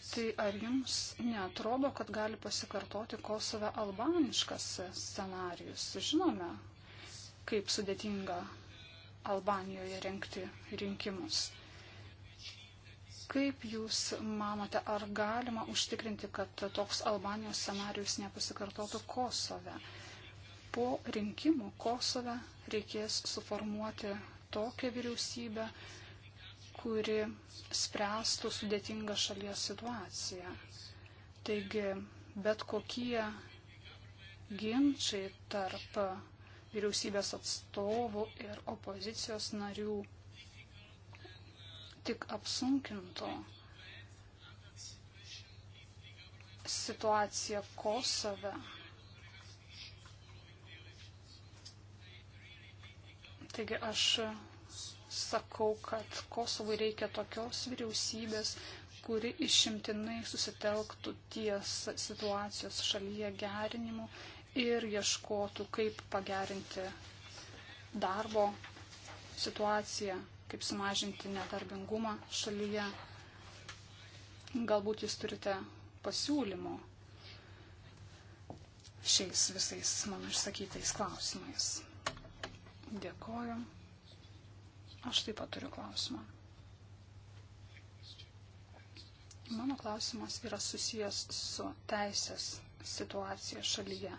S4: Tai ar jums netrodo, kad gali pasikartoti Kosove albaniškas scenarius? Žinome, kaip sudėtinga Albanijoje renkti rinkimus. Kaip Jūs manote, ar galima užtikrinti, kad toks Albanijos scenarius nepasikartotų Kosove? Po rinkimų Kosove reikės suformuoti tokią vyriausybę, kuri spręstų sudėtingą šalies situaciją. Taigi, bet kokie ginčiai tarp vyriausybės atstovų ir opozicijos narių tik apsunkinto situaciją Kosove. Taigi aš sakau, kad Kosovui reikia tokios vyriausybės, kuri išimtinai susitelktų ties situacijos šalyje gerinimu ir ieškotų, kaip pagerinti darbo situaciją, kaip sumažinti nedarbingumą šalyje. Galbūt jūs turite pasiūlymų šiais visais mano išsakytais klausimais. Dėkoju. Aš taip pat turiu klausimą. Mano klausimas yra susijęs su teisės situacija šalyje.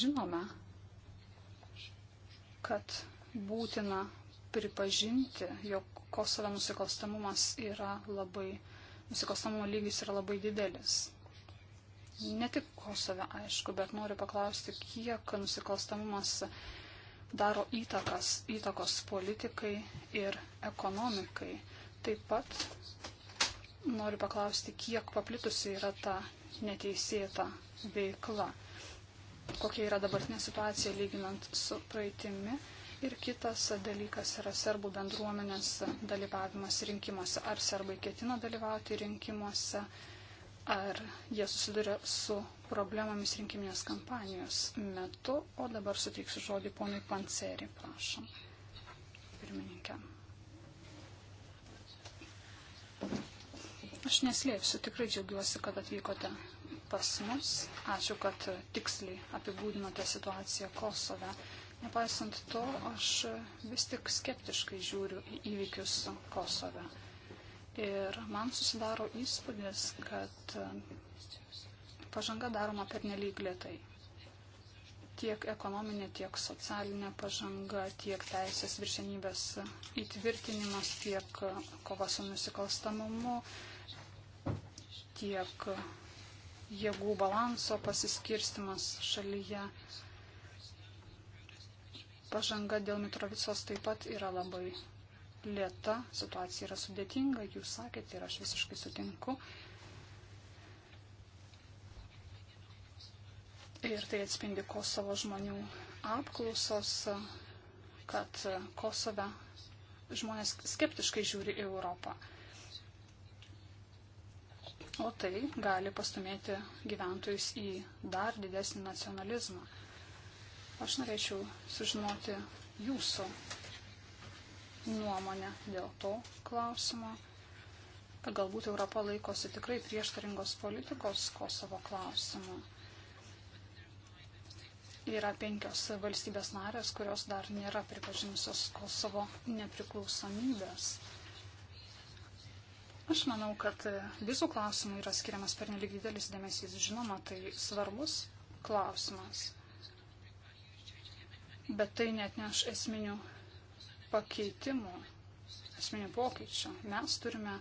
S4: Žinome, kad būtina pripažinti, jog Kosovo nusikalstamumas yra labai, nusikalstamumo lygis yra labai didelis. Ne tik Kosove, aišku, bet noriu paklausti, kiek nusikalstamumas daro įtakas, įtakos politikai ir ekonomikai. Taip pat noriu paklausti, kiek paplitusi yra ta neteisėta veikla, kokia yra dabartinė situacija lyginant su praeitimi. Ir kitas dalykas yra serbų bendruomenės dalyvavimas rinkimuose. Ar serbai ketina dalyvauti rinkimuose? ar jie susiduria su problemomis rinkiminės kampanijos metu. O dabar suteiksiu žodį ponui Panceri, prašom. Pirmininkė. Aš neslėpsiu, tikrai džiaugiuosi, kad atvykote pas mus. Ačiū, kad tiksliai apibūdinote situaciją Kosove. Nepaisant to, aš vis tik skeptiškai žiūriu į įvykius Kosove. Ir man susidaro įspūdis, kad e, pažanga daroma per nelyg lietai. Tiek ekonominė, tiek socialinė pažanga, tiek teisės viršenybės įtvirtinimas, tiek e, kova su nusikalstamumu, tiek e, jėgų balanso pasiskirstimas šalyje. Pažanga dėl Mitrovicos taip pat yra labai lėta, situacija yra sudėtinga, jūs sakėte ir aš visiškai sutinku. Ir tai atspindi Kosovo žmonių apklausos, kad Kosove žmonės skeptiškai žiūri į Europą. O tai gali pastumėti gyventojus į dar didesnį nacionalizmą. Aš norėčiau sužinoti jūsų nuomonę dėl to klausimo. Galbūt Europa laikosi tikrai prieštaringos politikos Kosovo klausimu. Yra penkios valstybės narės, kurios dar nėra pripažinusios Kosovo nepriklausomybės. Aš manau, kad visų klausimų yra skiriamas pernelyg didelis dėmesys. Žinoma, tai svarbus klausimas. Bet tai net neš esminių pakeitimų, esminių pokyčių. Mes turime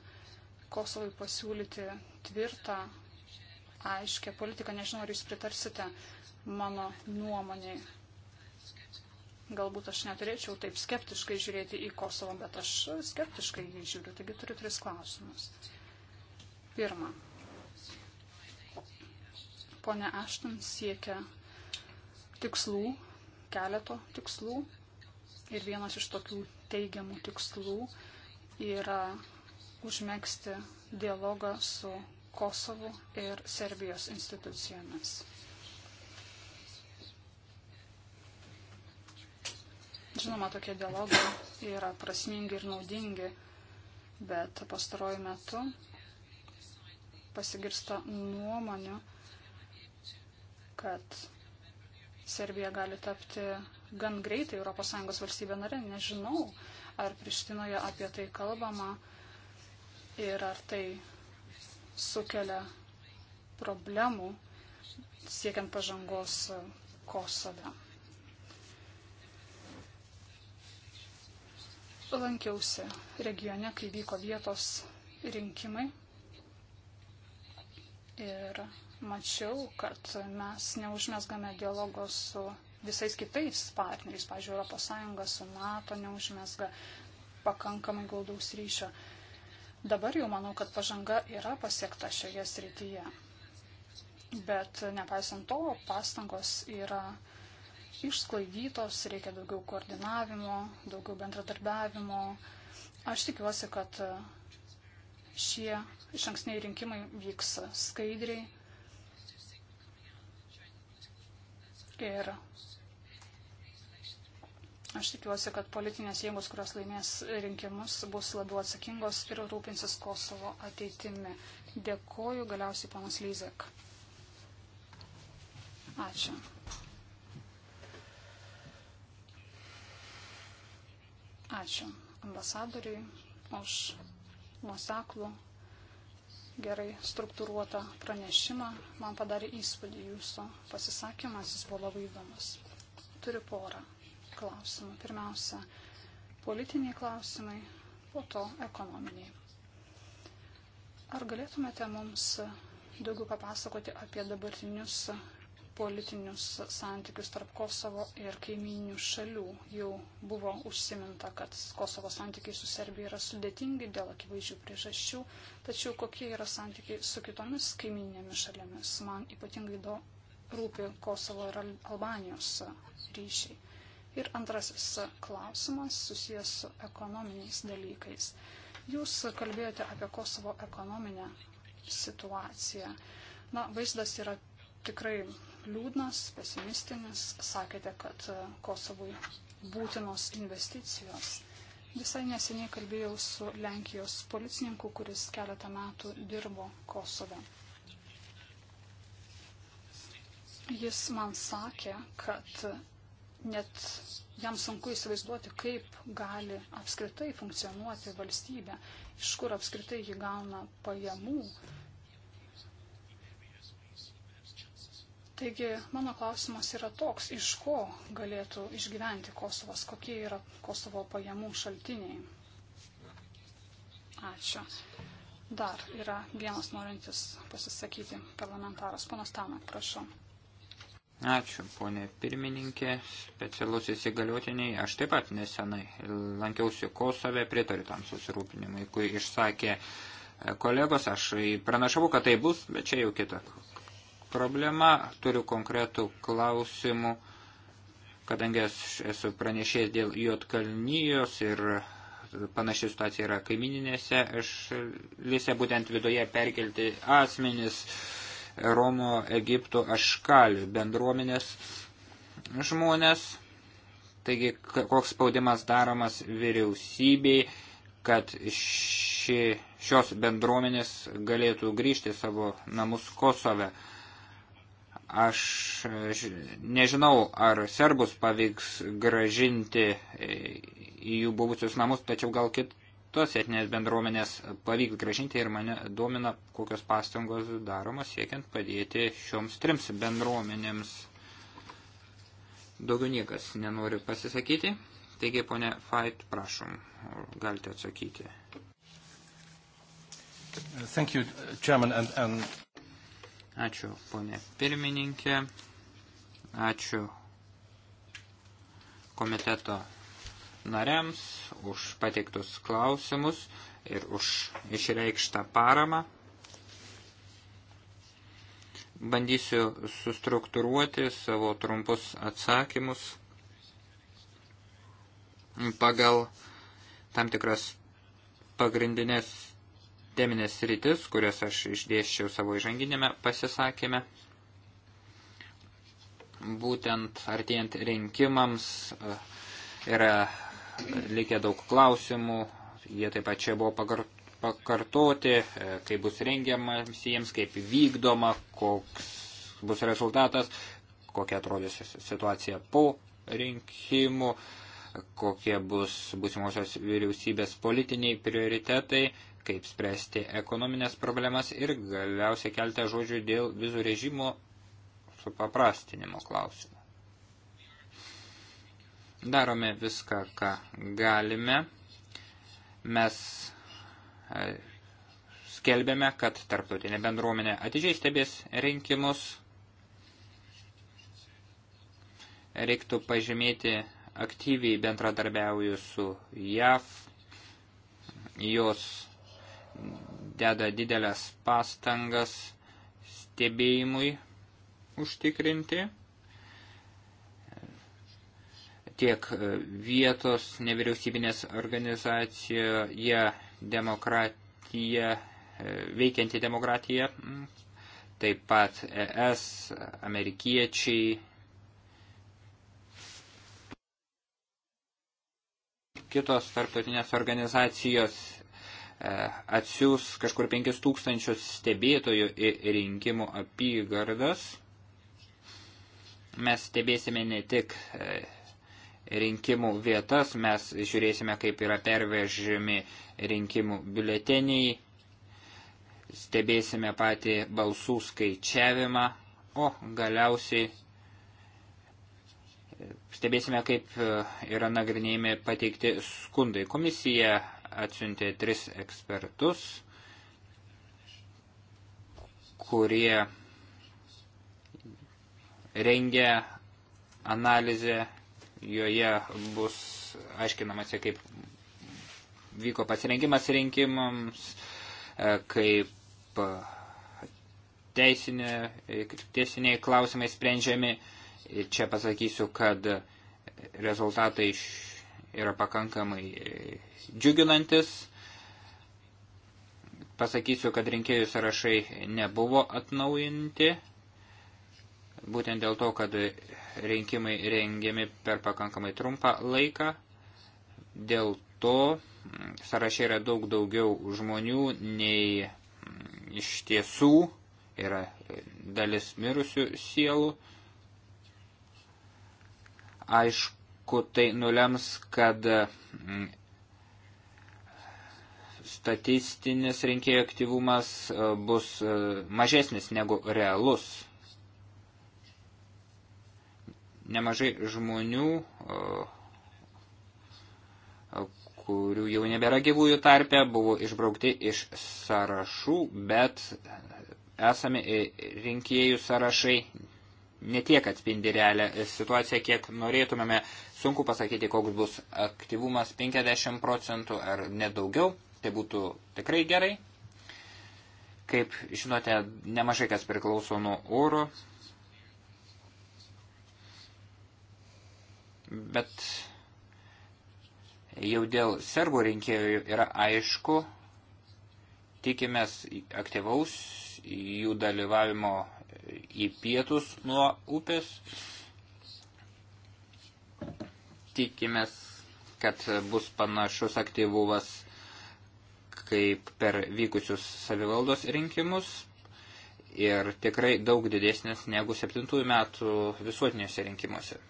S4: Kosovai pasiūlyti tvirtą, aiškę politiką. Nežinau, ar jūs pritarsite mano nuomonėje. Galbūt aš neturėčiau taip skeptiškai žiūrėti į Kosovą, bet aš skeptiškai jį žiūriu. Taigi turiu tris klausimus. Pirma. Pone Ašton siekia tikslų, keleto tikslų, Ir vienas iš tokių teigiamų tikslų yra užmėgsti dialogą su Kosovu ir Serbijos institucijomis. Žinoma, tokie dialogai yra prasmingi ir naudingi, bet pastaruoju metu pasigirsta nuomonių, kad Serbija gali tapti gan greitai ES valstybė narė. Nežinau, ar Prištinoje apie tai kalbama ir ar tai sukelia problemų siekiant pažangos Kosove. Lankiausi regione, kai vyko vietos rinkimai ir mačiau, kad mes neužmesgame dialogo su visais kitais partneriais, pavyzdžiui, ES su NATO neužmesga pakankamai glaudaus ryšio. Dabar jau manau, kad pažanga yra pasiekta šioje srityje. Bet nepaisant to, pastangos yra išsklaidytos, reikia daugiau koordinavimo, daugiau bendradarbiavimo. Aš tikiuosi, kad šie iš anksniai rinkimai vyks skaidriai ir Aš tikiuosi, kad politinės jėgos, kurios laimės rinkimus, bus labiau atsakingos ir rūpinsis Kosovo ateitimi. Dėkoju galiausiai panas Lyzek. Ačiū. Ačiū ambasadoriui už nuoseklų, gerai struktūruotą pranešimą. Man padarė įspūdį jūsų pasisakymas, jis buvo labai įdomus. Turiu porą klausimų. Pirmiausia, politiniai klausimai, po to ekonominiai. Ar galėtumėte mums daugiau papasakoti apie dabartinius politinius santykius tarp Kosovo ir kaiminių šalių? Jau buvo užsiminta, kad Kosovo santykiai su Serbija yra sudėtingi dėl akivaizdžių priežasčių, tačiau kokie yra santykiai su kitomis kaiminėmis šalėmis? Man ypatingai do, rūpi Kosovo ir Albanijos ryšiai. Ir antrasis klausimas susijęs su ekonominiais dalykais. Jūs kalbėjote apie Kosovo ekonominę situaciją. Na, vaizdas yra tikrai liūdnas, pesimistinis. Sakėte, kad e, Kosovui būtinos investicijos. Visai neseniai kalbėjau su Lenkijos policininku, kuris keletą metų dirbo Kosove. Jis man sakė, kad net jam sunku įsivaizduoti, kaip gali apskritai funkcionuoti valstybė, iš kur apskritai ji gauna pajamų. Taigi mano klausimas yra toks, iš ko galėtų išgyventi Kosovas, kokie yra Kosovo pajamų šaltiniai. Ačiū. Dar yra vienas norintis pasisakyti parlamentaras. Panas Tanak, prašau.
S2: Ačiū, ponė pirmininkė, specialus įsigaliotiniai. Aš taip pat nesenai lankiausi Kosove, pritariu tam susirūpinimui, kurį išsakė e, kolegos. Aš pranašavau, kad tai bus, bet čia jau kita problema. Turiu konkretų klausimų, kadangi aš esu pranešėjęs dėl Jotkalnyjos ir panaši situacija yra kaimininėse šalyse, būtent viduje perkelti asmenis. Uh, Romo, Egipto, Aškalių bendruomenės žmonės. Taigi, koks spaudimas daromas vyriausybei, kad ši, šios bendruomenės galėtų grįžti savo namus Kosove. Aš nežinau, ar serbus pavyks gražinti į jų buvusius namus, tačiau gal kit, tos etinės bendruomenės pavyks gražinti ir mane domina, kokios pastangos daromos siekiant padėti šioms trims bendruomenėms. Daugiau niekas nenori pasisakyti. Taigi, ponė Fait, prašom, galite atsakyti. Thank you, Chairman, and, and... Ačiū, ponė pirmininkė. Ačiū komiteto nariams už pateiktus klausimus ir už išreikštą paramą. Bandysiu sustruktūruoti savo trumpus atsakymus pagal tam tikras pagrindinės teminės rytis, kurias aš išdėščiau savo įžanginėme pasisakėme. Būtent artėjant rinkimams e, yra likę daug klausimų, jie taip pat čia buvo pakartoti pakartoti, e, kaip bus rengiamas jiems, kaip vykdoma, koks bus rezultatas, kokia atrodys situacija po rinkimų, kokie bus būsimosios vyriausybės politiniai prioritetai, kaip spręsti ekonominės problemas ir galiausiai keltą žodžių dėl vizų režimo supaprastinimo klausimų. Darome viską, ką galime. Mes e, skelbėme, kad tarptautinė bendruomenė atidžiai stebės rinkimus. Reiktų pažymėti aktyviai bendradarbiauju su JAV. Jos deda didelės pastangas stebėjimui užtikrinti tiek e, vietos nevyriausybinės organizacijoje demokratija, e, veikianti demokratija, taip pat ES, amerikiečiai, kitos tarptautinės organizacijos e, atsiūs kažkur 5000 stebėtojų į rinkimų apygardas. Mes stebėsime ne tik rinkimų vietas, mes žiūrėsime, kaip yra pervežimi rinkimų biuleteniai, stebėsime patį balsų skaičiavimą, o galiausiai stebėsime, kaip e, yra nagrinėjami pateikti skundai. Komisija atsiuntė tris ekspertus, kurie rengia analizę Joje bus aiškinamasi, kaip vyko pasirengimas rinkimams, e, kaip teisinė, e, teisiniai klausimai sprendžiami. Čia pasakysiu, kad rezultatai yra pakankamai e, džiuginantis. Pasakysiu, kad rinkėjų sąrašai nebuvo atnaujinti, būtent dėl to, kad rinkimai rengiami per pakankamai trumpą laiką, dėl to sąraše yra daug daugiau žmonių nei iš tiesų yra dalis mirusių sielų. Aišku, tai nulems, kad statistinis rinkėjų aktyvumas bus mažesnis negu realus nemažai žmonių, kurių jau nebėra gyvųjų tarpe, buvo išbraukti iš sąrašų, bet esame rinkėjų sąrašai netiek atspindi realią situaciją, kiek norėtumėme. Sunku pasakyti, koks bus aktyvumas 50 procentų ar nedaugiau. Tai būtų tikrai gerai. Kaip žinote, nemažai kas priklauso nuo oro bet jau dėl serbų rinkėjų yra aišku, tikimės aktyvaus jų dalyvavimo į pietus nuo upės. Tikimės, kad bus panašus aktyvumas kaip per vykusius savivaldos rinkimus ir tikrai daug didesnis negu 7 metų visuotiniuose rinkimuose.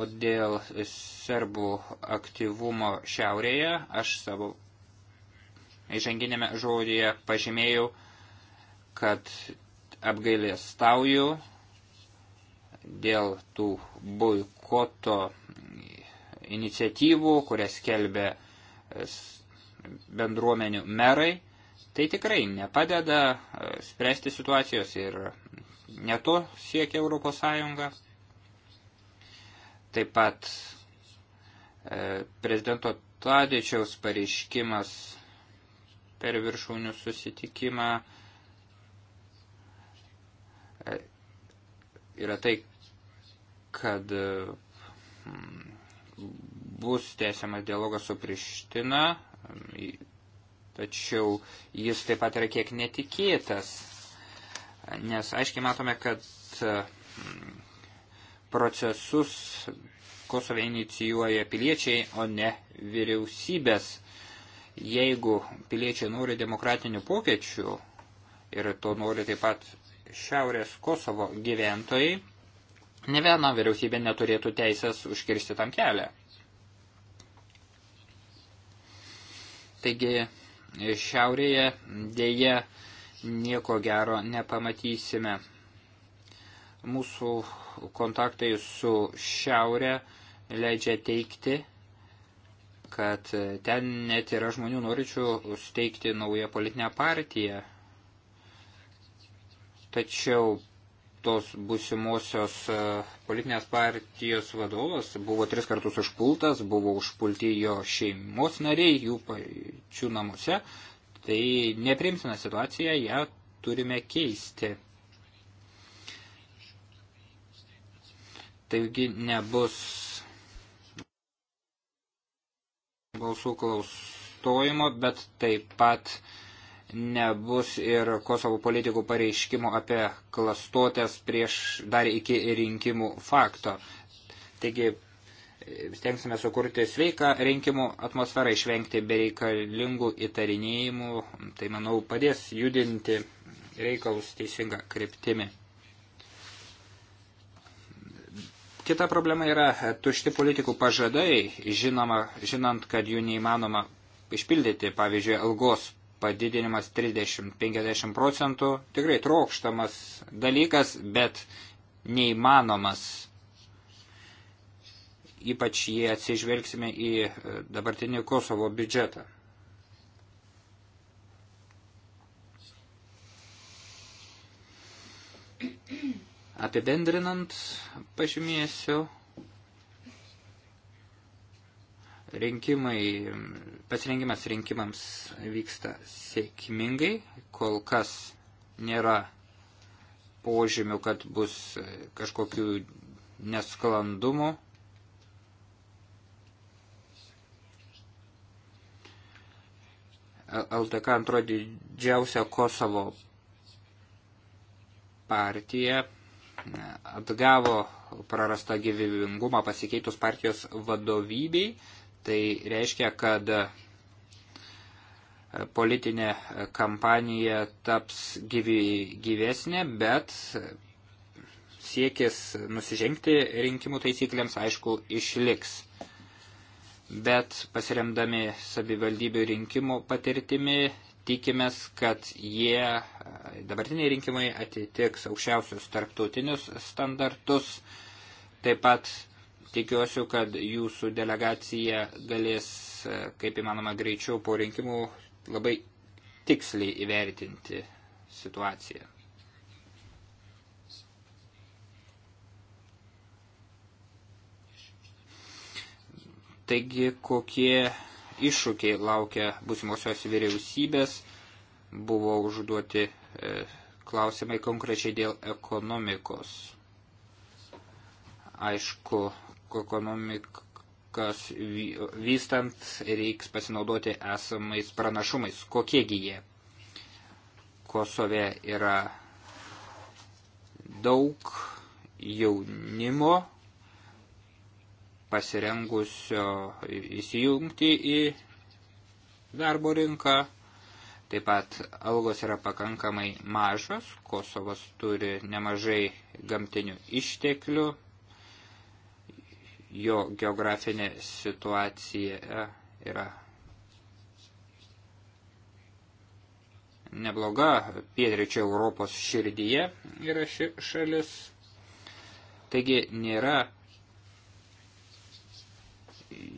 S2: O dėl serbų aktyvumo šiaurėje aš savo įžanginėme žodėje pažymėjau, kad apgailės stauju dėl tų boikoto iniciatyvų, kurias kelbė e, bendruomenių merai. Tai tikrai nepadeda e, spręsti situacijos ir ne to siekia Europos Sąjunga. Taip pat e, prezidento Tadėčiaus pareiškimas per viršūnių susitikimą e, yra tai, kad e, bus tęsiamas dialogas su Priština, e, tačiau jis taip pat yra kiek netikėtas, nes aiškiai matome, kad e, procesus Kosove inicijuoja piliečiai, o ne vyriausybės. Jeigu piliečiai nori demokratinių pokėčių ir to nori taip pat šiaurės Kosovo gyventojai, ne viena vyriausybė neturėtų teisės užkirsti tam kelią. Taigi, šiaurėje dėje nieko gero nepamatysime. Mūsų kontaktai su Šiaurė leidžia teikti, kad ten net yra žmonių norinčių steigti naują politinę partiją. Tačiau tos busimosios e, politinės partijos vadovas buvo tris kartus užpultas, buvo užpulti jo šeimos nariai, jų pačių namuose. Tai neprimtina situacija, ją turime keisti. Taigi nebus balsų klaustojimo, bet taip pat nebus ir Kosovo politikų pareiškimų apie klastotės prieš dar iki rinkimų fakto. Taigi stengsime sukurti sveiką rinkimų atmosferą, išvengti bereikalingų įtarinėjimų, tai manau padės judinti reikalus teisinga kryptimi. Kita problema yra e, tušti politikų pažadai, žinoma, žinant, kad jų neįmanoma išpildyti, pavyzdžiui, algos padidinimas 30-50 procentų, tikrai trokštamas dalykas, bet neįmanomas. Ypač jie atsižvelgsime į e, dabartinį Kosovo biudžetą. Apibendrinant pažymėsiu, rinkimai, pasirengimas rinkimams vyksta sėkmingai, kol kas nėra požymių, kad bus kažkokių nesklandumų. LTK antro didžiausia Kosovo partija atgavo prarastą gyvybingumą pasikeitus partijos vadovybei. Tai reiškia, kad politinė kampanija taps gyvy, gyvesnė, bet siekis nusižengti rinkimų taisyklėms, aišku, išliks. Bet pasiremdami savivaldybių rinkimų patirtimi tikimės, kad jie, e, dabartiniai rinkimai atitiks aukščiausius tarptautinius standartus. Taip pat tikiuosiu, kad jūsų delegacija galės, e, kaip įmanoma, greičiau po rinkimų labai tiksliai įvertinti situaciją. Taigi, kokie iššūkiai laukia būsimosios vyriausybės. Buvo užduoti e, klausimai konkrečiai dėl ekonomikos. Aišku, ekonomikas vystant reiks pasinaudoti esamais pranašumais. Kokiegi jie? Kosove yra daug jaunimo pasirengusio įsijungti į darbo rinką. Taip pat algos yra pakankamai mažos, Kosovas turi nemažai gamtinių išteklių, jo geografinė situacija yra nebloga pietryčio Europos širdyje yra ši šalis. Taigi nėra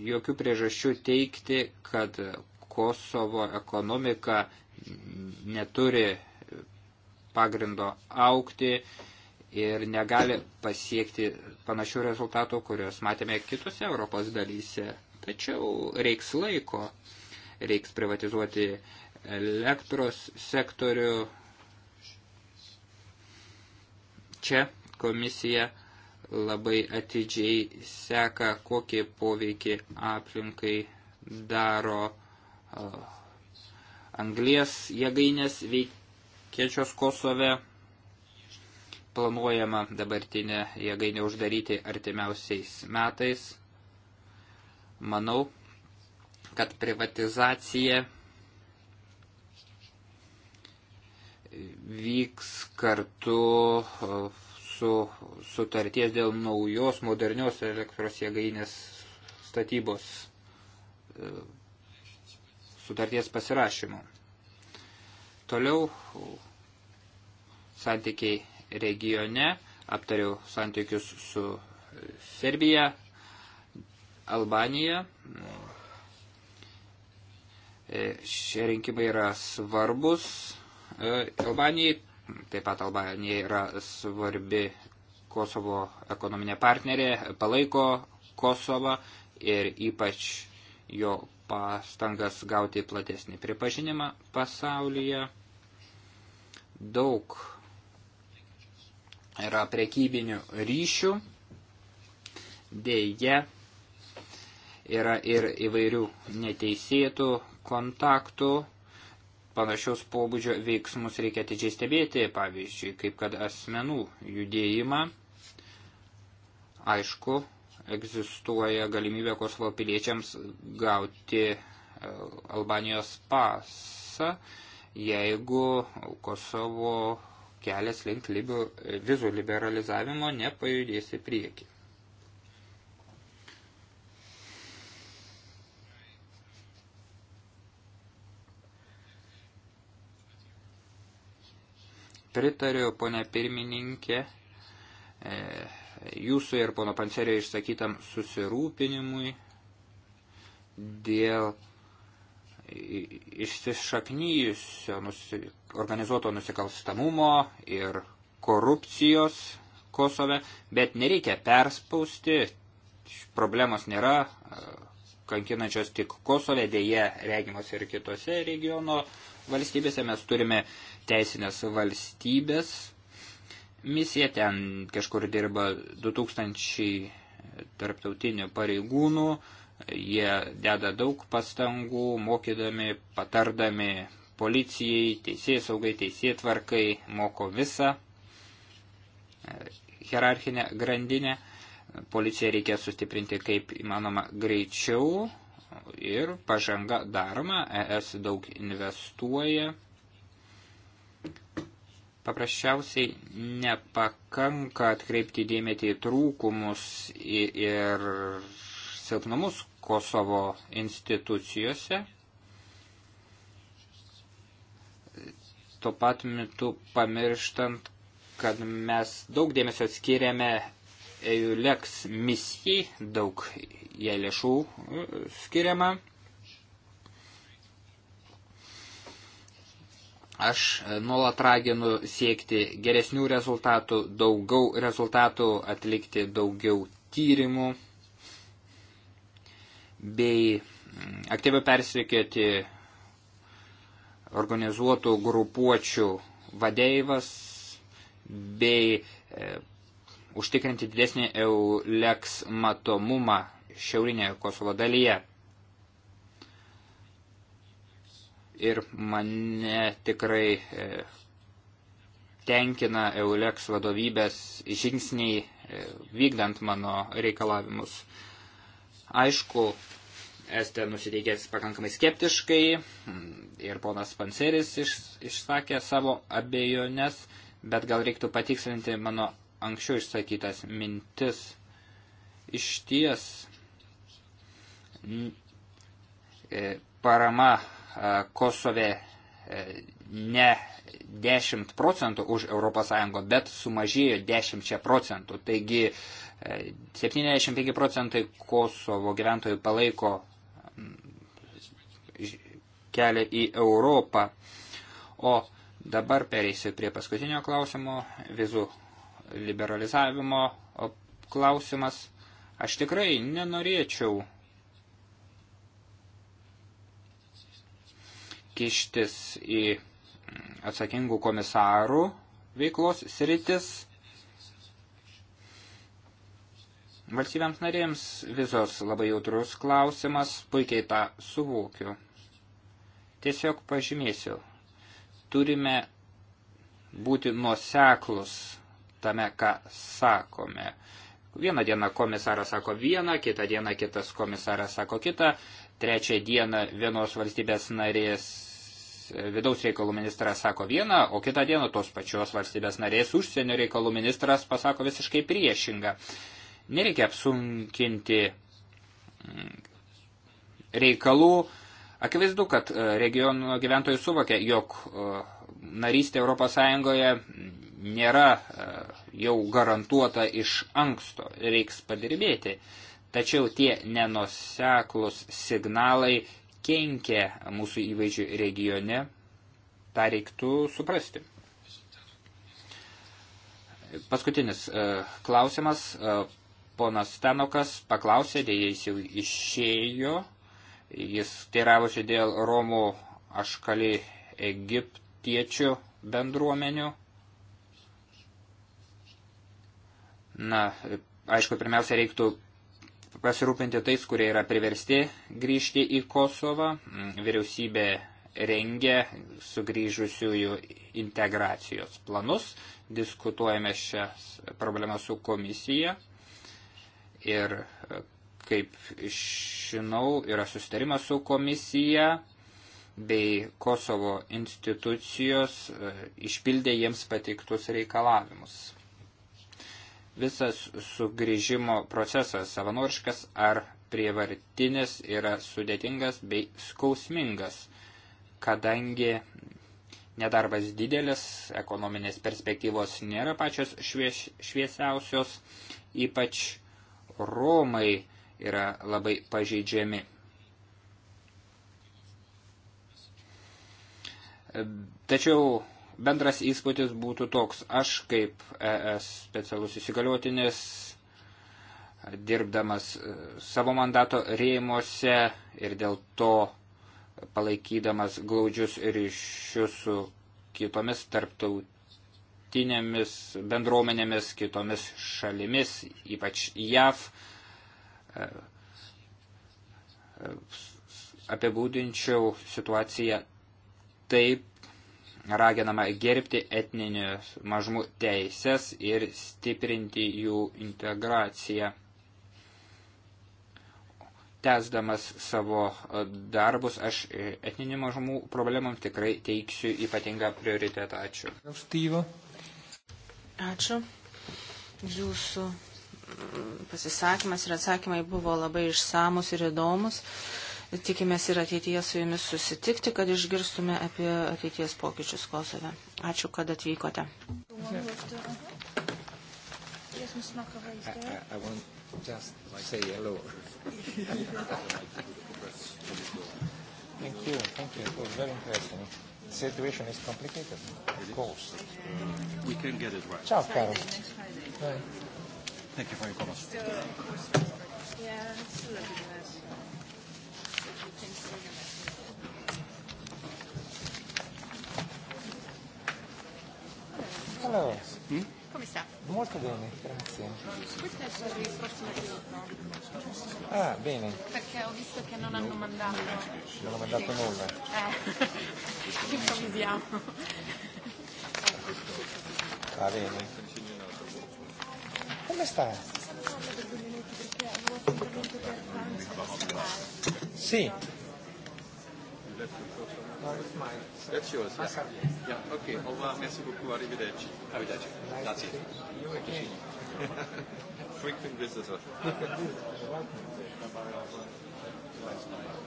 S2: jokių priežasčių teikti, kad Kosovo ekonomika neturi pagrindo aukti ir negali pasiekti panašių rezultatų, kuriuos matėme kitose Europos dalyse. Tačiau reiks laiko, reiks privatizuoti elektros sektorių. Čia komisija labai atidžiai seka, kokie poveikiai aplinkai daro uh, anglies jėgainės veikiančios Kosove. Planuojama dabartinę jėgainę uždaryti artimiausiais metais. Manau, kad privatizacija vyks kartu uh, mūsų sutarties dėl naujos modernios elektros jėgainės statybos e, sutarties pasirašymu. Toliau santykiai regione, aptariau santykius su Serbija, Albanija. E, šie rinkimai yra svarbus e, Albanijai Taip pat Albanija yra svarbi Kosovo ekonominė partnerė, palaiko Kosovą ir ypač jo pastangas gauti platesnį pripažinimą pasaulyje. Daug yra prekybinių ryšių, dėje yra ir įvairių neteisėtų kontaktų Panašios pobūdžio veiksmus reikia atidžiai stebėti, pavyzdžiui, kaip kad asmenų judėjimą. Aišku, egzistuoja galimybė Kosovo piliečiams gauti e, Albanijos pasą, jeigu Kosovo kelias link libių, vizų liberalizavimo nepajudės į priekį. Pritariu, ponia pirmininkė, e, jūsų ir pono Pancerio išsakytam susirūpinimui dėl išsišaknyjusio nusi, organizuoto nusikalstamumo ir korupcijos Kosove, bet nereikia perspausti, problemos nėra e, kankinančios tik Kosove, dėje regimos ir kitose regiono valstybėse mes turime teisinės valstybės misija, ten kažkur dirba 2000 tarptautinių pareigūnų, jie deda daug pastangų, mokydami, patardami policijai, teisėjai saugai, teisėjai tvarkai, moko visą e, hierarchinę grandinę. Policiją reikia sustiprinti kaip įmanoma greičiau ir pažanga daroma, ES daug investuoja Paprasčiausiai nepakanka atkreipti dėmesį į trūkumus ir silpnumus Kosovo institucijose. Tuo pat metu pamirštant, kad mes daug dėmesio skiriame EULEX misijai, daug jai lėšų skiriama. Aš e, nuolat raginu siekti geresnių rezultatų, daugiau rezultatų, atlikti daugiau tyrimų bei mm, aktyviau persiekėti organizuotų grupuočių vadeivas bei e, užtikrinti didesnį EULEX matomumą šiaurinėje Kosovo dalyje. ir mane tikrai e, tenkina EULEX vadovybės žingsniai e, vykdant mano reikalavimus. Aišku, Estė nusiteikęs pakankamai skeptiškai ir ponas Panseris iš, išsakė savo abejonės, bet gal reiktų patikslinti mano anksčiau išsakytas mintis. Iš ties e, parama E, Kosove e, ne 10 procentų už ES, bet sumažėjo 10 procentų. Taigi 75 e, procentai Kosovo gyventojų palaiko kelią į Europą. O dabar pereisiu prie paskutinio klausimo, vizų liberalizavimo klausimas. Aš tikrai nenorėčiau kištis į atsakingų komisarų veiklos sritis. Valstybėms narėms vizos labai jautrus klausimas, puikiai tą suvokiu. Tiesiog pažymėsiu, turime būti nuoseklus tame, ką sakome. Vieną dieną komisaras sako vieną, kitą dieną kitas komisaras sako kitą trečią dieną vienos valstybės narės e, vidaus reikalų ministras sako vieną, o kitą dieną tos pačios valstybės narės užsienio reikalų ministras pasako visiškai priešingą. Nereikia apsunkinti mm, reikalų. Akivaizdu, kad e, regionų gyventojai suvokia, jog e, narystė ES nėra jau garantuota iš anksto, reiks padirbėti. Tačiau tie nenuseklus signalai kenkia mūsų įvaizdžių regione, tą reiktų suprasti. Paskutinis e, klausimas. E, ponas Stanokas paklausė, dėja jis jau išėjo. Jis teiravosi dėl Romų aškali egiptiečių bendruomenių. Na, e, aišku, pirmiausia, reiktų pasirūpinti tais, kurie yra priversti grįžti į Kosovą. Mm, vyriausybė rengia sugrįžusiųjų integracijos planus. Diskutuojame šią problemą su komisija. Ir e, kaip žinau, yra sustarimas su komisija bei Kosovo institucijos e, išpildė jiems patiktus reikalavimus. Visas sugrįžimo procesas, savanoriškas ar prievartinis, yra sudėtingas bei skausmingas, kadangi nedarbas didelis, ekonominės perspektyvos nėra pačios švies, šviesiausios, ypač Romai yra labai pažeidžiami. Tačiau Bendras įspūdis būtų toks, aš kaip ES specialus įsigaliotinis, dirbdamas e, savo mandato rėmose ir dėl to palaikydamas glaudžius ryšius su kitomis tarptautinėmis bendruomenėmis, kitomis šalimis, ypač JAV, e, e, apibūdinčiau situaciją taip, raginama gerbti etninių mažumų teises ir stiprinti jų integraciją. Tesdamas savo darbus, aš etninių mažumų problemam tikrai teiksiu ypatingą prioritetą. Ačiū.
S3: Aukštyvo. Ačiū. Jūsų pasisakymas ir atsakymai buvo labai išsamus ir įdomus. Tikimės ir ateityje su jumis susitikti, kad išgirstume apie ateities pokyčius Kosove. Ačiū, kad atvykote. Thank
S4: you,
S1: thank you. It was very interesting. The situation is complicated, of course. We can get it right. Ciao, Carlo. Thank you for your comments.
S4: Yeah, it's lovely.
S1: Allora, hm? come sta? Molto bene, grazie.
S4: Questo è per il prossimo giorno.
S1: Ah, bene.
S4: Perché ho visto che non hanno mandato. Non
S5: hanno
S1: mandato sì. nulla.
S4: Eh,
S1: <laughs> improvvisiamo. Va bene. Come sta? Sì. No, it's mine. So That's yours. Yeah. yeah. Okay. Au revoir. Merci beaucoup. Arrivederci. Arrivederci. Nice Grazie. You <laughs> again. Frequent visitor. Welcome. <laughs>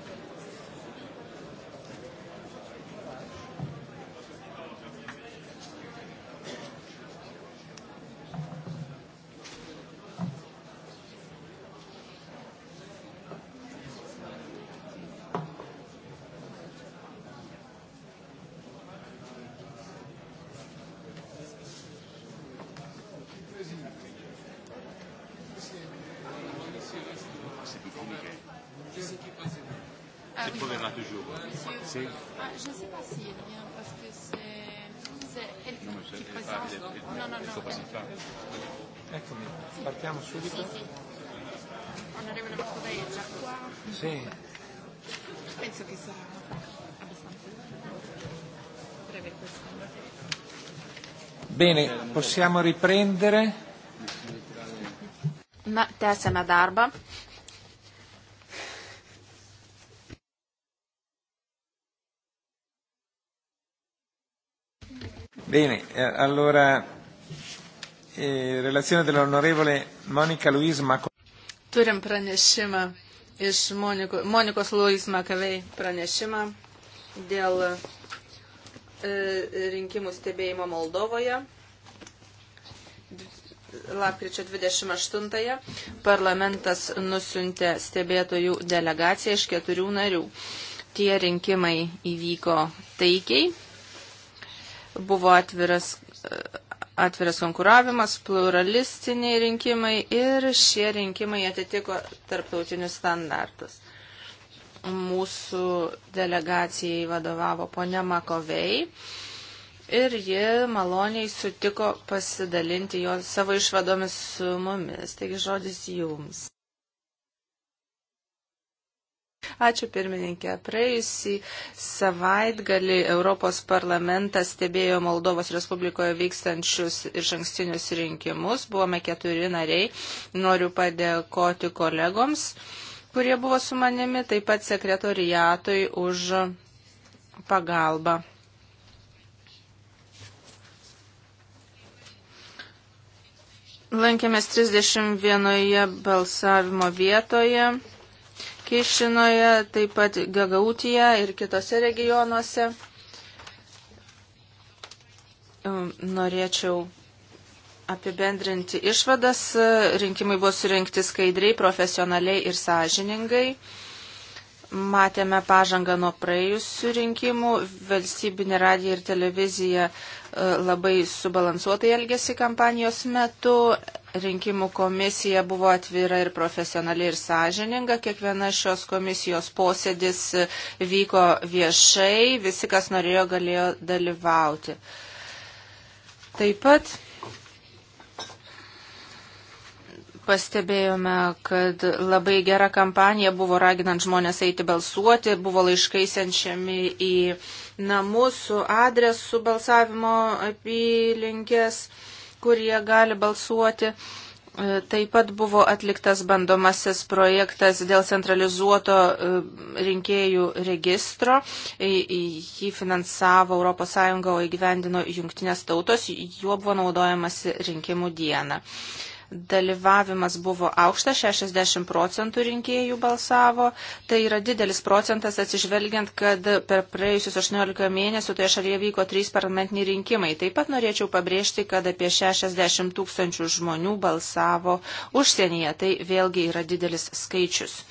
S5: passer
S3: ah, Je ne sais pas s'il vient parce que c'est elle non, qui présente. Ah, non, non, no.
S1: Eccomi, partiamo subito. Sì, sì.
S3: Onorevole Marcovei è già qua. Sì. Penso che sarà abbastanza breve questo.
S1: Bene, possiamo riprendere.
S3: Na, tęsiame darbą.
S1: Bene, eh, allora, eh, relazione dell'onorevole Monica Luis Maco.
S3: Turim pranešimą iš Moniko, Monikos Luis Makavei pranešimą dėl e, rinkimų stebėjimo Moldovoje. Lapkričio 28-ąją parlamentas nusiuntė stebėtojų delegaciją iš keturių narių. Tie rinkimai įvyko taikiai, buvo atviras, atviras konkuravimas, pluralistiniai rinkimai ir šie rinkimai atitiko tarptautinius standartus. Mūsų delegacijai vadovavo ponia Makovei ir ji maloniai sutiko pasidalinti jo savo išvadomis su mumis. Taigi žodis jums. Ačiū pirmininkė. Praėjusį savaitgalį Europos parlamentas stebėjo Moldovos Respublikoje vykstančius iš ankstinius rinkimus. Buvome keturi nariai. Noriu padėkoti kolegoms, kurie buvo su manimi, taip pat sekretoriatui už pagalbą. Lankėmės 31 balsavimo vietoje. Kišinoje, taip pat Gagautija ir kitose regionuose. Norėčiau apibendrinti išvadas. Rinkimai buvo surinkti skaidriai, profesionaliai ir sąžiningai. Matėme pažangą nuo praėjusių rinkimų. Valstybinė radija ir televizija e, labai subalansuotai elgėsi kampanijos metu rinkimų komisija buvo atvira ir profesionali ir sąžininga. Kiekviena šios komisijos posėdis e, vyko viešai, visi, kas norėjo, galėjo dalyvauti. Taip pat pastebėjome, kad labai gera kampanija buvo raginant žmonės eiti balsuoti, buvo laiškai senčiami į namus su adresu balsavimo apylinkės. linkės kurie gali balsuoti. E, taip pat buvo atliktas bandomasis projektas dėl centralizuoto e, rinkėjų registro. E, jį finansavo ES, o įgyvendino jungtinės tautos. Juo buvo naudojamasi rinkimų dieną dalyvavimas buvo aukštas, 60 procentų rinkėjų balsavo. Tai yra didelis procentas atsižvelgiant, kad per praėjusius 18 mėnesių toje šalyje vyko 3 parlamentiniai rinkimai. Taip pat norėčiau pabrėžti, kad apie 60 tūkstančių žmonių balsavo užsienyje. Tai vėlgi yra didelis skaičius.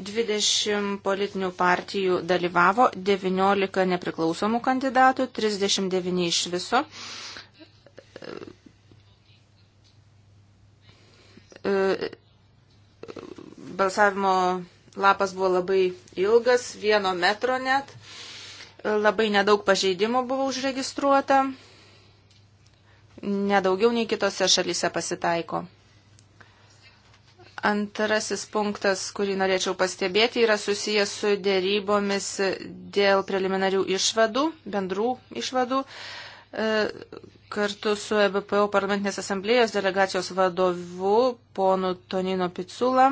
S3: 20 politinių partijų dalyvavo, 19 nepriklausomų kandidatų, 39 iš viso E, balsavimo lapas buvo labai ilgas, vieno metro net. E, labai nedaug pažeidimų buvo užregistruota. Nedaugiau nei kitose šalyse pasitaiko. Antrasis punktas, kurį norėčiau pastebėti, yra susijęs su dėrybomis dėl preliminarių išvadų, bendrų išvadų. E, kartu su EBPO parlamentinės asamblėjos delegacijos vadovu ponu Tonino Picula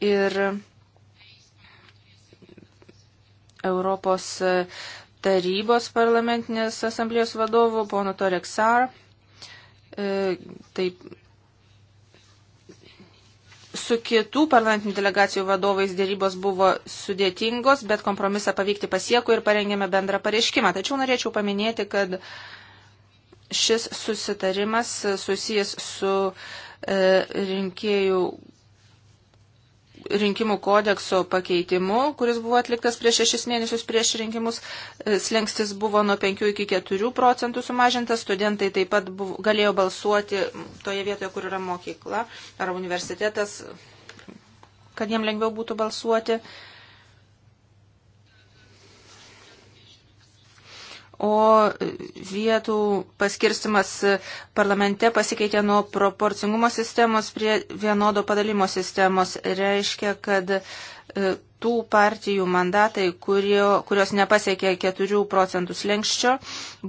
S3: ir Europos e, tarybos parlamentinės asamblėjos vadovu ponu Toreksar. E, taip, su kitų parlamentinių delegacijų vadovais dėrybos buvo sudėtingos, bet kompromisą pavykti pasieko ir parengėme bendrą pareiškimą. Tačiau norėčiau paminėti, kad uh, šis susitarimas susijęs su e, rinkėjų rinkimų kodekso pakeitimu, kuris buvo atliktas prieš šešis mėnesius prieš rinkimus. E, Slengstis buvo nuo 5 iki 4 procentų sumažintas, studentai taip pat buvo, galėjo balsuoti toje vietoje, kur yra mokykla ar universitetas, kad jiem lengviau būtų balsuoti. Uh, o vietų paskirstimas parlamente pasikeitė nuo proporcingumo sistemos prie vienodo padalimo sistemos. Reiškia, kad e, tų partijų mandatai, kurio, kurios nepasiekė 4 procentų slengščio,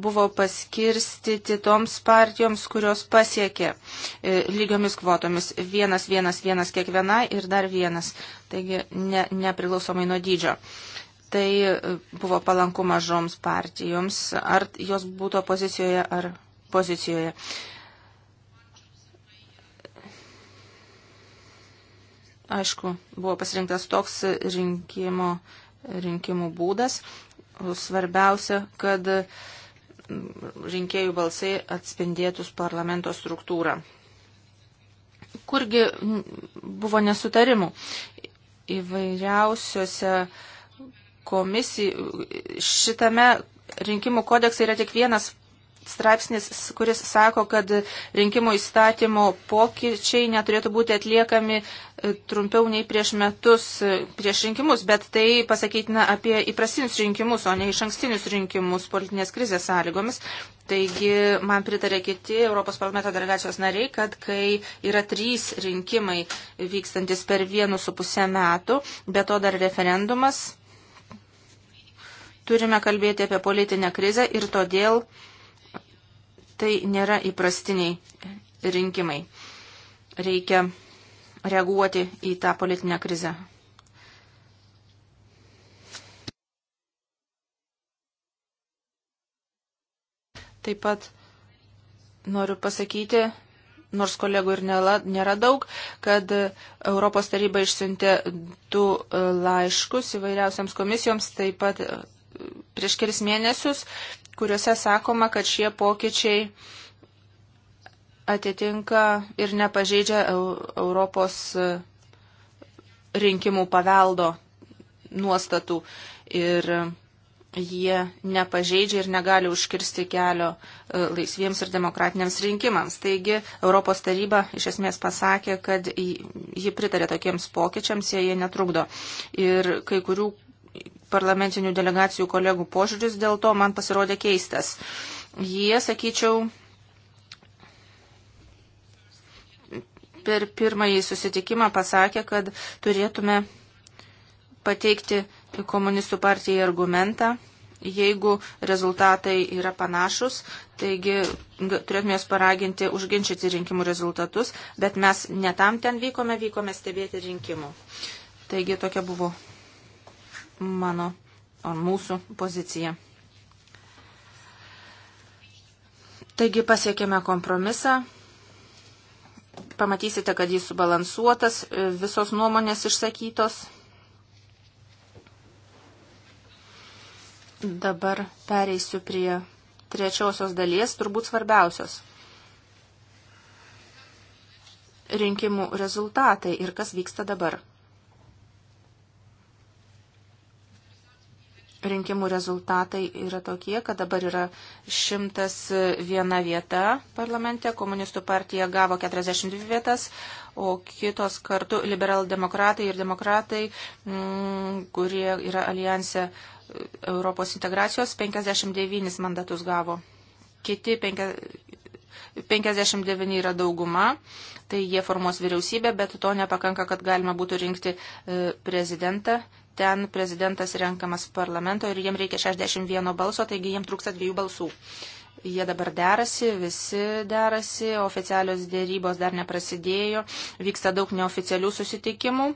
S3: buvo paskirstyti toms partijoms, kurios pasiekė e, lygiomis kvotomis. Vienas, vienas, vienas kiekvienai ir dar vienas. Taigi ne, nepriklausomai nuo dydžio tai e, buvo palanku mažoms partijoms, ar jos būtų opozicijoje ar pozicijoje. Aišku, buvo pasirinktas toks rinkimo, rinkimų būdas. Svarbiausia, kad rinkėjų balsai atspindėtus parlamento struktūrą. Kurgi buvo nesutarimų? Įvairiausiose uh, komisijų, šitame rinkimų kodekse yra tik vienas straipsnis, kuris sako, kad rinkimų įstatymo pokyčiai neturėtų būti atliekami e, trumpiau nei prieš metus e, prieš rinkimus, bet tai pasakytina apie įprastinius rinkimus, o ne iš ankstinius rinkimus politinės krizės sąlygomis. Taigi man pritarė kiti Europos parlamento delegacijos nariai, kad kai yra trys rinkimai vykstantis per vienus su pusę metų, be to dar referendumas turime kalbėti apie politinę krizę ir todėl tai nėra įprastiniai rinkimai. Reikia reaguoti į tą politinę krizę. Taip pat noriu pasakyti, nors kolegų ir nėra daug, kad Europos taryba išsiuntė du e, laiškus įvairiausiams komisijoms, taip pat prieš kelis mėnesius, kuriuose sakoma, kad šie pokyčiai atitinka ir nepažeidžia Europos e, rinkimų paveldo nuostatų ir e, jie nepažeidžia ir negali užkirsti kelio e, laisviems ir demokratiniams rinkimams. Taigi Europos taryba iš esmės pasakė, kad ji pritarė tokiems pokyčiams, jie jie netrukdo. Ir kai kurių parlamentinių delegacijų kolegų požiūris dėl to man pasirodė keistas. Jie, sakyčiau, per pirmąjį susitikimą pasakė, kad turėtume pateikti komunistų partijai argumentą, jeigu rezultatai yra panašus, taigi turėtume juos paraginti užginčyti rinkimų rezultatus, bet mes netam ten vykome, vykome stebėti rinkimų. Taigi tokia buvo mano ar mūsų pozicija. Taigi pasiekėme kompromisą. Pamatysite, kad jis subalansuotas, visos nuomonės išsakytos. Dabar pereisiu prie trečiosios dalies, turbūt svarbiausios. Rinkimų rezultatai ir kas vyksta dabar. rinkimų rezultatai yra tokie, kad dabar yra 101 vieta parlamente, komunistų partija gavo 42 vietas, o kitos kartu liberaldemokratai ir demokratai, m, mm, kurie yra alijanse e, Europos integracijos, 59 mandatus gavo. Kiti 5, 59 yra dauguma, tai jie formuos vyriausybę, bet to nepakanka, kad galima būtų rinkti e, prezidentą ten prezidentas renkamas parlamento ir jiem reikia 61 balso, taigi jiem trūksta dviejų balsų. Jie dabar derasi, visi derasi, oficialios dėrybos dar neprasidėjo, vyksta daug neoficialių susitikimų.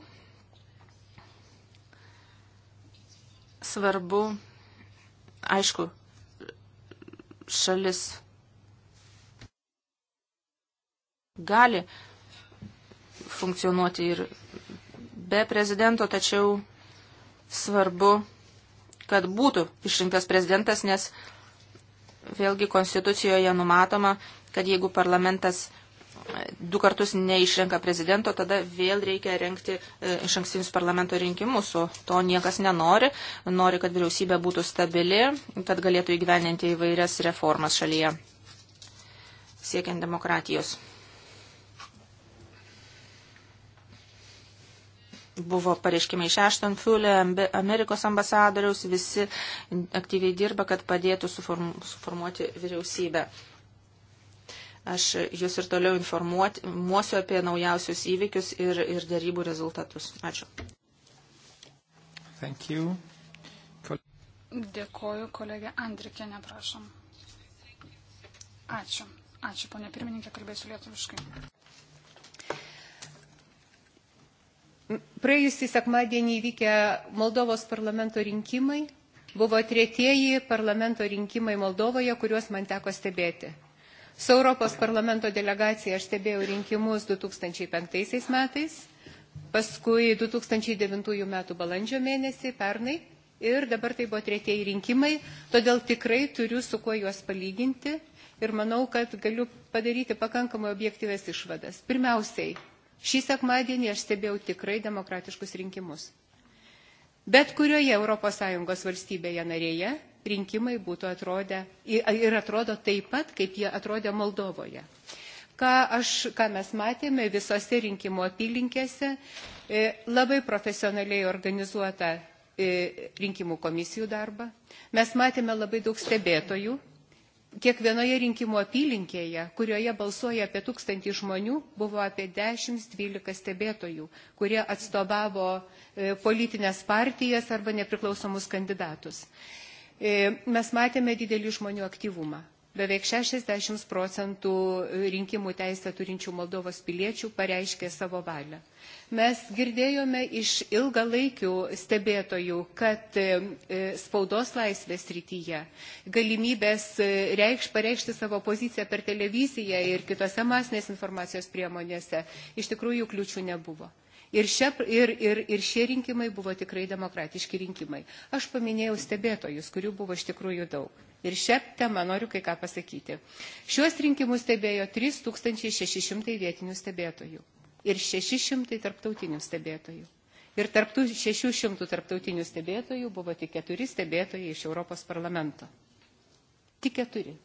S3: Svarbu, aišku, šalis gali funkcionuoti ir be prezidento, tačiau svarbu, kad būtų išrinktas prezidentas, nes vėlgi konstitucijoje numatoma, kad jeigu parlamentas e, du kartus neišrenka prezidento, tada vėl reikia renkti e, iš ankstinius parlamento rinkimus, o to niekas nenori. Nori, kad vyriausybė būtų stabili, kad galėtų įgyveninti įvairias reformas šalyje, siekiant demokratijos. Buvo pareiškimai iš Ashton Fulė, Amerikos ambasadoriaus, visi aktyviai dirba, kad padėtų suform, suformuoti vyriausybę. Aš jūs ir toliau informuosiu apie naujausius įvykius ir, ir darybų rezultatus. Ačiū.
S1: Thank you. Kol...
S4: Dėkoju, kolegė Andrikė, neprašom. Ačiū. Ačiū, ponė pirmininkė, kalbėsiu lietuviškai.
S5: Praėjusį sekmadienį įvykę Moldovos parlamento rinkimai buvo tretieji parlamento rinkimai Moldovoje, kuriuos man teko stebėti. Su Europos parlamento delegacija aš stebėjau rinkimus 2005 metais, paskui 2009 metų balandžio mėnesį, pernai, ir dabar tai buvo tretieji rinkimai, todėl tikrai turiu su kuo juos palyginti ir manau, kad galiu padaryti pakankamai objektyves išvadas. Pirmiausiai, Šį sekmadienį aš stebėjau tikrai demokratiškus rinkimus. Bet kurioje ES valstybėje narėje rinkimai būtų atrodę ir atrodo taip pat, kaip jie atrodė Moldovoje. Ką, aš, ką mes matėme visose rinkimų apylinkėse, e, labai profesionaliai organizuota e, rinkimų komisijų darbą. Mes matėme labai daug stebėtojų, kiekvienoje rinkimų apylinkėje, kurioje balsuoja apie tūkstantį žmonių, buvo apie 10-12 stebėtojų, kurie atstovavo e, politinės partijas arba nepriklausomus kandidatus. E, mes matėme didelį žmonių aktyvumą beveik 60 procentų rinkimų teisę turinčių Moldovos piliečių pareiškė savo valią. Mes girdėjome iš ilgalaikių stebėtojų, kad e, e, spaudos laisvės rytyje galimybės e, reikš, pareikšti savo poziciją per televiziją ir kitose masinės informacijos priemonėse iš tikrųjų kliučių nebuvo. Ir, šia, ir, ir, ir šie rinkimai buvo tikrai demokratiški rinkimai. Aš paminėjau stebėtojus, kurių buvo iš tikrųjų daug. Ir šią temą noriu kai ką pasakyti. Šiuos rinkimus stebėjo 3600 vietinių stebėtojų ir 600 tarptautinių stebėtojų. Ir tarptų 600 tarptautinių stebėtojų buvo tik keturi stebėtojai iš Europos parlamento. Tik keturi.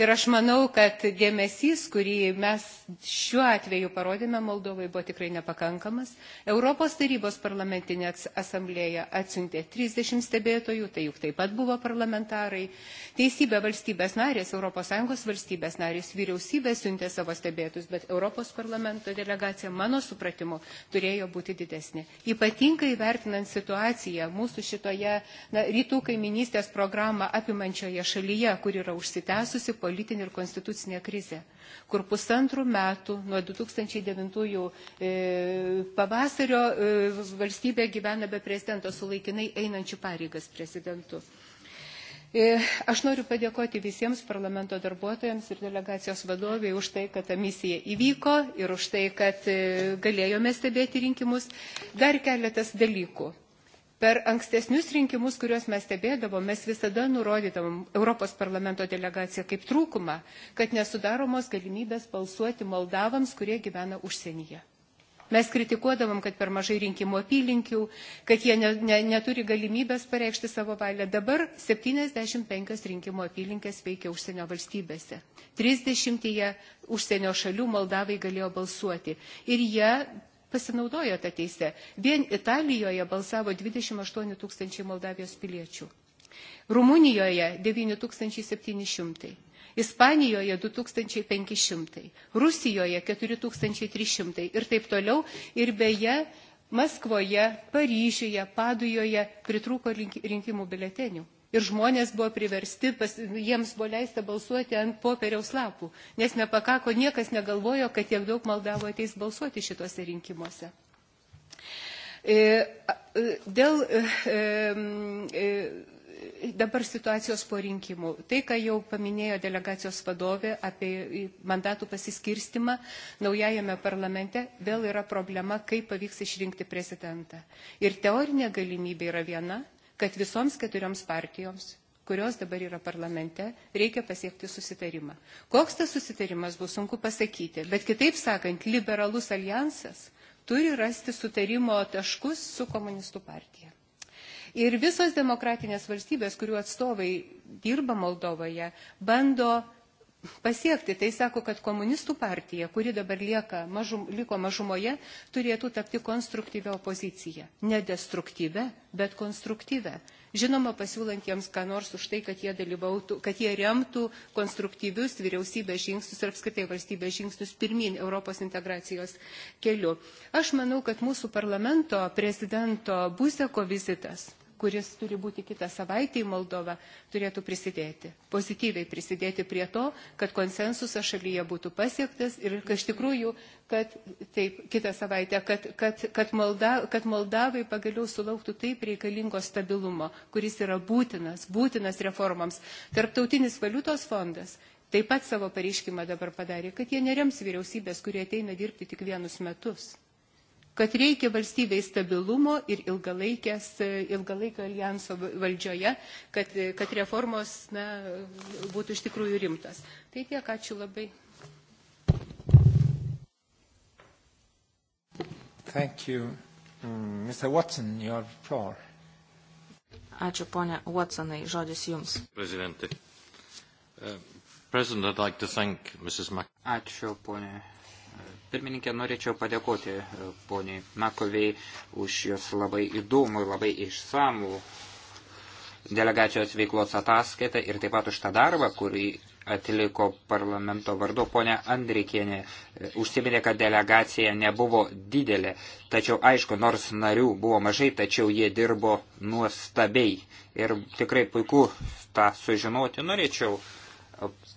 S5: Ir aš manau, kad dėmesys, kurį mes šiuo atveju parodėme Moldovai, buvo tikrai nepakankamas. Europos tarybos parlamentinė asamblėja atsiuntė 30 stebėtojų, tai juk taip pat buvo parlamentarai. Teisybė valstybės narės, ES valstybės narės, vyriausybė siuntė savo stebėtus, bet Europos parlamento delegacija, mano supratimu, turėjo būti didesnė. Ypatingai vertinant situaciją mūsų šitoje na, rytų kaiminystės programą apimančioje šalyje, kur yra užsitęsusi po politinė ir konstitucinė krizė, kur pusantrų metų nuo 2009 e, pavasario e, valstybė gyvena be prezidento su laikinai einančių pareigas prezidentu. E, aš noriu padėkoti visiems parlamento darbuotojams ir delegacijos vadoviai už tai, kad ta misija įvyko ir už tai, kad galėjome stebėti rinkimus. Dar keletas dalykų. Per ankstesnius rinkimus, kuriuos mes stebėdavom, mes visada nurodydavom Europos parlamento delegaciją kaip trūkumą, kad nesudaromos galimybės balsuoti moldavams, kurie gyvena užsienyje. Mes kritikuodavom, kad per mažai rinkimų apylinkių, kad jie ne, ne, neturi galimybės pareikšti savo valią. Dabar 75 rinkimų apylinkės veikia užsienio valstybėse. 30 užsienio šalių Moldavai galėjo balsuoti. Ir jie pasinaudojo tą teisę. Vien Italijoje balsavo 28 tūkstančiai Moldavijos piliečių. Rumunijoje 9700. Ispanijoje 2500, Rusijoje 4300 ir taip toliau. Ir beje, Maskvoje, Paryžiuje, Padujoje pritruko rinkimų biletenių ir žmonės buvo priversti, pas, jiems buvo leista balsuoti ant popieriaus lapų, nes nepakako, niekas negalvojo, kad tiek daug Moldavo ateis balsuoti šituose rinkimuose. E, e, dėl e, dabar situacijos po rinkimų. Tai, ką jau paminėjo delegacijos vadovė apie mandatų pasiskirstimą naujajame parlamente, vėl yra problema, kaip pavyks išrinkti prezidentą. Ir teorinė galimybė yra viena, kad visoms keturioms partijoms kurios dabar yra parlamente, reikia pasiekti susitarimą. Koks tas susitarimas bus sunku pasakyti, bet kitaip sakant, liberalus alijansas turi rasti sutarimo taškus su komunistų partija. Ir visos demokratinės valstybės, kurių atstovai dirba Moldovoje, bando pasiekti, tai sako, kad komunistų partija, kuri dabar lieka, mažum, liko mažumoje, turėtų tapti konstruktyvę opoziciją. Ne destruktyvę, bet konstruktyvę. Žinoma, pasiūlant jiems ką nors už tai, kad jie dalyvautų, kad jie remtų konstruktyvius vyriausybės žingsnius ir apskritai valstybės žingsnius pirmin Europos integracijos keliu. Aš manau, kad mūsų parlamento prezidento Buzeko vizitas kuris turi būti kitą savaitę į Moldovą, turėtų prisidėti, pozityviai prisidėti prie to, kad konsensusas šalyje būtų pasiektas ir iš tikrųjų, kad taip, kitą savaitę, kad, kad, kad, Molda, kad Moldavai pagaliau sulauktų taip reikalingo stabilumo, kuris yra būtinas, būtinas reformams. Tarptautinis valiutos fondas taip pat savo pareiškimą dabar padarė, kad jie nerems vyriausybės, kurie ateina dirbti tik vienus metus kad reikia valstybei stabilumo ir ilgalaikio alijanso valdžioje, kad, kad reformos na, būtų iš tikrųjų rimtas. Tai tiek, ačiū labai.
S1: Thank you.
S2: Mr.
S1: Mm, Watson, your floor.
S3: Ačiū, ponė Watsonai, žodis jums.
S2: Prezidentai. Uh, President, I'd like to thank Mrs. Mac Ačiū, ponė Pirmininkė, norėčiau padėkoti e, poniai Makoviai už jos labai įdomų ir labai išsamų delegacijos veiklos ataskaitą ir taip pat už tą darbą, kurį atliko parlamento vardu. Pone Andrikienė e, užsiminė, kad delegacija nebuvo didelė, tačiau aišku, nors narių buvo mažai, tačiau jie dirbo nuostabiai. Ir tikrai puiku tą sužinoti. Norėčiau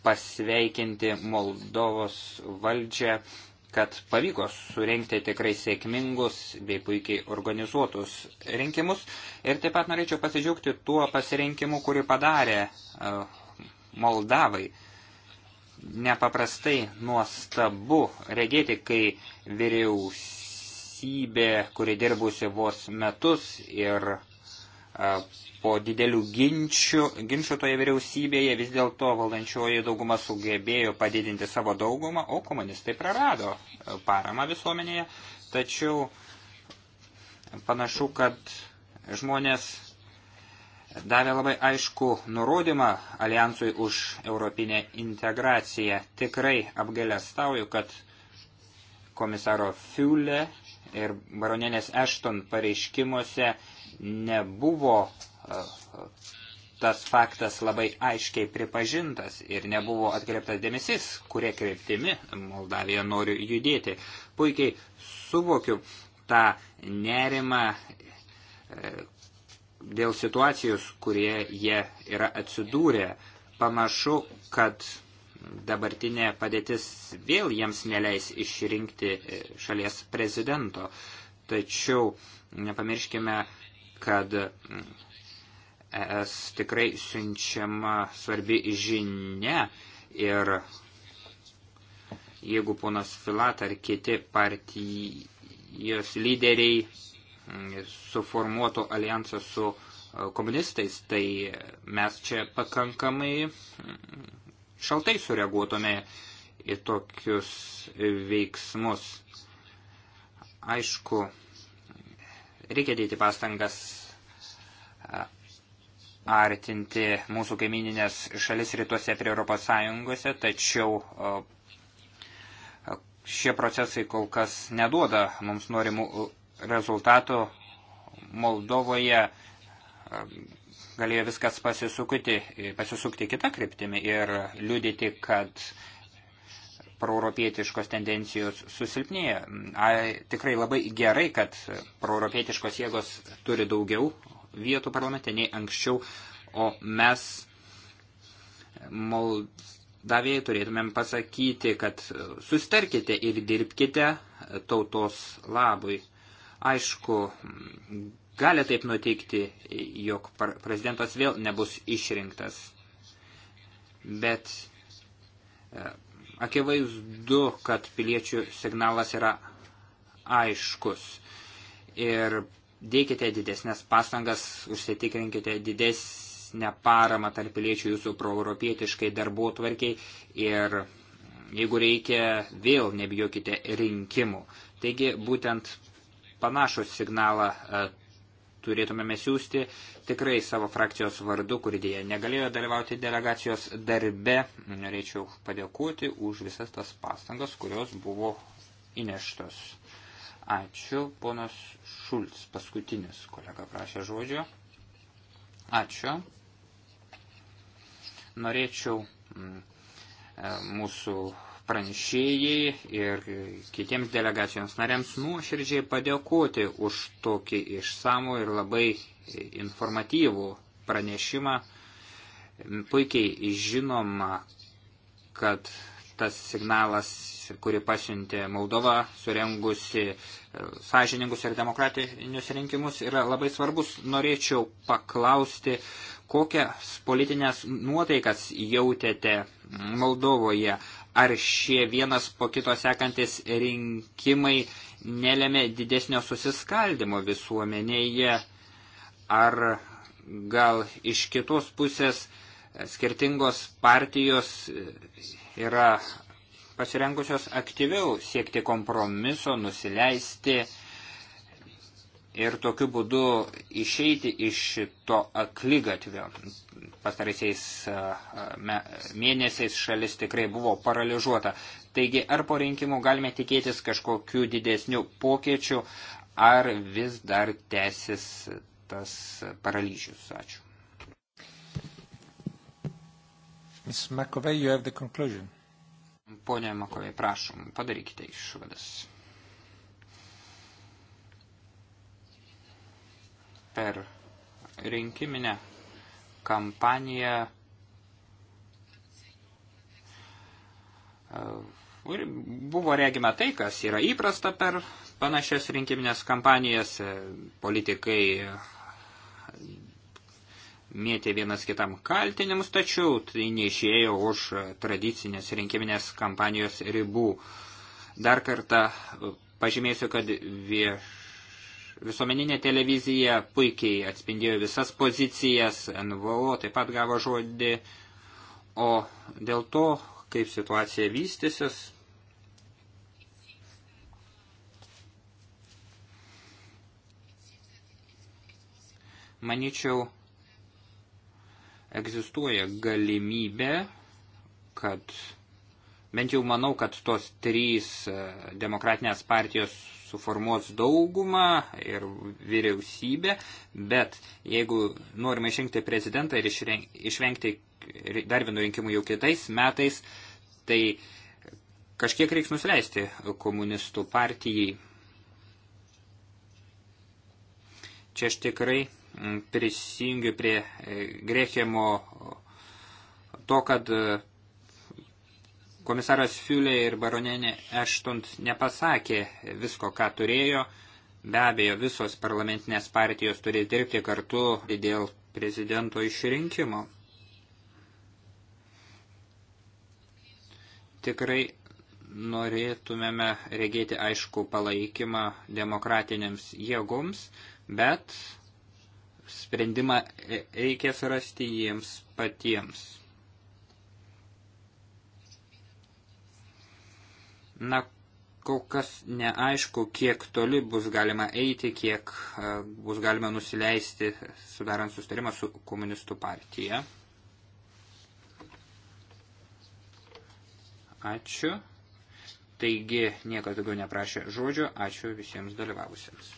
S2: pasveikinti Moldovos valdžią kad pavyko surenkti tikrai sėkmingus bei puikiai organizuotus rinkimus. Ir taip pat norėčiau pasidžiaugti tuo pasirinkimu, kurį padarė e, Moldavai. Nepaprastai nuostabu regėti, kai vyriausybė, kuri dirbusi vos metus ir po didelių ginčių, ginčių toje vyriausybėje vis dėlto valdančioji dauguma sugebėjo padidinti savo daugumą, o komunistai prarado e, paramą visuomenėje. Tačiau panašu, kad žmonės davė labai aišku nurodymą alijansui už europinę integraciją. Tikrai apgalėstauju, kad komisaro Fiulė ir baronienės Ešton pareiškimuose nebuvo e, tas faktas labai aiškiai pripažintas ir nebuvo atkreiptas dėmesys, kurie kreiptimi Moldavija nori judėti. Puikiai suvokiu tą nerimą e, dėl situacijos, kurie jie yra atsidūrę. Panašu, kad dabartinė padėtis vėl jiems neleis išrinkti e, šalies prezidento. Tačiau nepamirškime kad ES tikrai siunčiama svarbi žinia ir jeigu ponas Filat ar kiti partijos lyderiai suformuotų alijansą su komunistais, tai mes čia pakankamai šaltai sureaguotume į tokius veiksmus. Aišku, Reikia dėti pastangas artinti mūsų kaimininės šalis rytuose prie Europos Sąjungose, tačiau šie procesai kol kas neduoda mums norimų rezultatų. Moldovoje galėjo viskas pasisukti, pasisukti kitą kryptimį ir liūdėti, kad uh, proeuropietiškos tendencijos susilpnėja. A, tikrai labai gerai, kad proeuropietiškos jėgos turi daugiau vietų parlamente nei anksčiau, o mes Moldavijai turėtumėm pasakyti, kad sustarkite ir dirbkite tautos labui. Aišku, gali taip nutikti, jog prezidentas vėl nebus išrinktas, bet Akivaizdu, kad piliečių signalas yra aiškus. Ir dėkite didesnės pastangas, užsitikrinkite didesnę paramą tarp piliečių jūsų proeuropietiškai darbo tvarkiai ir jeigu reikia, vėl nebijokite rinkimų. Taigi būtent panašų signalą e, turėtumėme siūsti tikrai savo frakcijos vardu, kuri dėja negalėjo dalyvauti delegacijos darbe. Norėčiau padėkoti už visas tas pastangas, kurios buvo įneštos. Ačiū, ponas Šulc, paskutinis kolega prašė žodžio. Ačiū. Norėčiau mm, e, mūsų pranešėjai ir kitiems delegacijos nariams nuoširdžiai padėkoti už tokį išsamų ir labai informatyvų pranešimą. Puikiai žinoma, kad tas signalas, kurį pasiuntė Moldova, surengusi e, sąžiningus ir demokratinius rinkimus, yra labai svarbus. Norėčiau paklausti, kokias politinės nuotaikas jautėte Moldovoje ar šie vienas po kito sekantis rinkimai nelėmė didesnio susiskaldimo visuomenėje, ar gal iš kitos pusės skirtingos partijos yra pasirengusios aktyviau siekti kompromiso, nusileisti, ir tokiu būdu išeiti iš to aklygatvio. Pastaraisiais mėnesiais šalis tikrai buvo paralyžuota. Taigi, ar po rinkimų galime tikėtis kažkokių didesnių pokėčių, ar vis dar tęsis tas paralyžius? Ačiū.
S1: Ms. McAvey, you have the conclusion.
S2: Pone Makovai, prašom, padarykite išvadas. per rinkiminę kampaniją e, buvo regima tai, kas yra įprasta per panašias rinkiminės kampanijas. E, politikai mėtė vienas kitam kaltinimus, tačiau tai neišėjo už tradicinės rinkiminės kampanijos ribų. Dar kartą pažymėsiu, kad vieš Visuomeninė televizija puikiai atspindėjo visas pozicijas, NVO taip pat gavo žodį, o dėl to, kaip situacija vystysis, manyčiau, egzistuoja galimybė, kad bent jau manau, kad tos trys e, demokratinės partijos suformuos daugumą ir vyriausybę, bet jeigu norime išrinkti prezidentą ir išvengti dar vienų rinkimų jau kitais metais, tai kažkiek reiks nusileisti komunistų partijai. Čia aš tikrai mm, prisijungiu prie e, Grechemo to, kad e, Komisaras Fiulė ir baronienė Eštont nepasakė visko, ką turėjo. Be abejo, visos parlamentinės partijos turės dirbti kartu dėl prezidento išrinkimo. Tikrai norėtumėme regėti aišku palaikymą demokratinėms jėgoms, bet sprendimą e-, reikės rasti jiems patiems. Na, kol kas neaišku, kiek toli bus galima eiti, kiek e, bus galima nusileisti, sudarant sustarimą su komunistų partija. Ačiū. Taigi, niekas daugiau neprašė žodžio. Ačiū visiems dalyvavusiems.